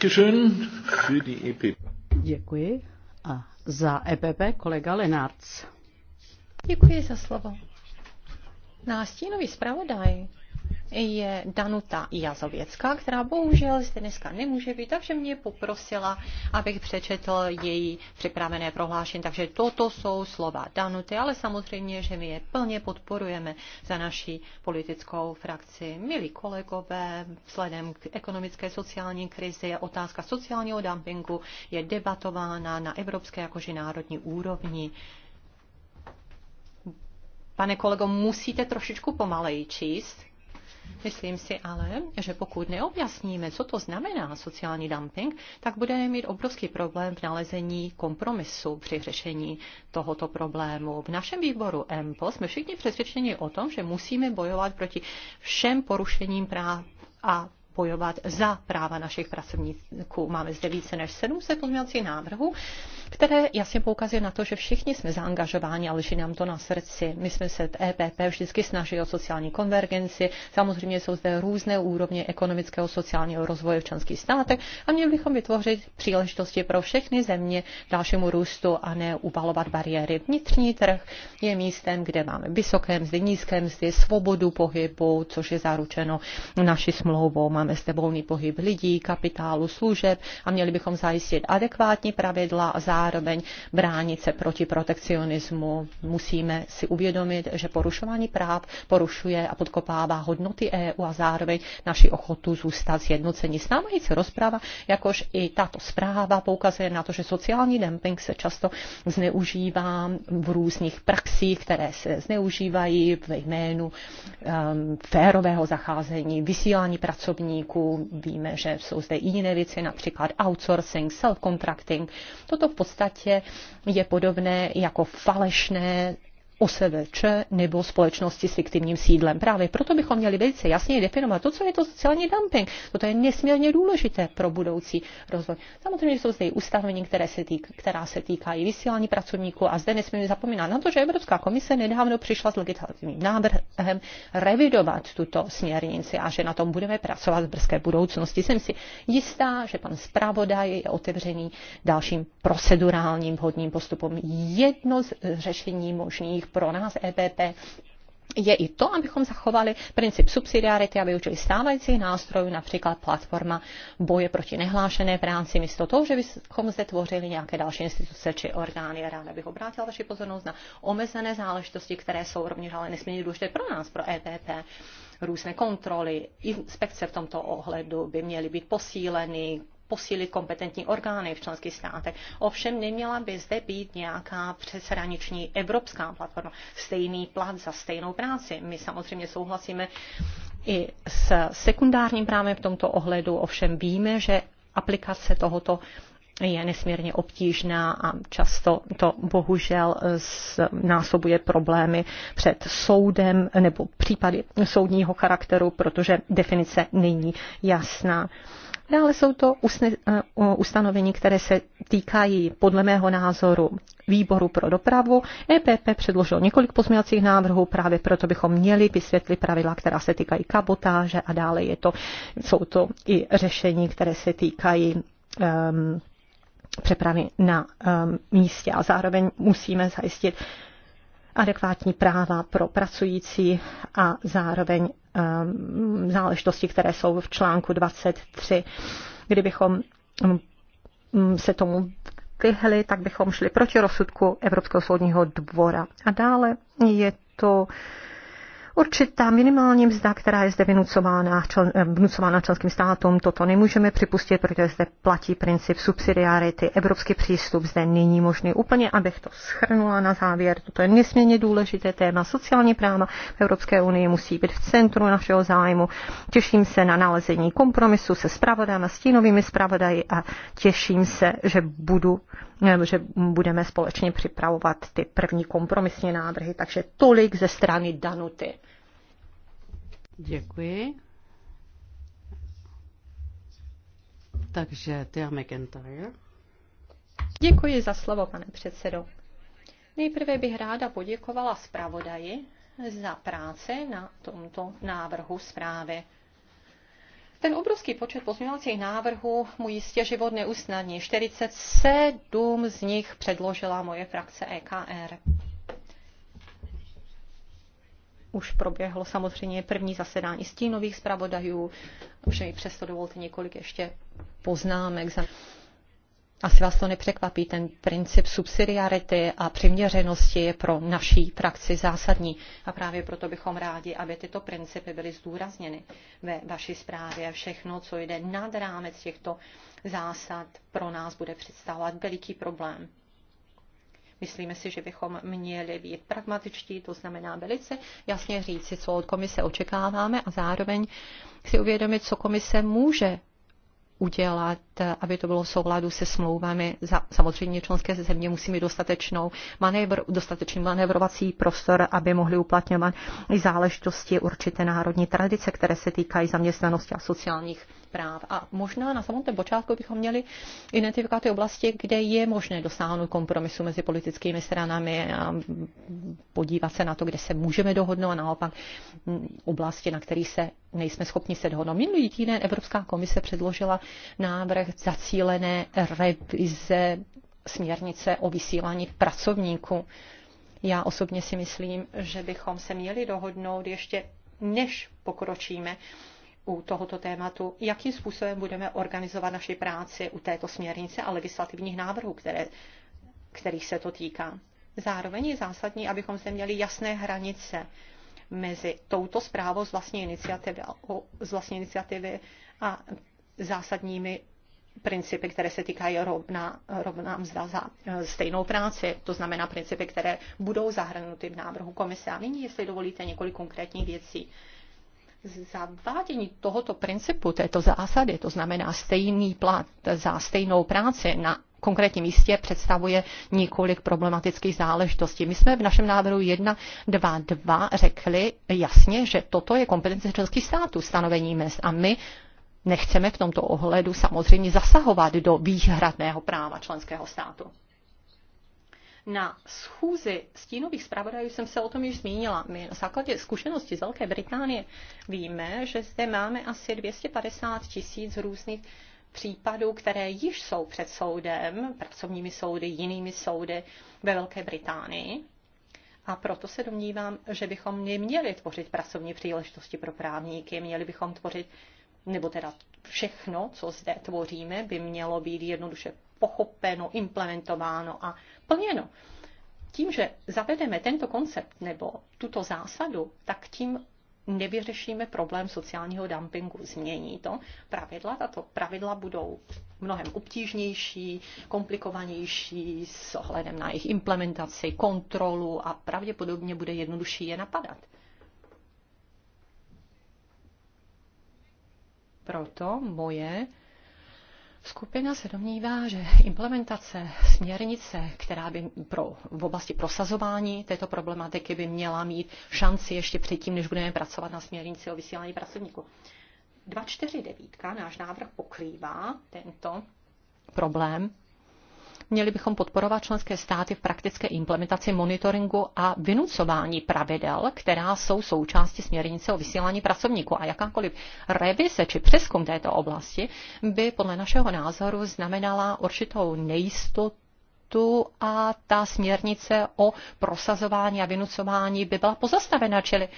Děkuji. A za EPP kolega Lenárc. Děkuji za slovo. Nástínový zpravodaj je Danuta Jazověcka, která bohužel zde dneska nemůže být, takže mě poprosila, abych přečetl její připravené prohlášení. Takže toto jsou slova Danuty, ale samozřejmě, že my je plně podporujeme za naší politickou frakci. Milí kolegové, vzhledem k ekonomické sociální krizi otázka sociálního dumpingu je debatována na evropské jakože národní úrovni. Pane kolego, musíte trošičku pomaleji číst. Myslím si ale, že pokud neobjasníme, co to znamená sociální dumping, tak budeme mít obrovský problém v nalezení kompromisu při řešení tohoto problému. V našem výboru EMPO jsme všichni přesvědčeni o tom, že musíme bojovat proti všem porušením práv a bojovat za práva našich pracovníků. Máme zde více než 700 pozměňovacích návrhů, které jasně poukazují na to, že všichni jsme zaangažováni a leží nám to na srdci. My jsme se v EPP vždycky snažili o sociální konvergenci. Samozřejmě jsou zde různé úrovně ekonomického sociálního rozvoje v členských státech a měli bychom vytvořit příležitosti pro všechny země k dalšímu růstu a ne uvalovat bariéry. Vnitřní trh je místem, kde máme vysoké mzdy, nízké mzdy, svobodu pohybu, což je zaručeno naší smlouvou. Máme máme zde volný pohyb lidí, kapitálu, služeb a měli bychom zajistit adekvátní pravidla a zároveň bránit se proti protekcionismu. Musíme si uvědomit, že porušování práv porušuje a podkopává hodnoty EU a zároveň naši ochotu zůstat zjednocení. Stávající rozpráva, jakož i tato zpráva poukazuje na to, že sociální dumping se často zneužívá v různých praxích, které se zneužívají ve jménu um, férového zacházení, vysílání pracovní pracovníků. Víme, že jsou zde i jiné věci, například outsourcing, self-contracting. Toto v podstatě je podobné jako falešné OSVČ nebo společnosti s fiktivním sídlem. Právě proto bychom měli velice jasně definovat to, co je to sociální dumping. Toto je nesmírně důležité pro budoucí rozvoj. Samozřejmě jsou zde i ustavení, které se týk, která se týkají vysílání pracovníků a zde nesmíme zapomínat na to, že Evropská komise nedávno přišla s legislativním návrhem revidovat tuto směrnici a že na tom budeme pracovat v brzké budoucnosti. Jsem si jistá, že pan zpravodaj je otevřený dalším procedurálním vhodným postupům. Jedno z řešení možných pro nás EPP je i to, abychom zachovali princip subsidiarity a využili stávajících nástrojů, například platforma boje proti nehlášené práci, místo toho, že bychom zde tvořili nějaké další instituce či orgány. Ráda bych obrátila vaši pozornost na omezené záležitosti, které jsou rovněž ale nesmírně důležité pro nás, pro EPP. Různé kontroly, inspekce v tomto ohledu by měly být posíleny, posílit kompetentní orgány v členských státech. Ovšem neměla by zde být nějaká přeshraniční evropská platforma, stejný plat za stejnou práci. My samozřejmě souhlasíme i s sekundárním právem v tomto ohledu, ovšem víme, že aplikace tohoto je nesmírně obtížná a často to bohužel násobuje problémy před soudem nebo případy soudního charakteru, protože definice není jasná. Dále jsou to usne, eh, ustanovení, které se týkají podle mého názoru výboru pro dopravu. EPP předložil několik pozměňovacích návrhů, právě proto bychom měli vysvětlit pravidla, která se týkají kabotáže a dále je to, jsou to i řešení, které se týkají um, přepravy na um, místě a zároveň musíme zajistit adekvátní práva pro pracující a zároveň Ehm, záležitosti, které jsou v článku 23. Kdybychom mm, mm, se tomu vyhli, tak bychom šli proti rozsudku Evropského soudního dvora. A dále je to určitá minimální mzda, která je zde vynucována, člen, eh, vnucována členským státům. Toto nemůžeme připustit, protože zde platí princip subsidiarity. Evropský přístup zde není možný úplně, abych to schrnula na závěr. Toto je nesmírně důležité téma. Sociální práva v Evropské unii musí být v centru našeho zájmu. Těším se na nalezení kompromisu se spravodajem a stínovými spravodaji a těším se, že budu že budeme společně připravovat ty první kompromisní návrhy. Takže tolik ze strany Danuty. Děkuji. Takže Tia McIntyre. Děkuji za slovo, pane předsedo. Nejprve bych ráda poděkovala zpravodaji za práci na tomto návrhu zprávy. Ten obrovský počet pozměňovacích návrhů mu jistě život neusnadní. 47 z nich předložila moje frakce EKR. Už proběhlo samozřejmě první zasedání stínových zpravodajů, že mi přesto dovolte několik ještě poznámek. Za... Asi vás to nepřekvapí, ten princip subsidiarity a přiměřenosti je pro naší praxi zásadní a právě proto bychom rádi, aby tyto principy byly zdůrazněny ve vaší zprávě. Všechno, co jde nad rámec těchto zásad, pro nás bude představovat veliký problém. Myslíme si, že bychom měli být pragmatičtí, to znamená velice jasně říci, co od komise očekáváme a zároveň si uvědomit, co komise může udělat, aby to bylo v souladu se smlouvami. Samozřejmě členské země musí mít dostatečnou manévr, dostatečný manévrovací prostor, aby mohly uplatňovat i záležitosti určité národní tradice, které se týkají zaměstnanosti a sociálních práv. A možná na samotném počátku bychom měli identifikovat ty oblasti, kde je možné dosáhnout kompromisu mezi politickými stranami a podívat se na to, kde se můžeme dohodnout a naopak mm, oblasti, na které se nejsme schopni se dohodnout. Minulý týden Evropská komise předložila návrh zacílené revize směrnice o vysílání pracovníků. Já osobně si myslím, že bychom se měli dohodnout ještě než pokročíme u tohoto tématu, jakým způsobem budeme organizovat naši práci u této směrnice a legislativních návrhů, které, kterých se to týká. Zároveň je zásadní, abychom se měli jasné hranice mezi touto zprávou z vlastní iniciativy, z vlastní iniciativy a zásadními principy, které se týkají rovná, rovná mzda za e, stejnou práci, to znamená principy, které budou zahrnuty v návrhu komise. A nyní, jestli dovolíte, několik konkrétních věcí zavádění tohoto principu, této zásady, to znamená stejný plat za stejnou práci na konkrétním místě představuje několik problematických záležitostí. My jsme v našem návrhu 1.2.2 řekli jasně, že toto je kompetence členských států stanovení mest a my nechceme v tomto ohledu samozřejmě zasahovat do výhradného práva členského státu. Na schůzi stínových zpravodajů jsem se o tom již zmínila. My na základě zkušenosti z Velké Británie víme, že zde máme asi 250 tisíc různých případů, které již jsou před soudem, pracovními soudy, jinými soudy ve Velké Británii. A proto se domnívám, že bychom neměli tvořit pracovní příležitosti pro právníky, měli bychom tvořit, nebo teda všechno, co zde tvoříme, by mělo být jednoduše pochopeno, implementováno a plněno. Tím, že zavedeme tento koncept nebo tuto zásadu, tak tím nevyřešíme problém sociálního dumpingu. Změní to pravidla. Tato pravidla budou mnohem obtížnější, komplikovanější s ohledem na jejich implementaci, kontrolu a pravděpodobně bude jednodušší je napadat. Proto moje Skupina se domnívá, že implementace směrnice, která by pro, v oblasti prosazování této problematiky by měla mít šanci ještě předtím, než budeme pracovat na směrnici o vysílání pracovníků. 249, náš návrh pokrývá tento problém Měli bychom podporovat členské státy v praktické implementaci monitoringu a vynucování pravidel, která jsou součástí směrnice o vysílání pracovníků. A jakákoliv revize či přeskum této oblasti by podle našeho názoru znamenala určitou nejistotu a ta směrnice o prosazování a vynucování by byla pozastavena, čili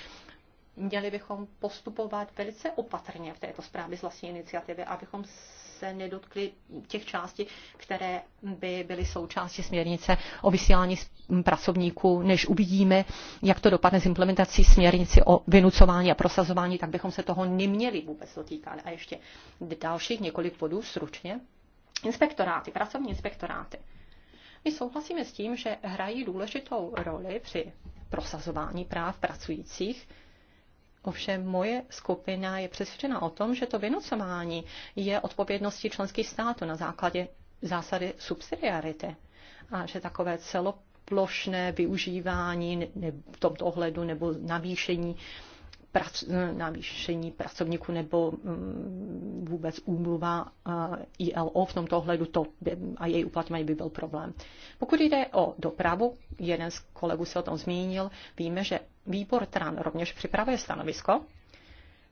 měli bychom postupovat velice opatrně v této zprávě z vlastní iniciativy, abychom se nedotkli těch částí, které by byly součástí směrnice o vysílání pracovníků. Než uvidíme, jak to dopadne s implementací směrnici o vynucování a prosazování, tak bychom se toho neměli vůbec dotýkat. A ještě dalších několik bodů stručně. Inspektoráty, pracovní inspektoráty. My souhlasíme s tím, že hrají důležitou roli při prosazování práv pracujících Ovšem moje skupina je přesvědčena o tom, že to vynucování je odpovědností členských států na základě zásady subsidiarity a že takové celoplošné využívání v tomto ohledu nebo navýšení prac, navýšení pracovníků nebo mm, vůbec úmluva eh, ILO v tomto ohledu to by, a její uplatňování by byl problém. Pokud jde o dopravu, jeden z kolegů se o tom zmínil, víme, že výbor TRAN rovněž připravuje stanovisko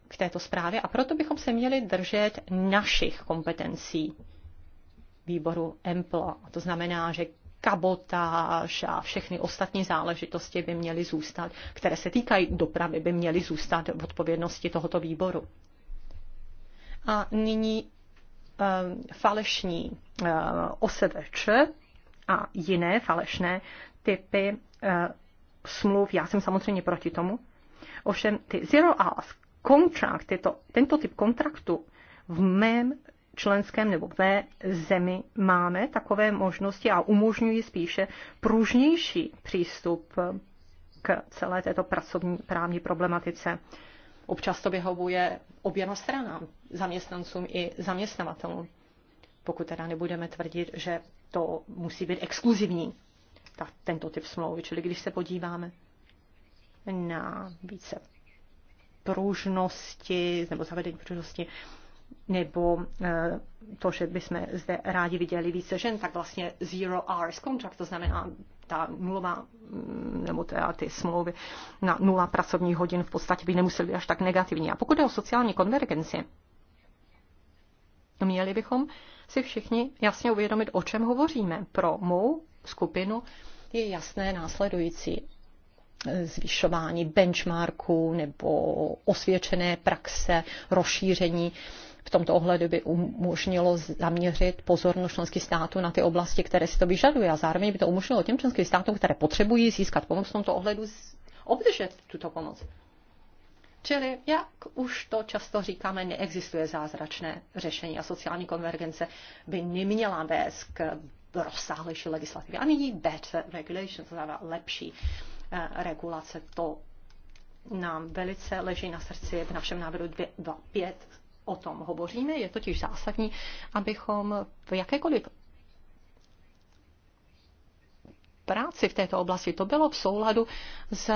k této zprávě a proto bychom se měli držet našich kompetencí výboru EMPLO. A to znamená, že kabotáž a všechny ostatní záležitosti by měly zůstat, které se týkají dopravy, by měly zůstat v odpovědnosti tohoto výboru. A nyní eh, falešní eh, oseveče a jiné falešné typy eh, smluv. Já jsem samozřejmě proti tomu. Ovšem ty zero ask kontrakt, tento typ kontraktu v mém členském nebo v mé zemi máme takové možnosti a umožňují spíše pružnější přístup k celé této pracovní právní problematice. Občas to vyhovuje oběma stranám, zaměstnancům i zaměstnavatelům, pokud teda nebudeme tvrdit, že to musí být exkluzivní, ta, tento typ smlouvy. Čili když se podíváme na více pružnosti nebo zavedení pružnosti nebo eh, to, že bychom zde rádi viděli více žen, tak vlastně zero hours contract, to znamená ta nulová, mm, nebo teda ty smlouvy na nula pracovních hodin v podstatě by nemusely být až tak negativní. A pokud je o sociální konvergenci, měli bychom si všichni jasně uvědomit, o čem hovoříme. Pro mou skupinu je jasné následující zvyšování benchmarků nebo osvědčené praxe, rozšíření v tomto ohledu by umožnilo zaměřit pozornost členských států na ty oblasti, které si to vyžaduje a zároveň by to umožnilo těm členským státům, které potřebují získat pomoc v tomto ohledu, obdržet tuto pomoc. Čili, jak už to často říkáme, neexistuje zázračné řešení a sociální konvergence by neměla vést k rozsáhlejší legislativě. Ani jí better regulation, to znamená lepší eh, regulace. To nám velice leží na srdci v našem návrhu 2.5 o tom hovoříme, je totiž zásadní, abychom v jakékoliv práci v této oblasti to bylo v souladu s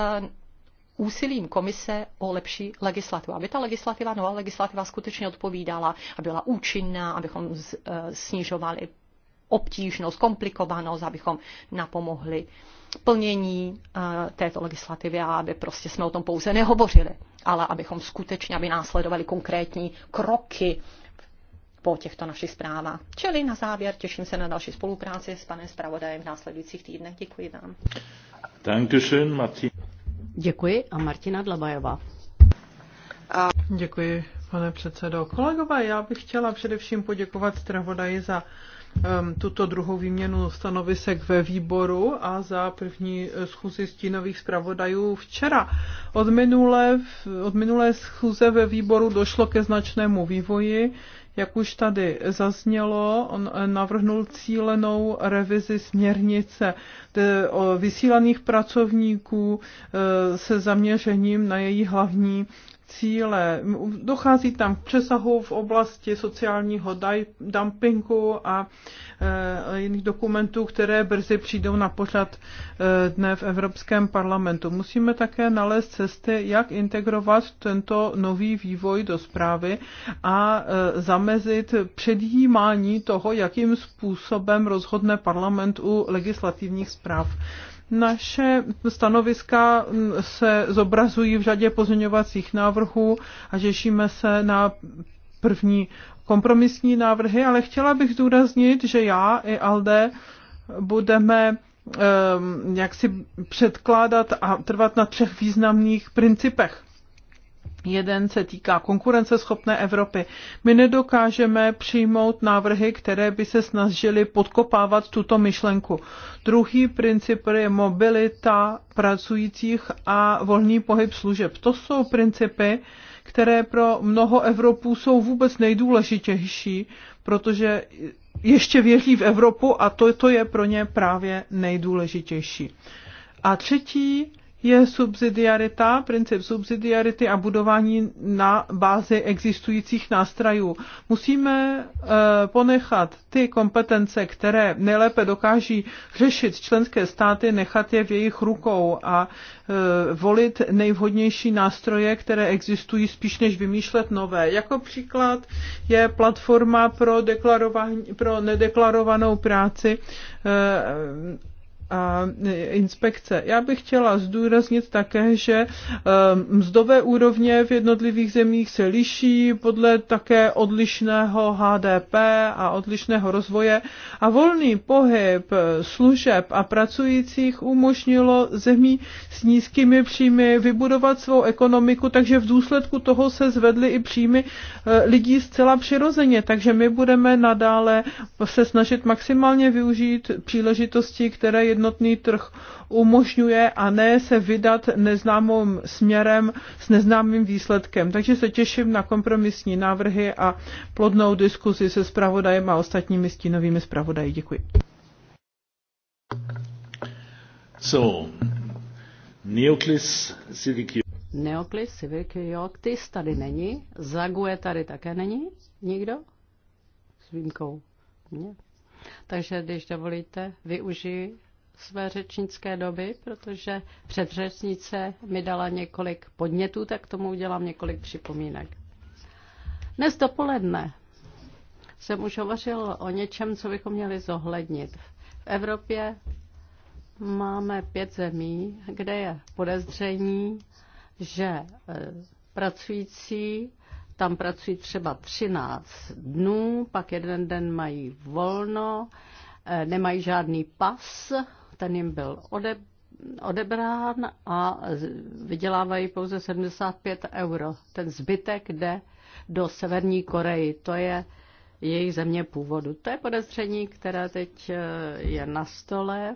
úsilím komise o lepší legislativu. Aby ta legislativa, nová legislativa skutečně odpovídala a byla účinná, abychom e, snižovali obtížnost, komplikovanost, abychom napomohli plnění e, této legislativy a aby prostě jsme o tom pouze nehovořili ale abychom skutečně, aby následovali konkrétní kroky po těchto našich zprávách. Čili na závěr těším se na další spolupráci s panem zpravodajem v následujících týdnech. Děkuji vám. Dankeschön, Martin. Děkuji a Martina Dlabajová. A... Děkuji, pane předsedo. Kolegové, já bych chtěla především poděkovat zpravodaji za tuto druhou výměnu stanovisek ve výboru a za první eh, schůzi stínových zpravodajů včera. Od minulé, od minulé schůze ve výboru došlo ke značnému vývoji. Jak už tady zaznělo, on eh, navrhnul cílenou revizi směrnice o vysílaných pracovníků eh, se zaměřením na její hlavní cíle. Dochází tam k přesahu v oblasti sociálního dumpingu a eh, jiných dokumentů, které brzy přijdou na pořad eh, dne v Evropském parlamentu. Musíme také nalézt cesty, jak integrovat tento nový vývoj do zprávy a eh, zamezit předjímání toho, jakým způsobem rozhodne parlament u legislativních zpráv. Naše stanoviska mm, se zobrazují v řadě pozměňovacích návrhů a řešíme se na první kompromisní návrhy, ale chtěla bych zdůraznit, že já i Alde budeme jak si předkládat a trvat na třech významných principech. Jeden se týká konkurenceschopné Evropy. My nedokážeme přijmout návrhy, které by se snažily podkopávat tuto myšlenku. Druhý princip je mobilita pracujících a volný pohyb služeb. To jsou principy, které pro mnoho Evropů jsou vůbec nejdůležitější, protože ještě věří v Evropu a to, to je pro ně právě nejdůležitější. A třetí je subsidiarita, princip subsidiarity a budování na bázi existujících nástrojů. Musíme eh, ponechat ty kompetence, které nejlépe dokáží řešit členské státy, nechat je v jejich rukou a eh, volit nejvhodnější nástroje, které existují spíš než vymýšlet nové. Jako příklad je platforma pro, pro nedeklarovanou práci eh, a e, inspekce. Já bych chtěla zdůraznit také, že e, mzdové úrovně v jednotlivých zemích se liší podle také odlišného HDP a odlišného rozvoje a volný pohyb služeb a pracujících umožnilo zemí s nízkými příjmy vybudovat svou ekonomiku, takže v důsledku toho se zvedly i příjmy e, lidí zcela přirozeně, takže my budeme nadále se snažit maximálně využít příležitosti, které je jednotný trh umožňuje a ne se vydat neznámým směrem s neznámým výsledkem. Takže se těším na kompromisní návrhy a plodnou diskuzi se zpravodajem a ostatními stínovými zpravodaji. Děkuji. So, Neoklis Sidikios. Neoklis Sidikios tady není, Zague tady také není, nikdo? S výjimkou mě. Takže když dovolíte, využiji své řečnické doby, protože předřečnice mi dala několik podnětů, tak tomu udělám několik připomínek. Dnes dopoledne jsem už hovořil o něčem, co bychom měli zohlednit. V Evropě máme pět zemí, kde je podezření, že e, pracující tam pracují třeba 13 dnů, pak jeden den mají volno, e, nemají žádný pas, ten jim byl ode, odebrán a vydělávají pouze 75 euro. Ten zbytek jde do Severní Koreji. To je jejich země původu. To je podezření, které teď eh, je na stole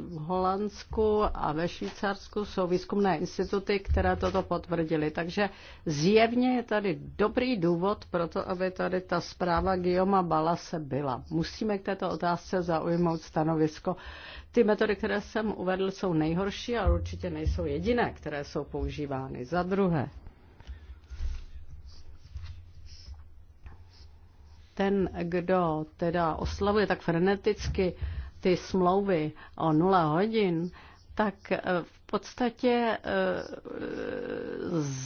v Holandsku a ve Švýcarsku. Jsou výzkumné instituty, které toto potvrdili. Takže zjevně je tady dobrý důvod pro to, aby tady ta zpráva Guillaume Balase byla. Musíme k této otázce zaujmout stanovisko. Ty metody, které jsem uvedl, jsou nejhorší a určitě nejsou jediné, které jsou používány. Za druhé, ten, kdo teda oslavuje tak freneticky ty smlouvy o nula hodin, tak eh, v podstatě eh,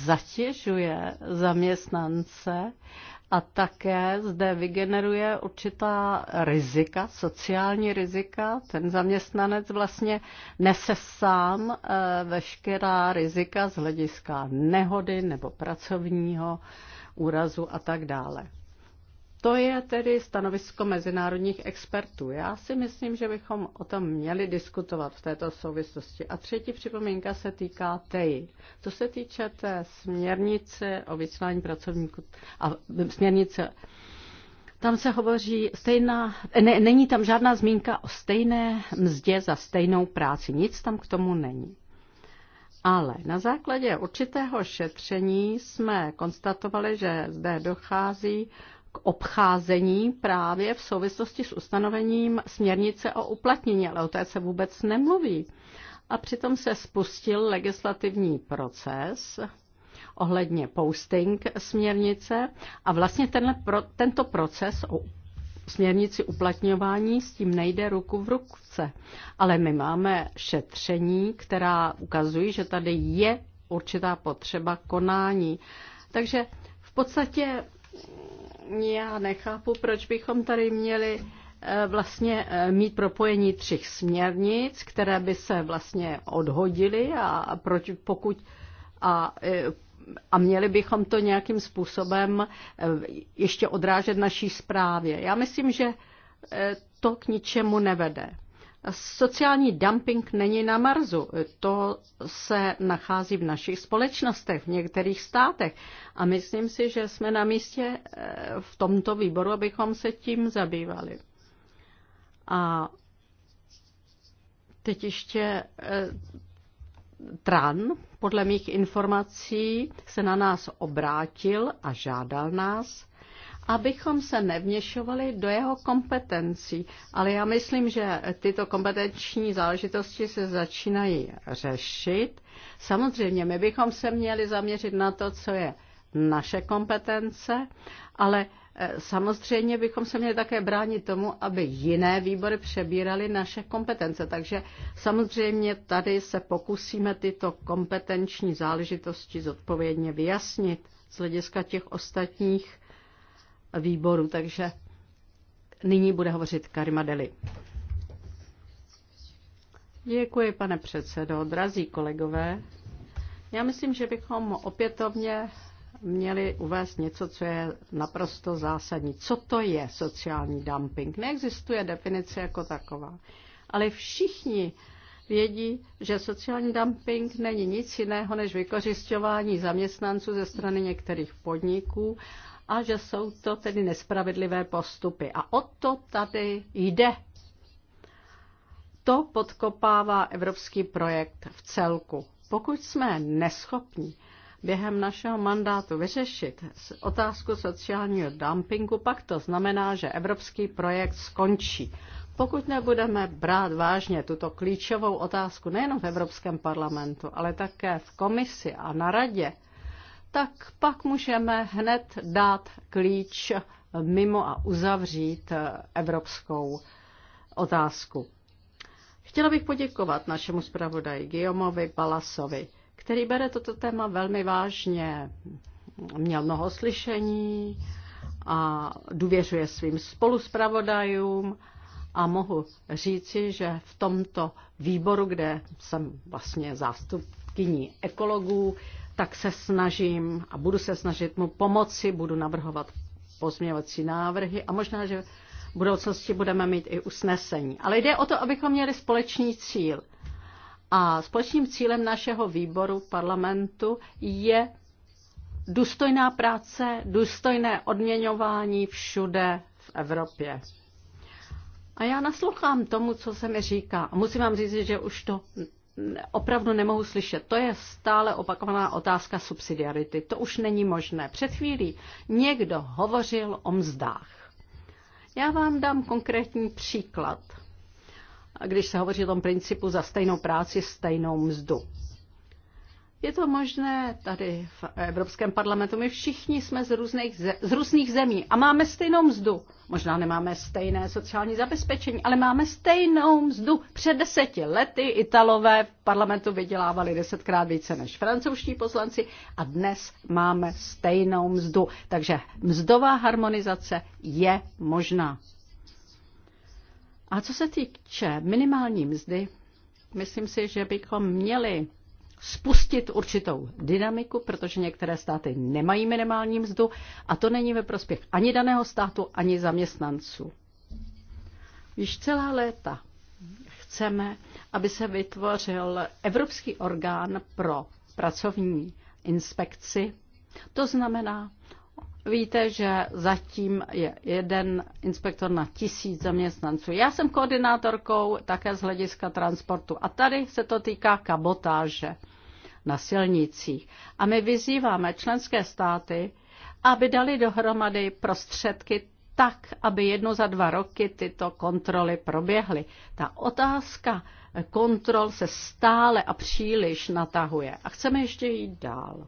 zatěžuje zaměstnance a také zde vygeneruje určitá rizika, sociální rizika. Ten zaměstnanec vlastně nese sám eh, veškerá rizika z hlediska nehody nebo pracovního úrazu a tak dále. To je tedy stanovisko mezinárodních expertů. Já si myslím, že bychom o tom měli diskutovat v této souvislosti. A třetí připomínka se týká TEI. To se týče té směrnice o vysílání pracovníků a směrnice tam se hovoří stejná, ne, není tam žádná zmínka o stejné mzdě za stejnou práci. Nic tam k tomu není. Ale na základě určitého šetření jsme konstatovali, že zde dochází k obcházení právě v souvislosti s ustanovením směrnice o uplatnění, ale o té se vůbec nemluví. A přitom se spustil legislativní proces ohledně posting směrnice a vlastně tenhle pro, tento proces o směrnici uplatňování s tím nejde ruku v ruce. Ale my máme šetření, která ukazují, že tady je určitá potřeba konání. Takže v podstatě já nechápu, proč bychom tady měli eh, vlastně eh, mít propojení třech směrnic, které by se vlastně odhodily a proč pokud a, eh, a měli bychom to nějakým způsobem ještě odrážet naší zprávě. Já myslím, že to k ničemu nevede. Sociální dumping není na marzu. to se nachází v našich společnostech, v některých státech. A myslím si, že jsme na místě eh, v tomto výboru, abychom se tím zabývali. A teď ještě eh, Tran, podle mých informací, se na nás obrátil a žádal nás, abychom se nevněšovali do jeho kompetencí. Ale já myslím, že tyto kompetenční záležitosti se začínají řešit. Samozřejmě, my bychom se měli zaměřit na to, co je naše kompetence, ale e, Samozřejmě bychom se měli také bránit tomu, aby jiné výbory přebíraly naše kompetence. Takže samozřejmě tady se pokusíme tyto kompetenční záležitosti zodpovědně vyjasnit z hlediska těch ostatních výboru, takže nyní bude hovořit Karima Deli. Děkuji, pane předsedo. Drazí kolegové, já myslím, že bychom opětovně měli uvést něco, co je naprosto zásadní. Co to je sociální dumping? Neexistuje definice jako taková. Ale všichni vědí, že sociální dumping není nic jiného než vykořišťování zaměstnanců ze strany některých podniků a že jsou to tedy nespravedlivé postupy. A o to tady jde. To podkopává evropský projekt v celku. Pokud jsme neschopní během našeho mandátu vyřešit otázku sociálního dumpingu, pak to znamená, že evropský projekt skončí. Pokud nebudeme brát vážně tuto klíčovou otázku nejenom v Evropském parlamentu, ale také v komisi a na radě, tak pak můžeme hned dát klíč mimo a uzavřít eh, evropskou otázku. Chtěla bych poděkovat našemu zpravodaji Guillaumovi Palasovi, který bere toto téma velmi vážně. Měl mnoho slyšení a důvěřuje svým spoluspravodajům a mohu říci, že v tomto výboru, kde jsem vlastně zástupkyní ekologů, tak se snažím a budu se snažit mu pomoci, budu navrhovat pozměňovací návrhy a možná, že v budoucnosti budeme mít i usnesení. Ale jde o to, abychom měli společný cíl. A společným cílem našeho výboru parlamentu je důstojná práce, důstojné odměňování všude v Evropě. A já naslouchám tomu, co se mi říká. A musím vám říct, že už to opravdu nemohu slyšet. To je stále opakovaná otázka subsidiarity. To už není možné. Před chvílí někdo hovořil o mzdách. Já vám dám konkrétní příklad, když se hovoří o tom principu za stejnou práci, stejnou mzdu. Je to možné tady v Evropském parlamentu. My všichni jsme z různých, ze, z různých zemí a máme stejnou mzdu. Možná nemáme stejné sociální zabezpečení, ale máme stejnou mzdu. Před deseti lety Italové v parlamentu vydělávali desetkrát více než francouzští poslanci a dnes máme stejnou mzdu. Takže mzdová harmonizace je možná. A co se týče minimální mzdy, myslím si, že bychom měli spustit určitou dynamiku, protože některé státy nemají minimální mzdu a to není ve prospěch ani daného státu, ani zaměstnanců. Již celá léta chceme, aby se vytvořil Evropský orgán pro pracovní inspekci. To znamená, víte, že zatím je jeden inspektor na tisíc zaměstnanců. Já jsem koordinátorkou také z hlediska transportu a tady se to týká kabotáže na silnicích. A my vyzýváme členské státy, aby dali dohromady prostředky tak, aby jedno za dva roky tyto kontroly proběhly. Ta otázka kontrol se stále a příliš natahuje. A chceme ještě jít dál.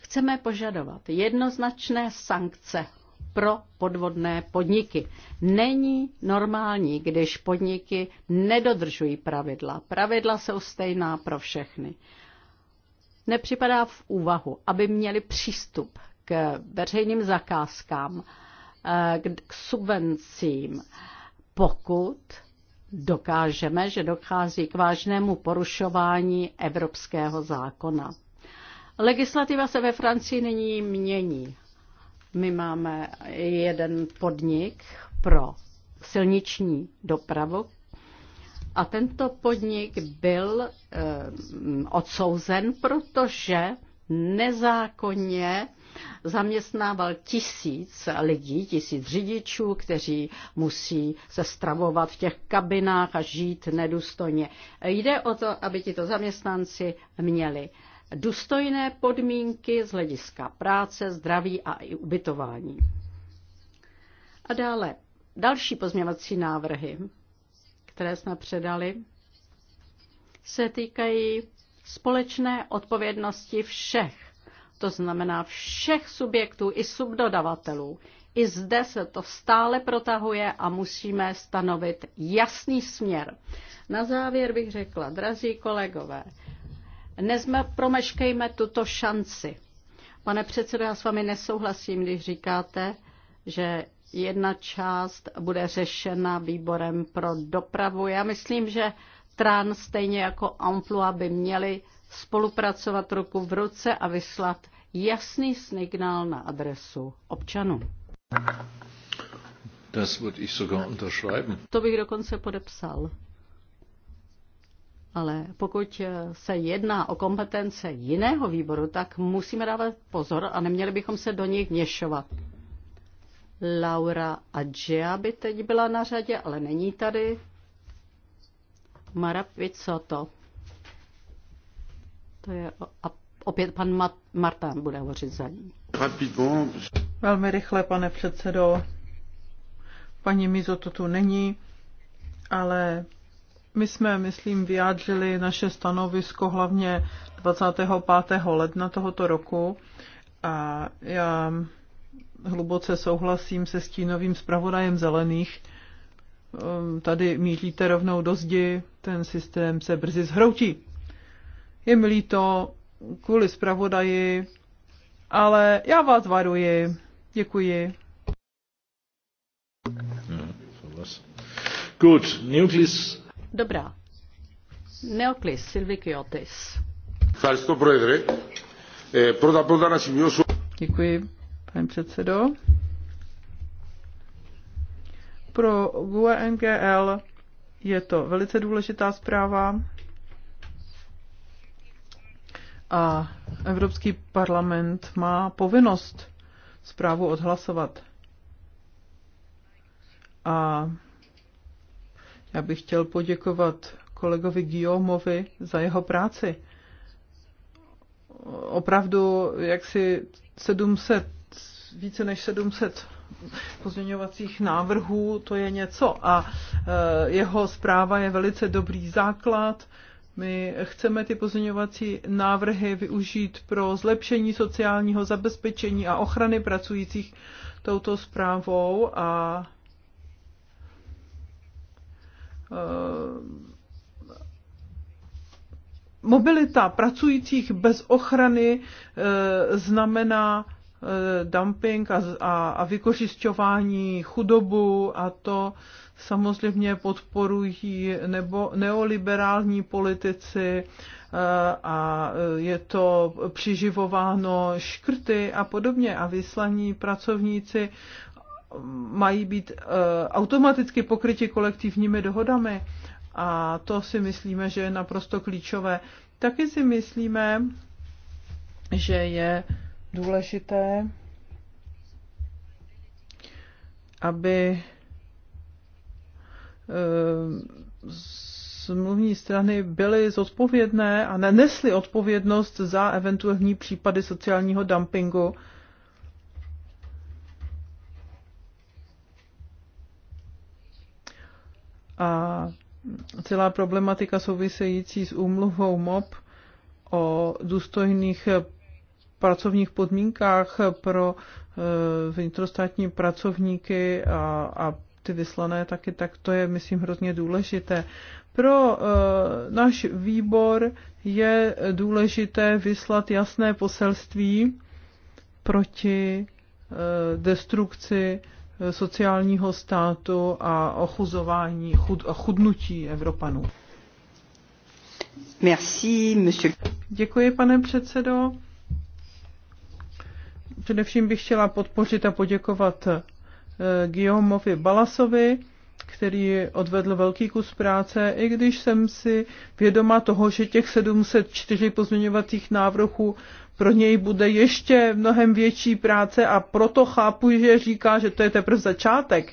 Chceme požadovat jednoznačné sankce pro podvodné podniky. Není normální, když podniky nedodržují pravidla. Pravidla jsou stejná pro všechny. Nepřipadá v úvahu, aby měli přístup k veřejným zakázkám, eh, k subvencím, pokud dokážeme, že dochází k vážnému porušování evropského zákona. Legislativa se ve Francii nyní mění. My máme jeden podnik pro silniční dopravu a tento podnik byl eh, odsouzen, protože nezákonně zaměstnával tisíc lidí, tisíc řidičů, kteří musí se stravovat v těch kabinách a žít nedůstojně. Jde o to, aby tito zaměstnanci měli důstojné podmínky z hlediska práce, zdraví a i ubytování. A dále další pozměvací návrhy, které jsme předali, se týkají společné odpovědnosti všech, to znamená všech subjektů i subdodavatelů. I zde se to stále protahuje a musíme stanovit jasný směr. Na závěr bych řekla, drazí kolegové, Nezme, promeškejme tuto šanci. Pane předsedo, já s vámi nesouhlasím, když říkáte, že jedna část bude řešena výborem pro dopravu. Já myslím, že trán stejně jako AMPLUA by měli spolupracovat ruku v ruce a vyslat jasný signál na adresu občanů. Das ich sogar unterschreiben. To bych dokonce podepsal. Ale pokud eh, se jedná o kompetence jiného výboru, tak musíme dávat pozor a neměli bychom se do nich měšovat. Laura Adžia by teď byla na řadě, ale není tady. Mara Picoto. To je opět pan Mat- Martán bude hovořit za ní. Velmi rychle, pane předsedo. Paní Mizoto tu není, ale my jsme, myslím, vyjádřili naše stanovisko hlavně 25. ledna tohoto roku a já hluboce souhlasím se stínovým zpravodajem zelených. Um, tady míříte rovnou do zdi, ten systém se brzy zhroutí. Je mi líto kvůli zpravodaji, ale já vás varuji. Děkuji. Gut, Nucleus Dobrá. Neoklis, Silvi Kiotis. Děkuji, pane předsedo. Pro GUE NGL je to velice důležitá zpráva a Evropský parlament má povinnost zprávu odhlasovat. A já bych chtěl poděkovat kolegovi Guillaumeovi za jeho práci. Opravdu, jak si 700, více než 700 pozměňovacích návrhů, to je něco. A eh, jeho zpráva je velice dobrý základ. My chceme ty pozměňovací návrhy využít pro zlepšení sociálního zabezpečení a ochrany pracujících touto zprávou a Eh, mobilita pracujících bez ochrany eh, znamená eh, dumping a, a, a vykořišťování chudobu a to samozřejmě podporují nebo neoliberální politici a je to přiživováno škrty a podobně a vyslaní pracovníci mají být eh, automaticky pokryti kolektivními dohodami. A to si myslíme, že je naprosto klíčové. Taky si myslíme, že je důležité, aby eh, smluvní strany byly zodpovědné a nenesly odpovědnost za eventuální případy sociálního dumpingu a celá problematika související s úmluvou MOP o důstojných pracovních podmínkách pro eh, vnitrostátní pracovníky a, a ty vyslané taky, tak to je, myslím, hrozně důležité. Pro uh, náš výbor je důležité vyslat jasné poselství proti uh, destrukci sociálního státu a ochuzování, chud, chudnutí Evropanů. Merci, monsieur. Děkuji, pane předsedo. Především bych chtěla podpořit a poděkovat uh, eh, Guillaumeovi Balasovi, který odvedl velký kus práce, i když jsem si vědoma toho, že těch 704 pozměňovacích návrhů pro něj bude ještě mnohem větší práce a proto chápu, že říká, že to je teprve začátek.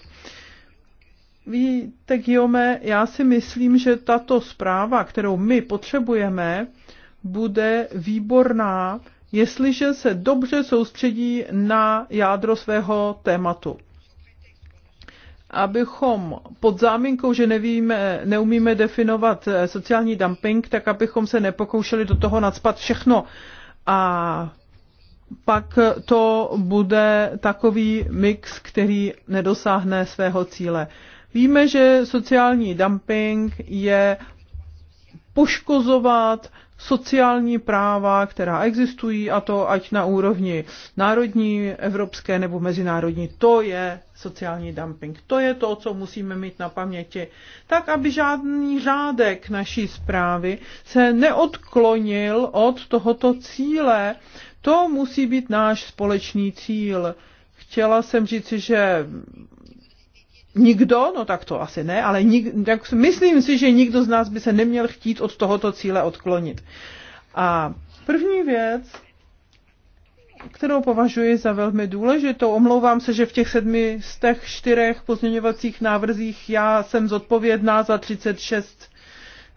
Ví, tak Jome, já si myslím, že tato zpráva, kterou my potřebujeme, bude výborná, jestliže se dobře soustředí na jádro svého tématu abychom pod záminkou, že nevíme, neumíme definovat eh, sociální dumping, tak abychom se nepokoušeli do toho nadspat všechno, a pak to bude takový mix, který nedosáhne svého cíle. Víme, že sociální dumping je poškozovat sociální práva, která existují, a to ať na úrovni národní, evropské nebo mezinárodní. To je sociální dumping. To je to, co musíme mít na paměti. Tak, aby žádný řádek naší zprávy se neodklonil od tohoto cíle. To musí být náš společný cíl. Chtěla jsem říci, že nikdo, no tak to asi ne, ale nik, tak myslím si, že nikdo z nás by se neměl chtít od tohoto cíle odklonit. A první věc, kterou považuji za velmi důležitou. Omlouvám se, že v těch sedmi z těch čtyřech pozměňovacích návrzích já jsem zodpovědná za 36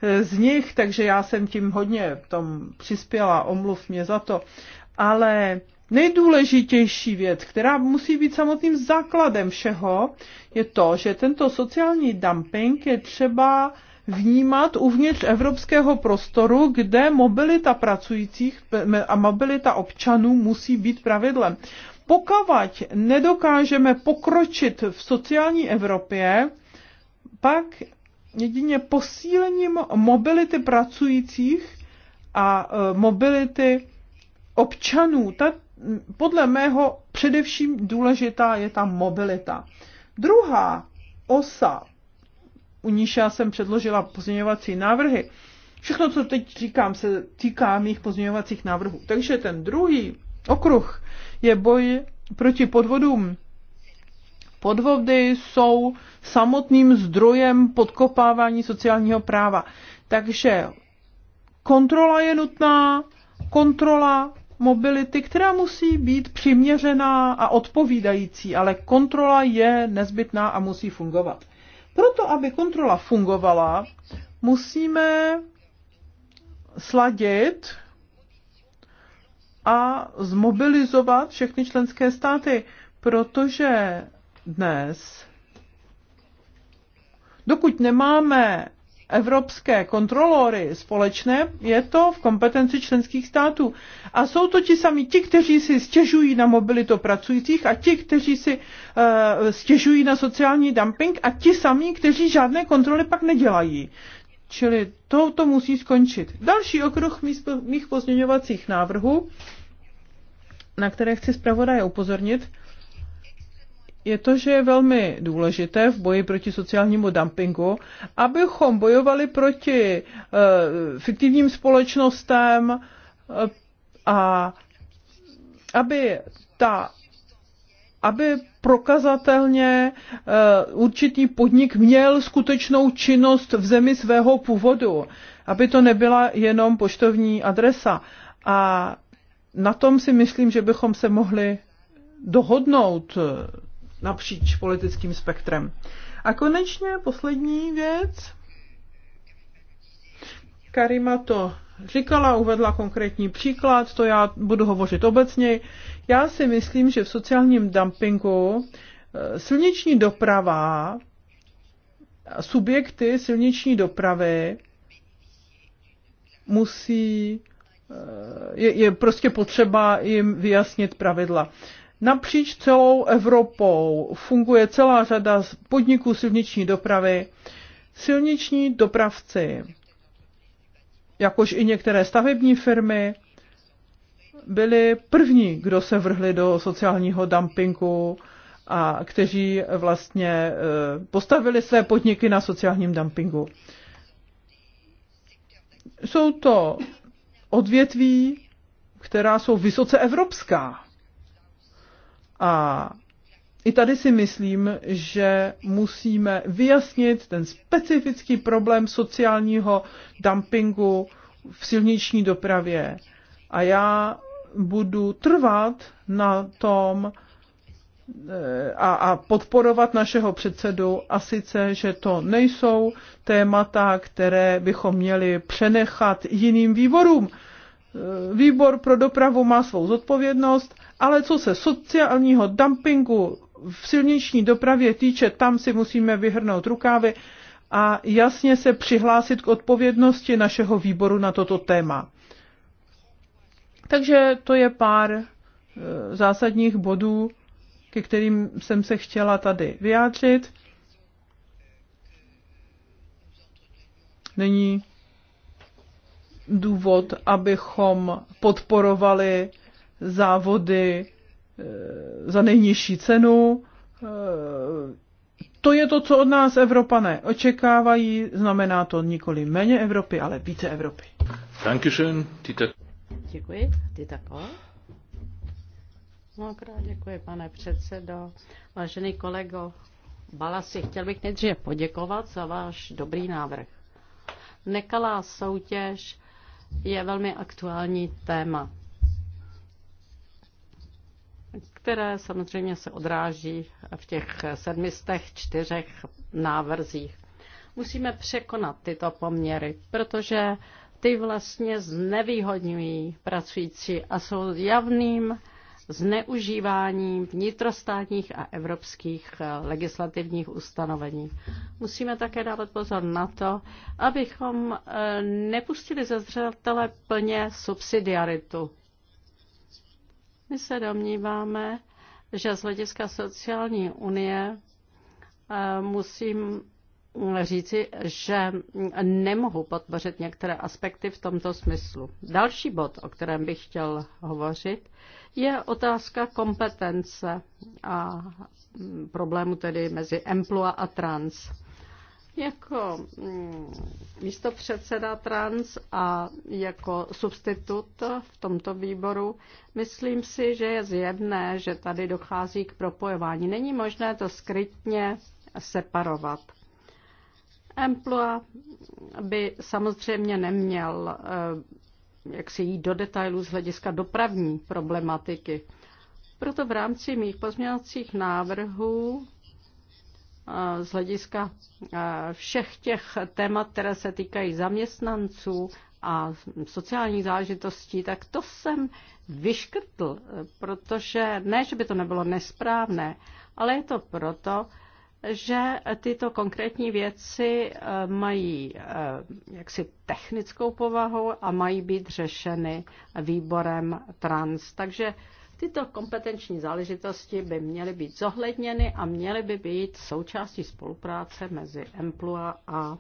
eh, z nich, takže já jsem tím hodně tom přispěla, omluv mě za to. Ale nejdůležitější věc, která musí být samotným základem všeho, je to, že tento sociální dumping je třeba vnímat uvnitř evropského prostoru, kde mobilita pracujících a mobilita občanů musí být pravidlem. Pokavať nedokážeme pokročit v sociální Evropě, pak jedině posílením mobility pracujících a e, mobility občanů, ta, podle mého především důležitá je ta mobilita. Druhá osa, u níž já jsem předložila pozměňovací návrhy, všechno, co teď říkám, se týká mých pozměňovacích návrhů. Takže ten druhý okruh je boj proti podvodům. Podvody jsou samotným zdrojem podkopávání sociálního práva. Takže kontrola je nutná, kontrola mobility, která musí být přiměřená a odpovídající, ale kontrola je nezbytná a musí fungovat. Proto, aby kontrola fungovala, musíme sladit a zmobilizovat všechny členské státy, protože dnes, dokud nemáme evropské kontrolory společné, je to v kompetenci členských států. A jsou to ti sami ti, kteří si stěžují na mobilitu pracujících a ti, kteří si uh, stěžují na sociální dumping a ti sami, kteří žádné kontroly pak nedělají. Čili to, to musí skončit. Další okruh mých, mých pozměňovacích návrhů, na které chci zpravodaje upozornit, je to, že je velmi důležité v boji proti sociálnímu dumpingu, abychom bojovali proti uh, fiktivním společnostem uh, a aby ta aby prokazatelně eh, určitý podnik měl skutečnou činnost v zemi svého původu, aby to nebyla jenom poštovní adresa. A na tom si myslím, že bychom se mohli dohodnout napříč politickým spektrem. A konečně poslední věc. Karima to říkala, uvedla konkrétní příklad, to já budu hovořit obecně. Já si myslím, že v sociálním dumpingu eh, silniční doprava, subjekty silniční dopravy musí, eh, je, je prostě potřeba jim vyjasnit pravidla. Napříč celou Evropou funguje celá řada podniků silniční dopravy. Silniční dopravci, jakož i některé stavební firmy, byli první, kdo se vrhli do sociálního dumpingu a kteří vlastně e, postavili své podniky na sociálním dumpingu. Jsou to odvětví, která jsou vysoce evropská. A i tady si myslím, že musíme vyjasnit ten specifický problém sociálního dumpingu v silniční dopravě. A já budu trvat na tom eh, a, a podporovat našeho předsedu, a sice, že to nejsou témata, které bychom měli přenechat jiným výborům. Eh, výbor pro dopravu má svou zodpovědnost ale co se sociálního dumpingu v silniční dopravě týče, tam si musíme vyhrnout rukávy a jasně se přihlásit k odpovědnosti našeho výboru na toto téma. Takže to je pár e, zásadních bodů, ke kterým jsem se chtěla tady vyjádřit. Není důvod, abychom podporovali závody eh, za nejnižší cenu. Eh, to je to, co od nás Evropané očekávají. Znamená to nikoli méně Evropy, ale více Evropy. Dankeschön, Tita. Děkuji, Tita Kohl. Mnohokrát děkuji, pane předsedo. Vážený kolego Balasi, chtěl bych nejdříve poděkovat za váš dobrý návrh. Nekalá soutěž je velmi aktuální téma které samozřejmě se odráží v těch sedmistech čtyřech návrzích. Musíme překonat tyto poměry, protože ty vlastně znevýhodňují pracující a jsou javným zneužíváním vnitrostátních a evropských legislativních ustanovení. Musíme také dávat pozor na to, abychom eh, nepustili ze zřetele plně subsidiaritu. My se domníváme, že z hlediska sociální unie eh, musím říci, že nemohu podpořit některé aspekty v tomto smyslu. Další bod, o kterém bych chtěl hovořit, je otázka kompetence a mm, problému tedy mezi emplua a trans. Jako mm, místo předseda trans a jako substitut v tomto výboru, myslím si, že je zjevné, že tady dochází k propojování. Není možné to skrytně separovat. Emploa by samozřejmě neměl eh, jak si jít do detailů z hlediska dopravní problematiky. Proto v rámci mých pozměňovacích návrhů Eh, z hlediska eh, všech těch témat, které se týkají zaměstnanců a sociální zážitostí, tak to jsem vyškrtl, protože ne, že by to nebylo nesprávné, ale je to proto, že tyto konkrétní věci eh, mají jaksi technickou povahu a mají být řešeny výborem trans. Takže Tyto kompetenční záležitosti by měly být zohledněny a měly by být součástí spolupráce mezi Emplua a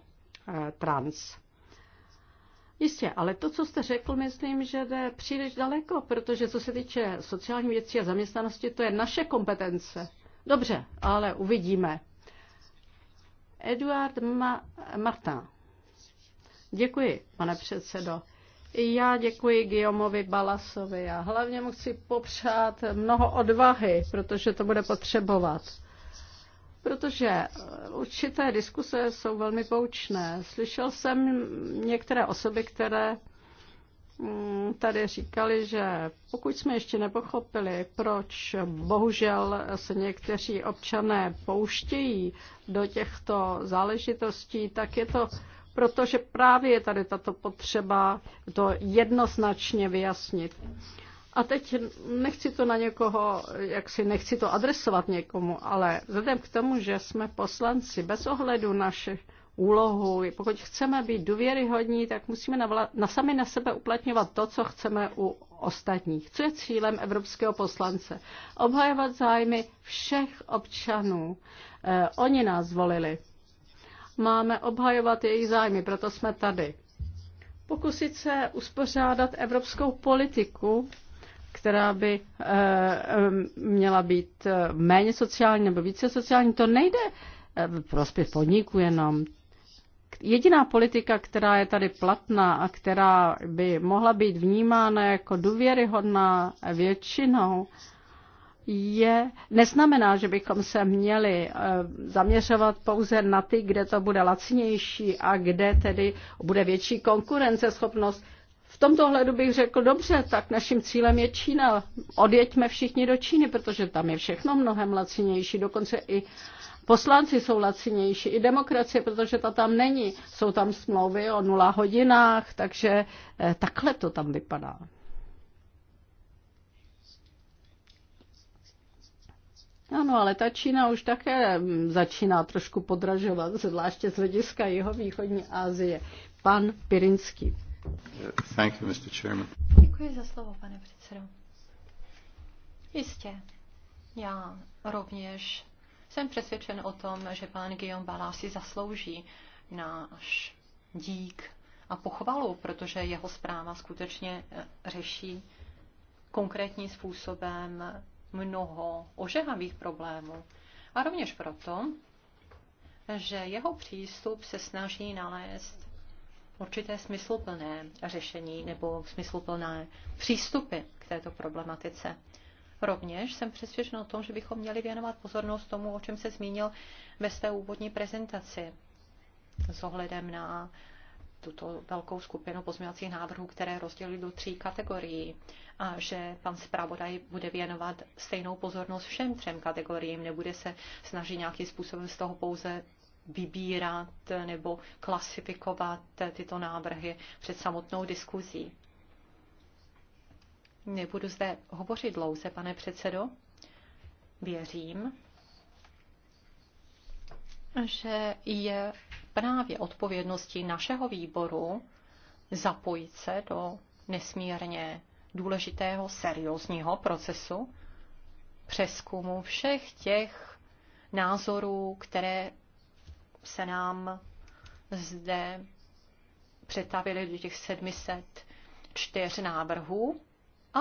e, Trans. Jistě, ale to, co jste řekl, myslím, že jde příliš daleko, protože co se týče sociální věcí a zaměstnanosti, to je naše kompetence. Dobře, ale uvidíme. Eduard Ma- Martin. Děkuji, pane předsedo já děkuji Guillaumovi Balasovi a hlavně mu chci popřát mnoho odvahy, protože to bude potřebovat. Protože eh, určité diskuse jsou velmi poučné. Slyšel jsem některé osoby, které mm, tady říkali, že pokud jsme ještě nepochopili, proč bohužel se někteří občané pouštějí do těchto záležitostí, tak je to protože právě je tady tato potřeba to jednoznačně vyjasnit. A teď nechci to na někoho, jak si nechci to adresovat někomu, ale vzhledem k tomu, že jsme poslanci, bez ohledu naše úlohu, pokud chceme být důvěryhodní, tak musíme na, vla, na sami na sebe uplatňovat to, co chceme u ostatních. Co je cílem evropského poslance? Obhajovat zájmy všech občanů. Eh, oni nás volili máme obhajovat jejich zájmy, proto jsme tady. Pokusit se uspořádat evropskou politiku, která by eh, měla být eh, méně sociální nebo více sociální, to nejde eh, v prospěch podniků jenom. Jediná politika, která je tady platná a která by mohla být vnímána jako důvěryhodná většinou, je, neznamená, že bychom se měli eh, zaměřovat pouze na ty, kde to bude lacnější a kde tedy bude větší konkurenceschopnost. V tomto hledu bych řekl, dobře, tak naším cílem je Čína. Odjeďme všichni do Číny, protože tam je všechno mnohem lacinější. Dokonce i poslanci jsou lacinější, i demokracie, protože ta tam není. Jsou tam smlouvy o nula hodinách, takže eh, takhle to tam vypadá. Ano, ale ta Čína už také mm, začíná trošku podražovat, zvláště z hlediska jeho východní Asie. Pan Pirinský. Thank you, Mr. Chairman. Děkuji za slovo, pane předsedo. Jistě. Já rovněž jsem přesvědčen o tom, že pán Guillaume Balá si zaslouží náš dík a pochvalu, protože jeho zpráva skutečně eh, řeší konkrétním způsobem mnoho ožehavých problémů. A rovněž proto, že jeho přístup se snaží nalézt určité smysluplné řešení nebo smysluplné přístupy k této problematice. Rovněž jsem přesvědčen o tom, že bychom měli věnovat pozornost tomu, o čem se zmínil ve své úvodní prezentaci s ohledem na tuto velkou skupinu pozměňovacích návrhů, které rozdělili do tří kategorií a že pan zpravodaj bude věnovat stejnou pozornost všem třem kategoriím, nebude se snažit nějakým způsobem z toho pouze vybírat nebo klasifikovat tyto návrhy před samotnou diskuzí. Nebudu zde hovořit dlouze, pane předsedo. Věřím, že je právě odpovědností našeho výboru zapojit se do nesmírně důležitého, seriózního procesu přeskumu všech těch názorů, které se nám zde přetavily do těch 704 návrhů a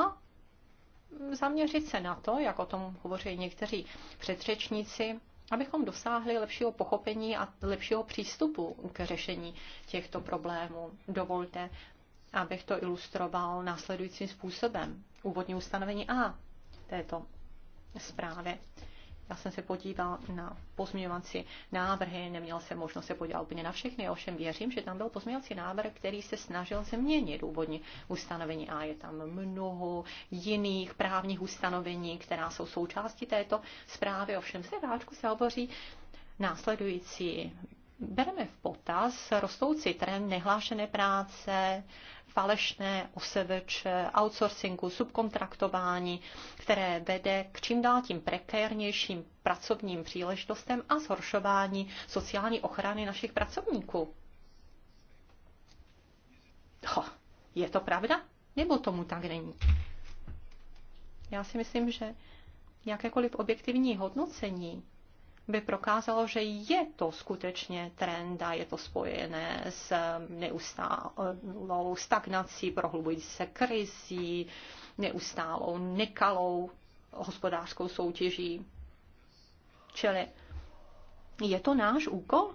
zaměřit se na to, jak o tom hovoří někteří předřečníci, abychom dosáhli lepšího pochopení a lepšího přístupu k řešení těchto problémů. Dovolte, abych to ilustroval následujícím způsobem. Úvodní ustanovení A této zprávy. Já jsem se podíval na pozměňovací návrhy, neměl jsem možnost se podívat úplně na všechny, ovšem věřím, že tam byl pozměňovací návrh, který se snažil změnit úvodní ustanovení a je tam mnoho jiných právních ustanovení, která jsou součástí této zprávy. Ovšem se váčku se hovoří následující bereme v potaz rostoucí trend nehlášené práce, falešné oseveče, outsourcingu, subkontraktování, které vede k čím dál tím prekérnějším pracovním příležitostem a zhoršování sociální ochrany našich pracovníků. Ho, je to pravda? Nebo tomu tak není? Já si myslím, že jakékoliv objektivní hodnocení by prokázalo, že je to skutečně trend a je to spojené s neustálou stagnací, prohlubující se krizí, neustálou nekalou hospodářskou soutěží. Čili je to náš úkol?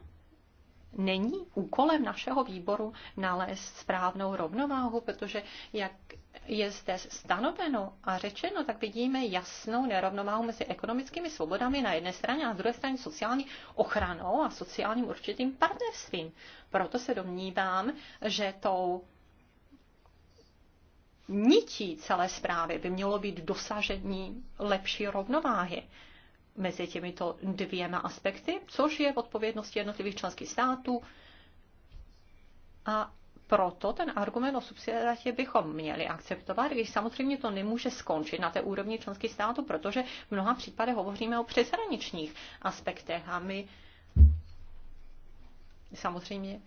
není úkolem našeho výboru nalézt správnou rovnováhu, protože jak je zde stanoveno a řečeno, tak vidíme jasnou nerovnováhu mezi ekonomickými svobodami na jedné straně a na druhé straně sociální ochranou a sociálním určitým partnerstvím. Proto se domnívám, že tou nití celé zprávy by mělo být dosažení lepší rovnováhy mezi těmito dvěma aspekty, což je v odpovědnosti jednotlivých členských států. A proto ten argument o subsidiaritě bychom měli akceptovat, když samozřejmě to nemůže skončit na té úrovni členských států, protože v mnoha případech hovoříme o přeshraničních aspektech a my samozřejmě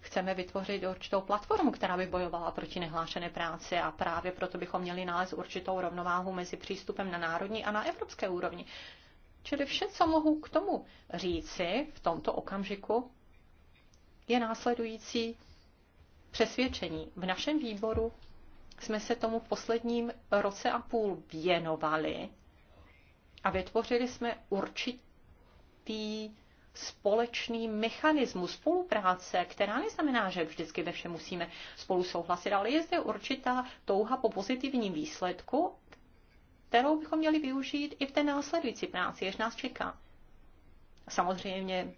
chceme vytvořit určitou platformu, která by bojovala proti nehlášené práci a právě proto bychom měli nalézt určitou rovnováhu mezi přístupem na národní a na evropské úrovni. Čili vše, co mohu k tomu říci v tomto okamžiku, je následující přesvědčení. V našem výboru jsme se tomu v posledním roce a půl věnovali a vytvořili jsme určitý společný mechanismus spolupráce, která neznamená, že vždycky ve všem musíme spolu souhlasit, ale je zde určitá touha po pozitivním výsledku kterou bychom měli využít i v té následující práci, jež nás čeká. Samozřejmě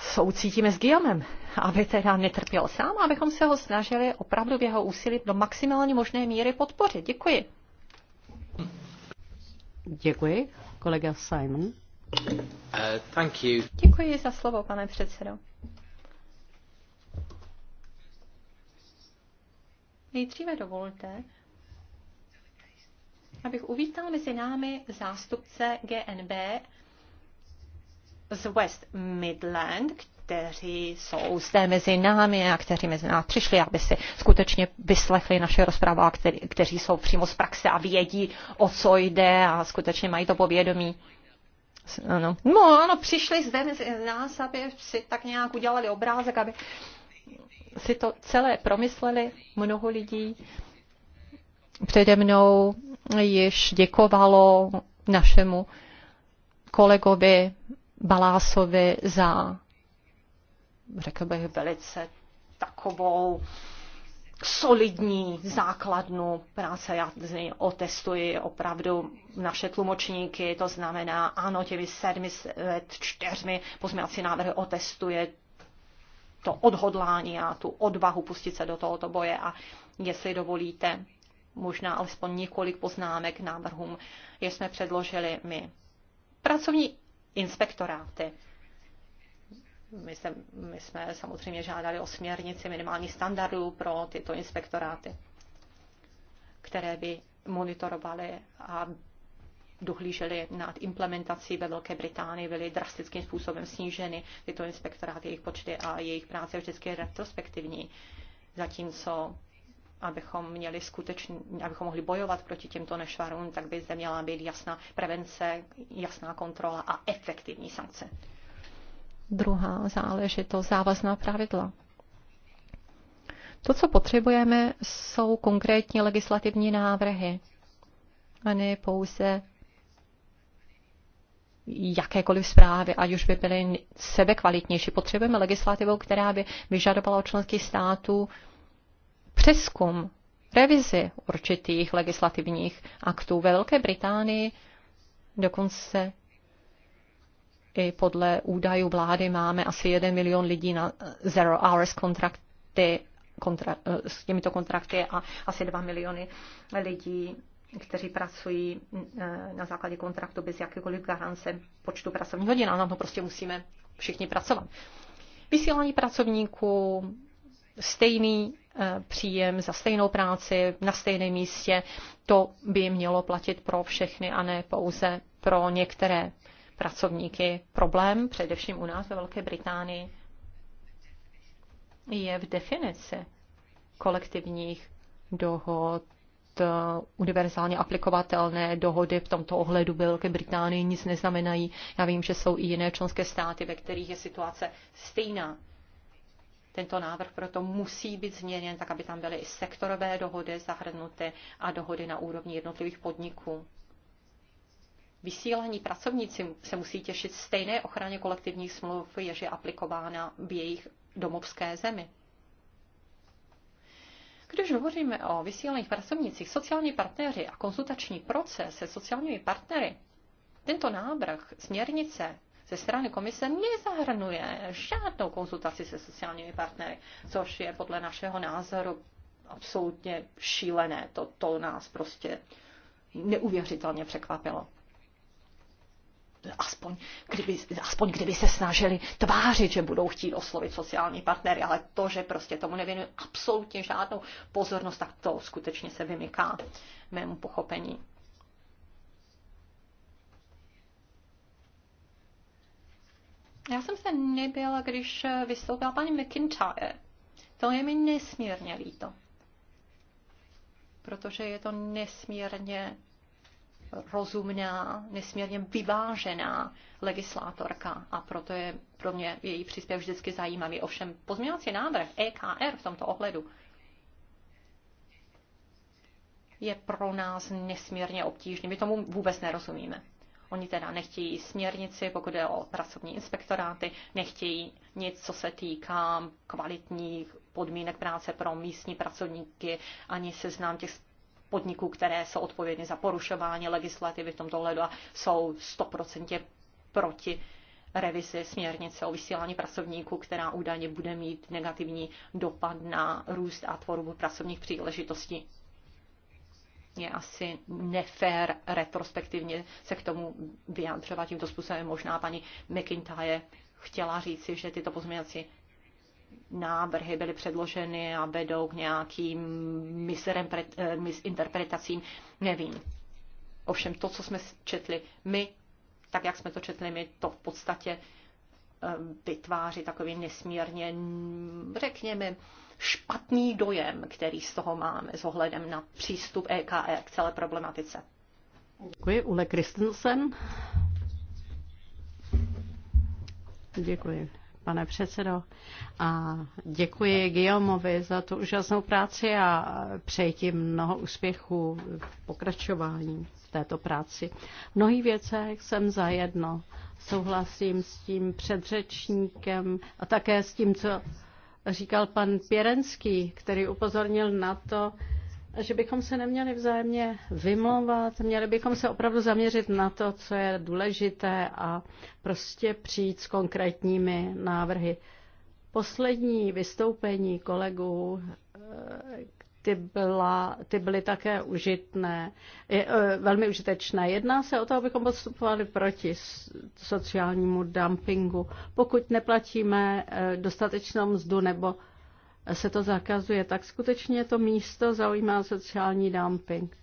soucítíme s Guillaumem, aby teda netrpěl sám, abychom se ho snažili opravdu v jeho úsilí do maximální možné míry podpořit. Děkuji. Děkuji. Kolega Simon. Uh, thank you. Děkuji za slovo, pane předsedo. Nejdříve dovolte, abych uvítal mezi námi zástupce GNB z West Midland, kteří jsou zde mezi námi a kteří mezi námi přišli, aby si skutečně vyslechli naše rozprava, který, kteří jsou přímo z praxe a vědí, o co jde a skutečně mají to povědomí. Ano. No ano, přišli zde mezi nás, aby si tak nějak udělali obrázek, aby si to celé promysleli mnoho lidí přede mnou již děkovalo našemu kolegovi Balásovi za, řekl bych, velice takovou solidní základnu práce. Já z něj otestuji opravdu naše tlumočníky, to znamená, ano, těmi sedmi, čtyřmi pozměňovací návrhy otestuje to odhodlání a tu odvahu pustit se do tohoto boje a jestli dovolíte, možná alespoň několik poznámek k návrhům, je jsme předložili my. Pracovní inspektoráty. My jsme, my jsme samozřejmě žádali o směrnici minimální standardů pro tyto inspektoráty, které by monitorovaly a dohlíželi nad implementací ve Velké Británii, byly drastickým způsobem sníženy tyto inspektoráty, jejich počty a jejich práce je vždycky retrospektivní, zatímco abychom, měli skutečný, abychom mohli bojovat proti těmto nešvarům, tak by zde měla být jasná prevence, jasná kontrola a efektivní sankce. Druhá záležitost, závazná pravidla. To, co potřebujeme, jsou konkrétní legislativní návrhy a ne pouze jakékoliv zprávy, ať už by byly sebekvalitnější. Potřebujeme legislativu, která by vyžadovala od členských států přeskum, revizi určitých legislativních aktů. Ve Velké Británii dokonce i podle údajů vlády máme asi 1 milion lidí na zero hours kontrakty, kontra, eh, s těmito kontrakty a asi 2 miliony lidí kteří pracují eh, na základě kontraktu bez jakékoliv garance počtu pracovních hodin, A na to prostě musíme všichni pracovat. Vysílání pracovníků, stejný Eh, příjem za stejnou práci na stejném místě, to by mělo platit pro všechny a ne pouze pro některé pracovníky. Problém, především u nás ve Velké Británii, je v definici kolektivních dohod eh, univerzálně aplikovatelné dohody v tomto ohledu ve Velké Británii nic neznamenají. Já vím, že jsou i jiné členské státy, ve kterých je situace stejná tento návrh proto musí být změněn, tak aby tam byly i sektorové dohody zahrnuty a dohody na úrovni jednotlivých podniků. Vysílaní pracovníci se musí těšit stejné ochraně kolektivních smluv, jež je aplikována v jejich domovské zemi. Když hovoříme o vysílaných pracovnicích, sociální partneři a konzultační proces se sociálními partnery, tento návrh směrnice ze strany komise nezahrnuje žádnou konzultaci se sociálními partnery, což je podle našeho názoru absolutně šílené. To, to nás prostě neuvěřitelně překvapilo. Aspoň kdyby, aspoň kdyby se snažili tvářit, že budou chtít oslovit sociální partnery, ale to, že prostě tomu nevěnují absolutně žádnou pozornost, tak to skutečně se vymyká mému pochopení. Já jsem se nebyla, když vystoupila paní McIntyre. To je mi nesmírně líto. Protože je to nesmírně rozumná, nesmírně vyvážená legislátorka a proto je pro mě její příspěv vždycky zajímavý. Ovšem pozměňovací návrh EKR v tomto ohledu je pro nás nesmírně obtížný. My tomu vůbec nerozumíme. Oni teda nechtějí směrnici, pokud je o pracovní inspektoráty, nechtějí nic, co se týká kvalitních podmínek práce pro místní pracovníky, ani seznám těch podniků, které jsou odpovědny za porušování legislativy v tomto hledu a jsou 100% proti revizi směrnice o vysílání pracovníků, která údajně bude mít negativní dopad na růst a tvorbu pracovních příležitostí je asi nefér retrospektivně se k tomu vyjadřovat tímto způsobem. Možná paní McIntyre chtěla říci, že tyto pozměňovací návrhy byly předloženy a vedou k nějakým eh, misinterpretacím, nevím. Ovšem to, co jsme četli my, tak jak jsme to četli my, to v podstatě eh, vytváří takový nesmírně, řekněme, špatný dojem, který z toho máme s ohledem na přístup EKR e k celé problematice. Děkuji. Ule Kristensen. Děkuji, pane předsedo. A děkuji Guillaumovi za tu úžasnou práci a přeji ti mnoho úspěchů v pokračování v této práci. V mnohých věcech jsem zajedno. Souhlasím s tím předřečníkem a také s tím, co říkal pan Pěrenský, který upozornil na to, že bychom se neměli vzájemně vymlouvat, měli bychom se opravdu zaměřit na to, co je důležité a prostě přijít s konkrétními návrhy. Poslední vystoupení kolegů, ty, byla, ty byly také užitné, e, velmi užitečné. Jedná se o to, abychom postupovali proti sociálnímu dumpingu. Pokud neplatíme e, dostatečnou mzdu nebo se to zakazuje, tak skutečně to místo zaujímá sociální dumping.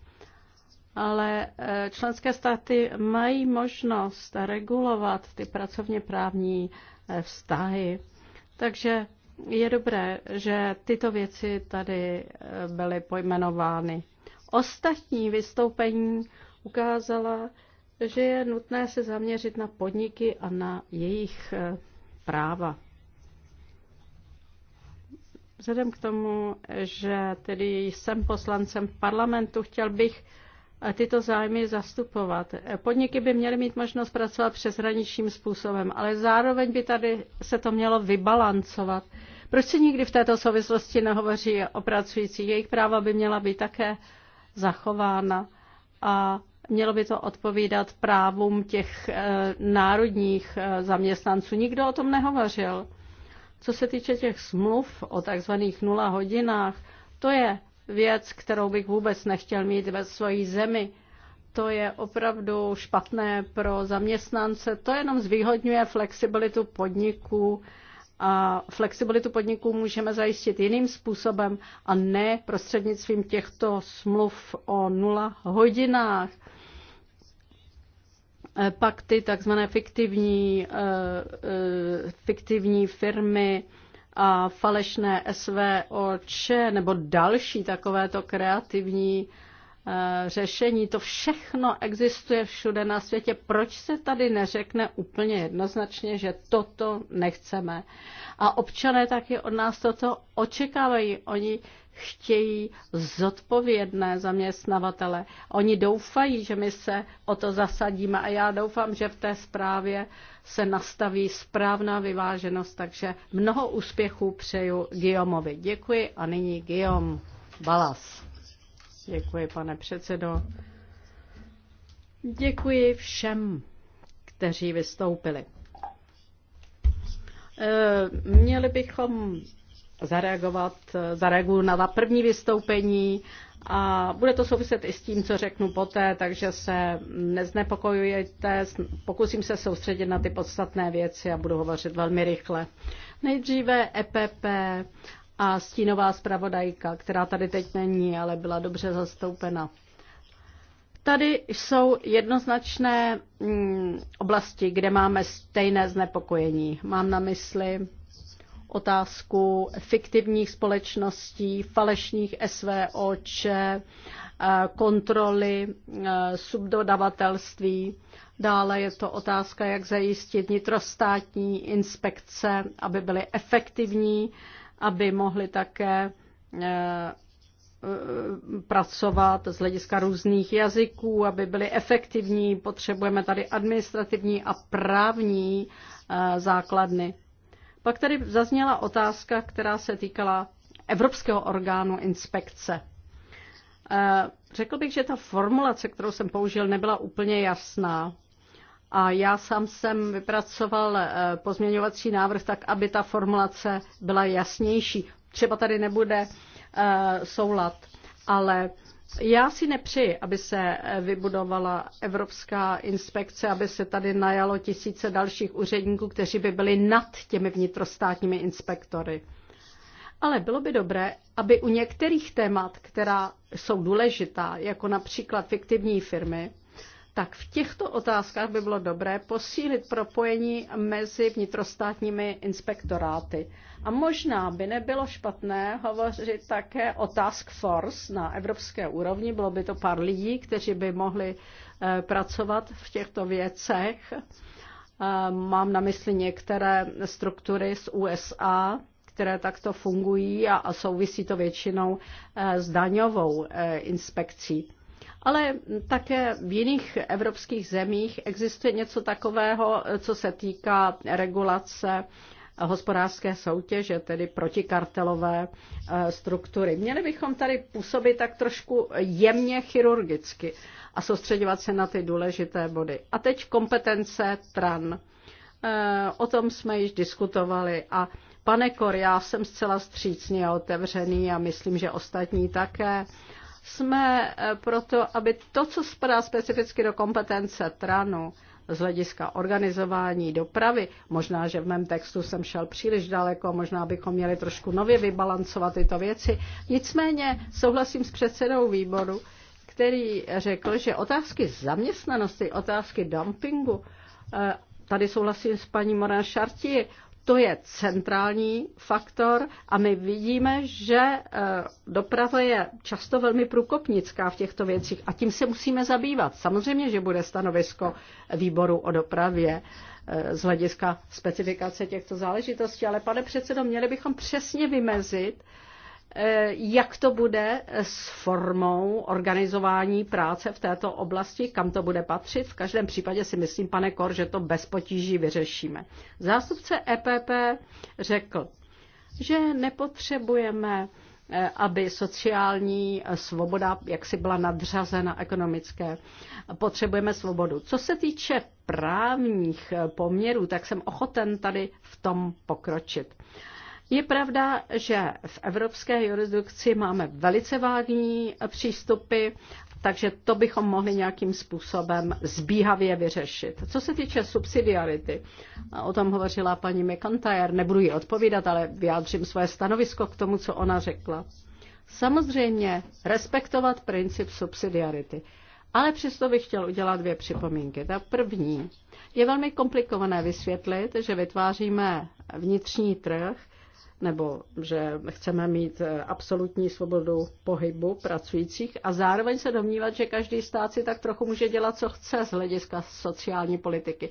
Ale e, členské státy mají možnost regulovat ty pracovně právní vztahy. Takže je dobré, že tyto věci tady eh, byly pojmenovány. Ostatní vystoupení ukázala, že je nutné se zaměřit na podniky a na jejich eh, práva. Vzhledem k tomu, že tedy jsem poslancem parlamentu, chtěl bych tyto zájmy zastupovat. Podniky by měly mít možnost pracovat přeshraničním způsobem, ale zároveň by tady se to mělo vybalancovat. Proč se nikdy v této souvislosti nehovoří o pracujících? Jejich práva by měla být také zachována a mělo by to odpovídat právům těch eh, národních eh, zaměstnanců. Nikdo o tom nehovořil. Co se týče těch smluv o takzvaných nula hodinách, to je věc, kterou bych vůbec nechtěl mít ve své zemi. To je opravdu špatné pro zaměstnance. To jenom zvýhodňuje flexibilitu podniků a flexibilitu podniků můžeme zajistit jiným způsobem a ne prostřednictvím těchto smluv o nula hodinách. Pak ty takzvané fiktivní, eh, eh, fiktivní firmy, a falešné SVOČ nebo další takovéto kreativní Eh, řešení, to všechno existuje všude na světě. Proč se tady neřekne úplně jednoznačně, že toto nechceme? A občané taky od nás toto očekávají. Oni chtějí zodpovědné zaměstnavatele. Oni doufají, že my se o to zasadíme a já doufám, že v té zprávě se nastaví správná vyváženost, takže mnoho úspěchů přeju Guillaumeovi. Děkuji a nyní Guillaume Balas. Děkuji, pane předsedo. Děkuji všem, kteří vystoupili. Eh, měli bychom zareagovat, zareaguju na ta první vystoupení a bude to souviset i s tím, co řeknu poté, takže se neznepokojujte, pokusím se soustředit na ty podstatné věci a budu hovořit velmi rychle. Nejdříve EPP a stínová zpravodajka, která tady teď není, ale byla dobře zastoupena. Tady jsou jednoznačné mm, oblasti, kde máme stejné znepokojení. Mám na mysli otázku fiktivních společností, falešných SVOč, eh, kontroly eh, subdodavatelství. Dále je to otázka, jak zajistit nitrostátní inspekce, aby byly efektivní aby mohli také eh, eh, pracovat z hlediska různých jazyků, aby byly efektivní. Potřebujeme tady administrativní a právní eh, základny. Pak tady zazněla otázka, která se týkala Evropského orgánu inspekce. Řekl bych, že ta formulace, kterou jsem použil, nebyla úplně jasná. A já sám jsem vypracoval eh, pozměňovací návrh tak, aby ta formulace byla jasnější. Třeba tady nebude eh, soulad, ale já si nepřeji, aby se eh, vybudovala Evropská inspekce, aby se tady najalo tisíce dalších úředníků, kteří by byli nad těmi vnitrostátními inspektory. Ale bylo by dobré, aby u některých témat, která jsou důležitá, jako například fiktivní firmy, tak v těchto otázkách by bylo dobré posílit propojení mezi vnitrostátními inspektoráty. A možná by nebylo špatné hovořit také o task force na evropské úrovni. Bylo by to pár lidí, kteří by mohli eh, pracovat v těchto věcech. Eh, mám na mysli některé struktury z USA, které takto fungují a, souvisí to většinou eh, s daňovou inspekcí ale také v jiných evropských zemích existuje něco takového, co se týká regulace hospodářské soutěže, tedy protikartelové e, struktury. Měli bychom tady působit tak trošku jemně chirurgicky a soustředovat se na ty důležité body. A teď kompetence TRAN. E, o tom jsme již diskutovali a pane Kor, já jsem zcela střícný a otevřený a myslím, že ostatní také. Jsme eh, proto, aby to, co spadá specificky do kompetence TRANu, z hlediska organizování dopravy. Možná, že v mém textu jsem šel příliš daleko, možná bychom měli trošku nově vybalancovat tyto věci. Nicméně souhlasím s předsedou výboru, který řekl, že otázky zaměstnanosti, otázky dumpingu, eh, tady souhlasím s paní Morán Šartí, to je centrální faktor a my vidíme, že e, doprava je často velmi průkopnická v těchto věcích a tím se musíme zabývat. Samozřejmě, že bude stanovisko výboru o dopravě e, z hlediska specifikace těchto záležitostí, ale pane předsedo, měli bychom přesně vymezit, Eh, jak to bude s formou organizování práce v této oblasti, kam to bude patřit. V každém případě si myslím, pane Kor, že to bez potíží vyřešíme. Zástupce EPP řekl, že nepotřebujeme eh, aby sociální svoboda jaksi byla nadřazena ekonomické. Potřebujeme svobodu. Co se týče právních eh, poměrů, tak jsem ochoten tady v tom pokročit. Je pravda, že v evropské jurisdikci máme velice vágní přístupy, takže to bychom mohli nějakým způsobem zbíhavě vyřešit. Co se týče subsidiarity, o tom hovořila paní McIntyre, nebudu jí odpovídat, ale vyjádřím svoje stanovisko k tomu, co ona řekla. Samozřejmě respektovat princip subsidiarity. Ale přesto bych chtěl udělat dvě připomínky. Ta první. Je velmi komplikované vysvětlit, že vytváříme vnitřní trh, nebo že chceme mít eh, absolutní svobodu pohybu pracujících a zároveň se domnívat, že každý stát si tak trochu může dělat, co chce z hlediska sociální politiky.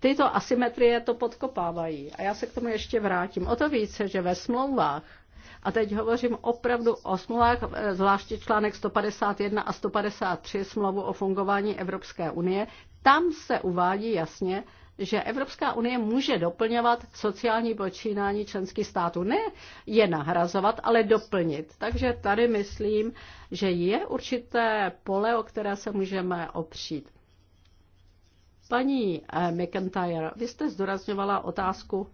Tyto asymetrie to podkopávají a já se k tomu ještě vrátím. O to více, že ve smlouvách a teď hovořím opravdu o smlouvách, eh, zvláště článek 151 a 153 smlouvu o fungování Evropské unie. Tam se uvádí jasně, že Evropská unie může doplňovat sociální počínání členských států. Ne je nahrazovat, ale doplnit. Takže tady myslím, že je určité pole, o které se můžeme opřít. Paní eh, McIntyre, vy jste zdůrazňovala otázku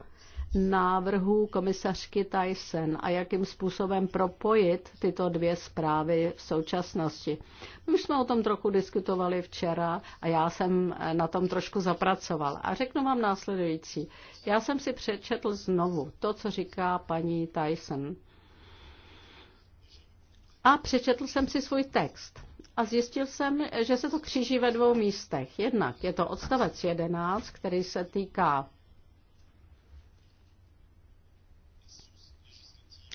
návrhů komisařky Tyson a jakým způsobem propojit tyto dvě zprávy v současnosti. My už jsme o tom trochu diskutovali včera a já jsem eh, na tom trošku zapracoval. A řeknu vám následující. Já jsem si přečetl znovu to, co říká paní Tyson. A přečetl jsem si svůj text a zjistil jsem, že se to kříží ve dvou místech. Jednak je to odstavec 11, který se týká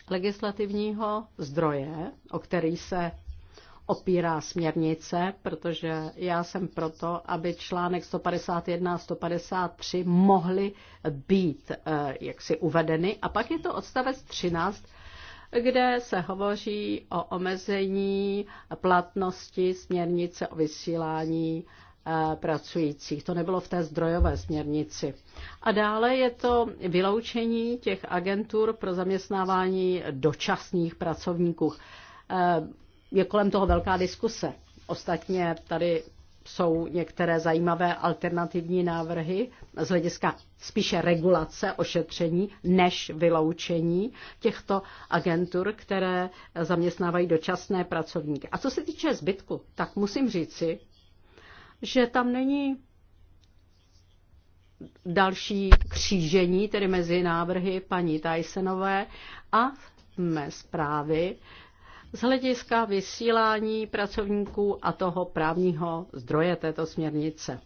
legislativního zdroje, o který se opírá směrnice, protože já jsem proto, aby článek 151 a 153 mohly být eh, jaksi uvedeny. A pak je to odstavec 13, kde se hovoří o omezení platnosti směrnice o vysílání pracujících. To nebylo v té zdrojové směrnici. A dále je to vyloučení těch agentur pro zaměstnávání dočasných pracovníků. Je kolem toho velká diskuse. Ostatně tady jsou některé zajímavé alternativní návrhy z hlediska spíše regulace, ošetření, než vyloučení těchto agentur, které zaměstnávají dočasné pracovníky. A co se týče zbytku, tak musím říci, že tam není další křížení, tedy mezi návrhy paní Tysonové a mé zprávy z hlediska vysílání pracovníků a toho právního zdroje této směrnice.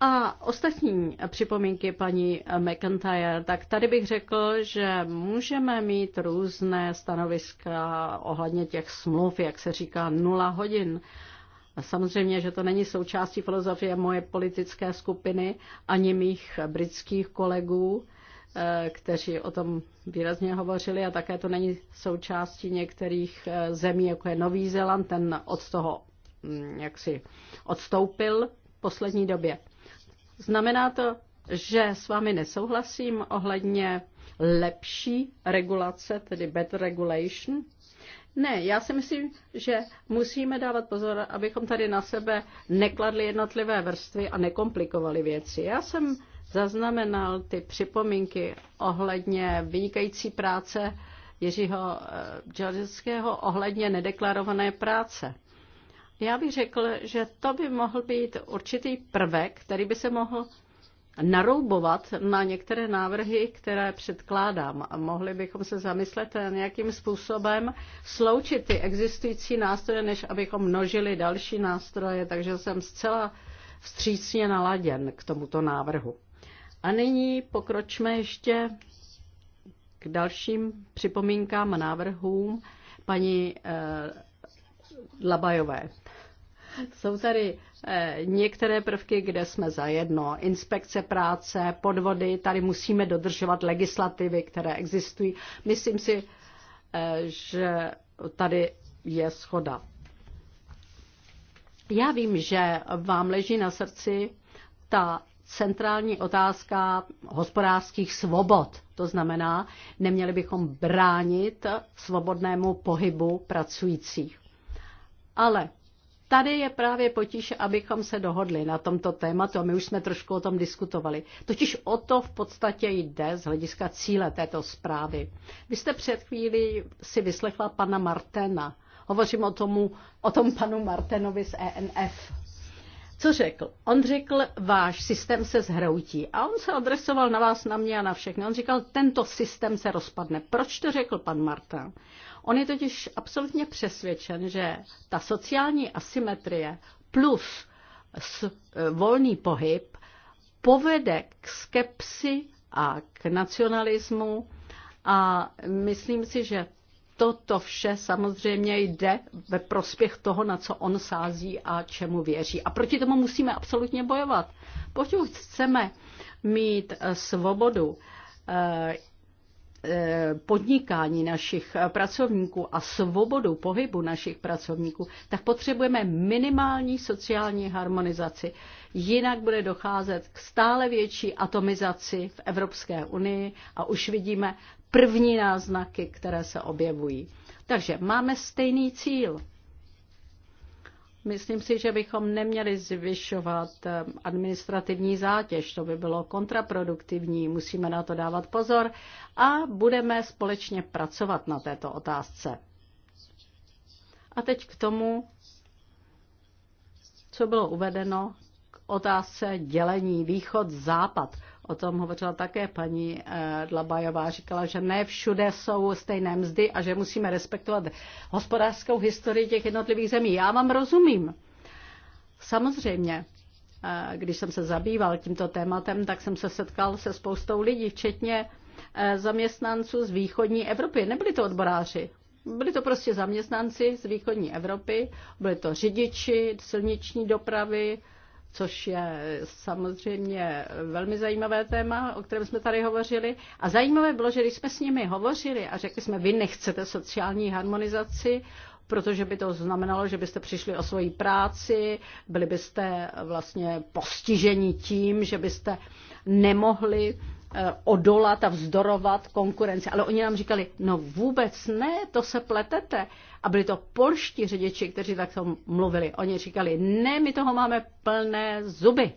A ostatní připomínky paní McIntyre, tak tady bych řekl, že můžeme mít různé stanoviska ohledně těch smluv, jak se říká, nula hodin. A samozřejmě, že to není součástí filozofie moje politické skupiny ani mých britských kolegů, eh, kteří o tom výrazně hovořili a také to není součástí některých eh, zemí, jako je Nový Zéland, ten od toho mm, jak si odstoupil v poslední době. Znamená to, že s vámi nesouhlasím ohledně lepší regulace, tedy better regulation, ne, já si myslím, že musíme dávat pozor, abychom tady na sebe nekladli jednotlivé vrstvy a nekomplikovali věci. Já jsem zaznamenal ty připomínky ohledně vynikající práce Jiřího eh, Džorského ohledně nedeklarované práce. Já bych řekl, že to by mohl být určitý prvek, který by se mohl naroubovat na některé návrhy, které předkládám. A mohli bychom se zamyslet, nějakým způsobem sloučit ty existující nástroje, než abychom množili další nástroje, takže jsem zcela vstřícně naladěn k tomuto návrhu. A nyní pokročme ještě k dalším připomínkám a návrhům paní eh, Labajové. Jsou tady eh, některé prvky, kde jsme zajedno. Inspekce práce, podvody, tady musíme dodržovat legislativy, které existují. Myslím si, eh, že tady je schoda. Já vím, že vám leží na srdci ta centrální otázka hospodářských svobod. To znamená, neměli bychom bránit svobodnému pohybu pracujících. Ale Tady je právě potíž, abychom se dohodli na tomto tématu a my už jsme trošku o tom diskutovali. Totiž o to v podstatě jde z hlediska cíle této zprávy. Vy jste před chvíli si vyslechla pana Martena. Hovořím o, tomu, o tom panu Martenovi z ENF. Co řekl? On řekl, váš systém se zhroutí. A on se adresoval na vás, na mě a na všechny. On říkal, tento systém se rozpadne. Proč to řekl pan Martin? On je totiž absolutně přesvědčen, že ta sociální asymetrie plus e, volný pohyb povede k skepsi a k nacionalismu a myslím si, že toto vše samozřejmě jde ve prospěch toho, na co on sází a čemu věří. A proti tomu musíme absolutně bojovat. Pokud chceme mít e, svobodu e, Eh, podnikání našich eh, pracovníků a svobodu pohybu našich pracovníků, tak potřebujeme minimální sociální harmonizaci. Jinak bude docházet k stále větší atomizaci v Evropské unii a už vidíme první náznaky, které se objevují. Takže máme stejný cíl Myslím si, že bychom neměli zvyšovat eh, administrativní zátěž, to by bylo kontraproduktivní, musíme na to dávat pozor a budeme společně pracovat na této otázce. A teď k tomu, co bylo uvedeno k otázce dělení východ-západ. O tom hovořila také paní eh, Dlabajová. Říkala, že ne všude jsou stejné mzdy a že musíme respektovat hospodářskou historii těch jednotlivých zemí. Já vám rozumím. Samozřejmě, eh, když jsem se zabýval tímto tématem, tak jsem se setkal se spoustou lidí, včetně eh, zaměstnanců z východní Evropy. Nebyli to odboráři, byli to prostě zaměstnanci z východní Evropy, byli to řidiči silniční dopravy, což je samozřejmě velmi zajímavé téma, o kterém jsme tady hovořili. A zajímavé bylo, že když jsme s nimi hovořili a řekli jsme, vy nechcete sociální harmonizaci, protože by to znamenalo, že byste přišli o svoji práci, byli byste vlastně postiženi tím, že byste nemohli Eh, odolat a vzdorovat konkurenci. Ale oni nám říkali, no vůbec ne, to se pletete. A byli to polští řidiči, kteří tak to mluvili. Oni říkali, ne, my toho máme plné zuby.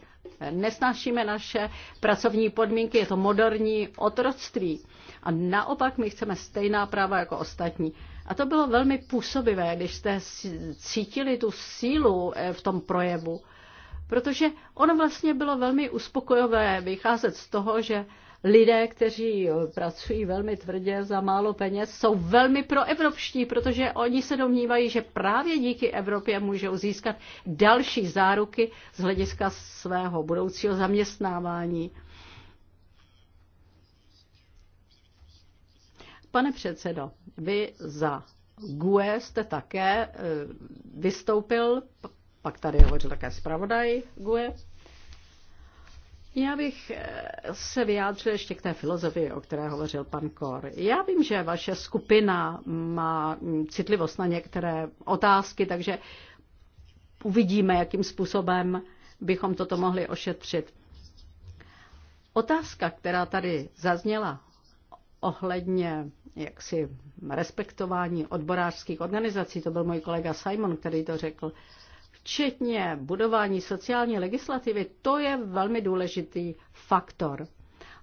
Nesnášíme naše pracovní podmínky, je to moderní otroctví. A naopak my chceme stejná práva jako ostatní. A to bylo velmi působivé, když jste cítili tu sílu eh, v tom projevu. Protože ono vlastně bylo velmi uspokojové vycházet z toho, že lidé, kteří eh, pracují velmi tvrdě za málo peněz, jsou velmi proevropští, protože oni se domnívají, že právě díky Evropě můžou získat další záruky z hlediska svého budoucího zaměstnávání. Pane předsedo, vy za GUE jste také eh, vystoupil, pak tady hovořil také zpravodaj GUE. Já bych eh, se vyjádřil ještě k té filozofii, o které hovořil pan Kor. Já vím, že vaše skupina má mm, citlivost na některé otázky, takže uvidíme, jakým způsobem bychom toto mohli ošetřit. Otázka, která tady zazněla ohledně jaksi respektování odborářských organizací, to byl můj kolega Simon, který to řekl, včetně budování sociální legislativy, to je velmi důležitý faktor.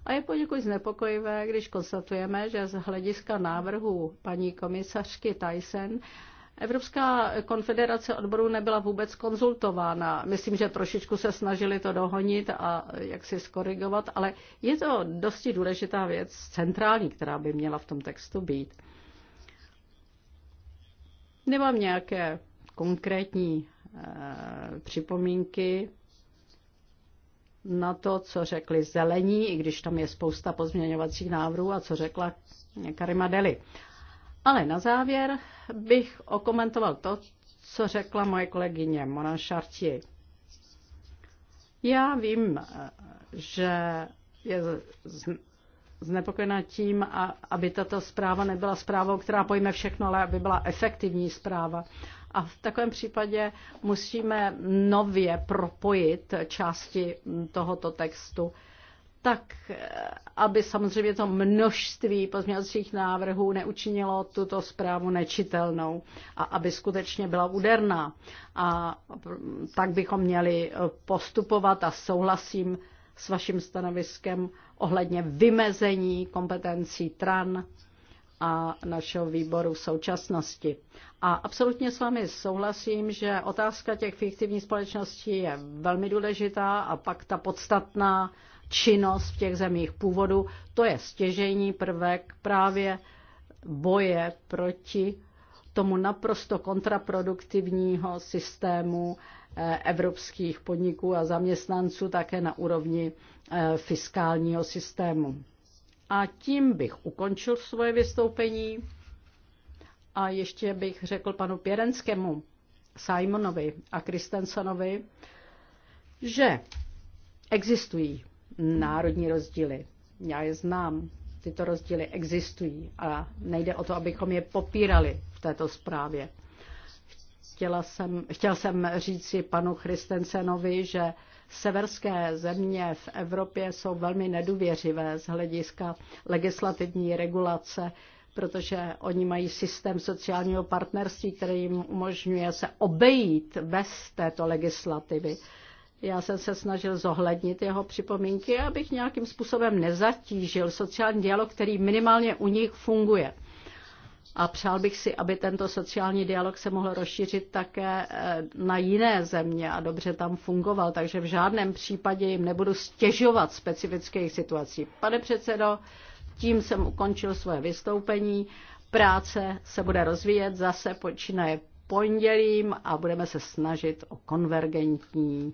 A je poněkud znepokojivé, když konstatujeme, že z hlediska návrhu paní komisařky Tyson Evropská konfederace odborů nebyla vůbec konzultována. Myslím, že trošičku se snažili to dohonit a jak si skorigovat, ale je to dosti důležitá věc, centrální, která by měla v tom textu být. Nemám nějaké konkrétní Eh, připomínky na to, co řekli zelení, i když tam je spousta pozměňovacích návrhů a co řekla Karima Deli. Ale na závěr bych okomentoval to, co řekla moje kolegyně Mona Šarti. Já vím, eh, že je znepokojená tím, aby tato zpráva nebyla zprávou, která pojme všechno, ale aby byla efektivní zpráva. A v takovém případě musíme nově propojit části tohoto textu tak, eh, aby samozřejmě to množství pozměňovacích návrhů neučinilo tuto zprávu nečitelnou a aby skutečně byla úderná. A tak bychom měli postupovat a souhlasím s vaším stanoviskem ohledně vymezení kompetencí TRAN a našeho výboru v současnosti. A absolutně s vámi souhlasím, že otázka těch fiktivních společností je velmi důležitá a pak ta podstatná činnost v těch zemích původu, to je stěžejní prvek právě boje proti tomu naprosto kontraproduktivního systému eh, evropských podniků a zaměstnanců také na úrovni eh, fiskálního systému. A tím bych ukončil svoje vystoupení. A ještě bych řekl panu Pěrenskému, Simonovi a Kristensonovi, že existují národní rozdíly. Já je znám, tyto rozdíly existují a nejde o to, abychom je popírali v této zprávě. Chtěla jsem, chtěl jsem říct si panu Christensenovi, že severské země v Evropě jsou velmi nedůvěřivé z hlediska legislativní regulace, protože oni mají systém sociálního partnerství, který jim umožňuje se obejít bez této legislativy. Já jsem se snažil zohlednit jeho připomínky, abych nějakým způsobem nezatížil sociální dialog, který minimálně u nich funguje. A přál bych si, aby tento sociální dialog se mohl rozšířit také eh, na jiné země a dobře tam fungoval, takže v žádném případě jim nebudu stěžovat specifické situací. Pane předsedo, tím jsem ukončil svoje vystoupení. Práce se bude rozvíjet zase počínaje pondělím a budeme se snažit o konvergentní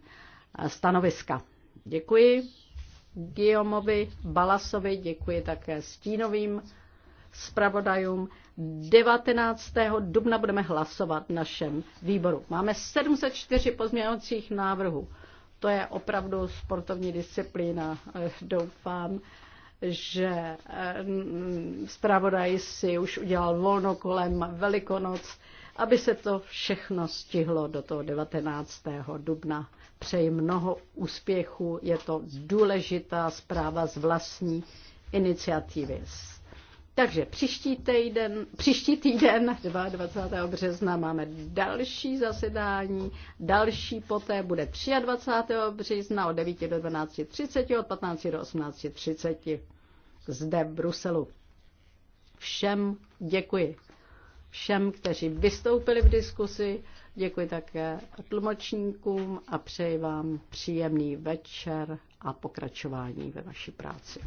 eh, stanoviska. Děkuji Guillaumovi Balasovi, děkuji také Stínovým zpravodajům. 19. dubna budeme hlasovat v našem výboru. Máme 704 pozměňovacích návrhů. To je opravdu sportovní disciplína. Eh, doufám, že eh, zpravodaj si už udělal volno kolem Velikonoc, aby se to všechno stihlo do toho 19. dubna. Přeji mnoho úspěchů, je to důležitá zpráva z vlastní iniciativy. Takže příští týden, příští týden 22. března máme další zasedání, další poté bude 23. března od 9 do 12.30, od 15 do 18.30 zde v Bruselu. Všem děkuji. Všem, kteří vystoupili v diskusi, děkuji také tlumočníkům a přeji vám příjemný večer a pokračování ve vaší práci.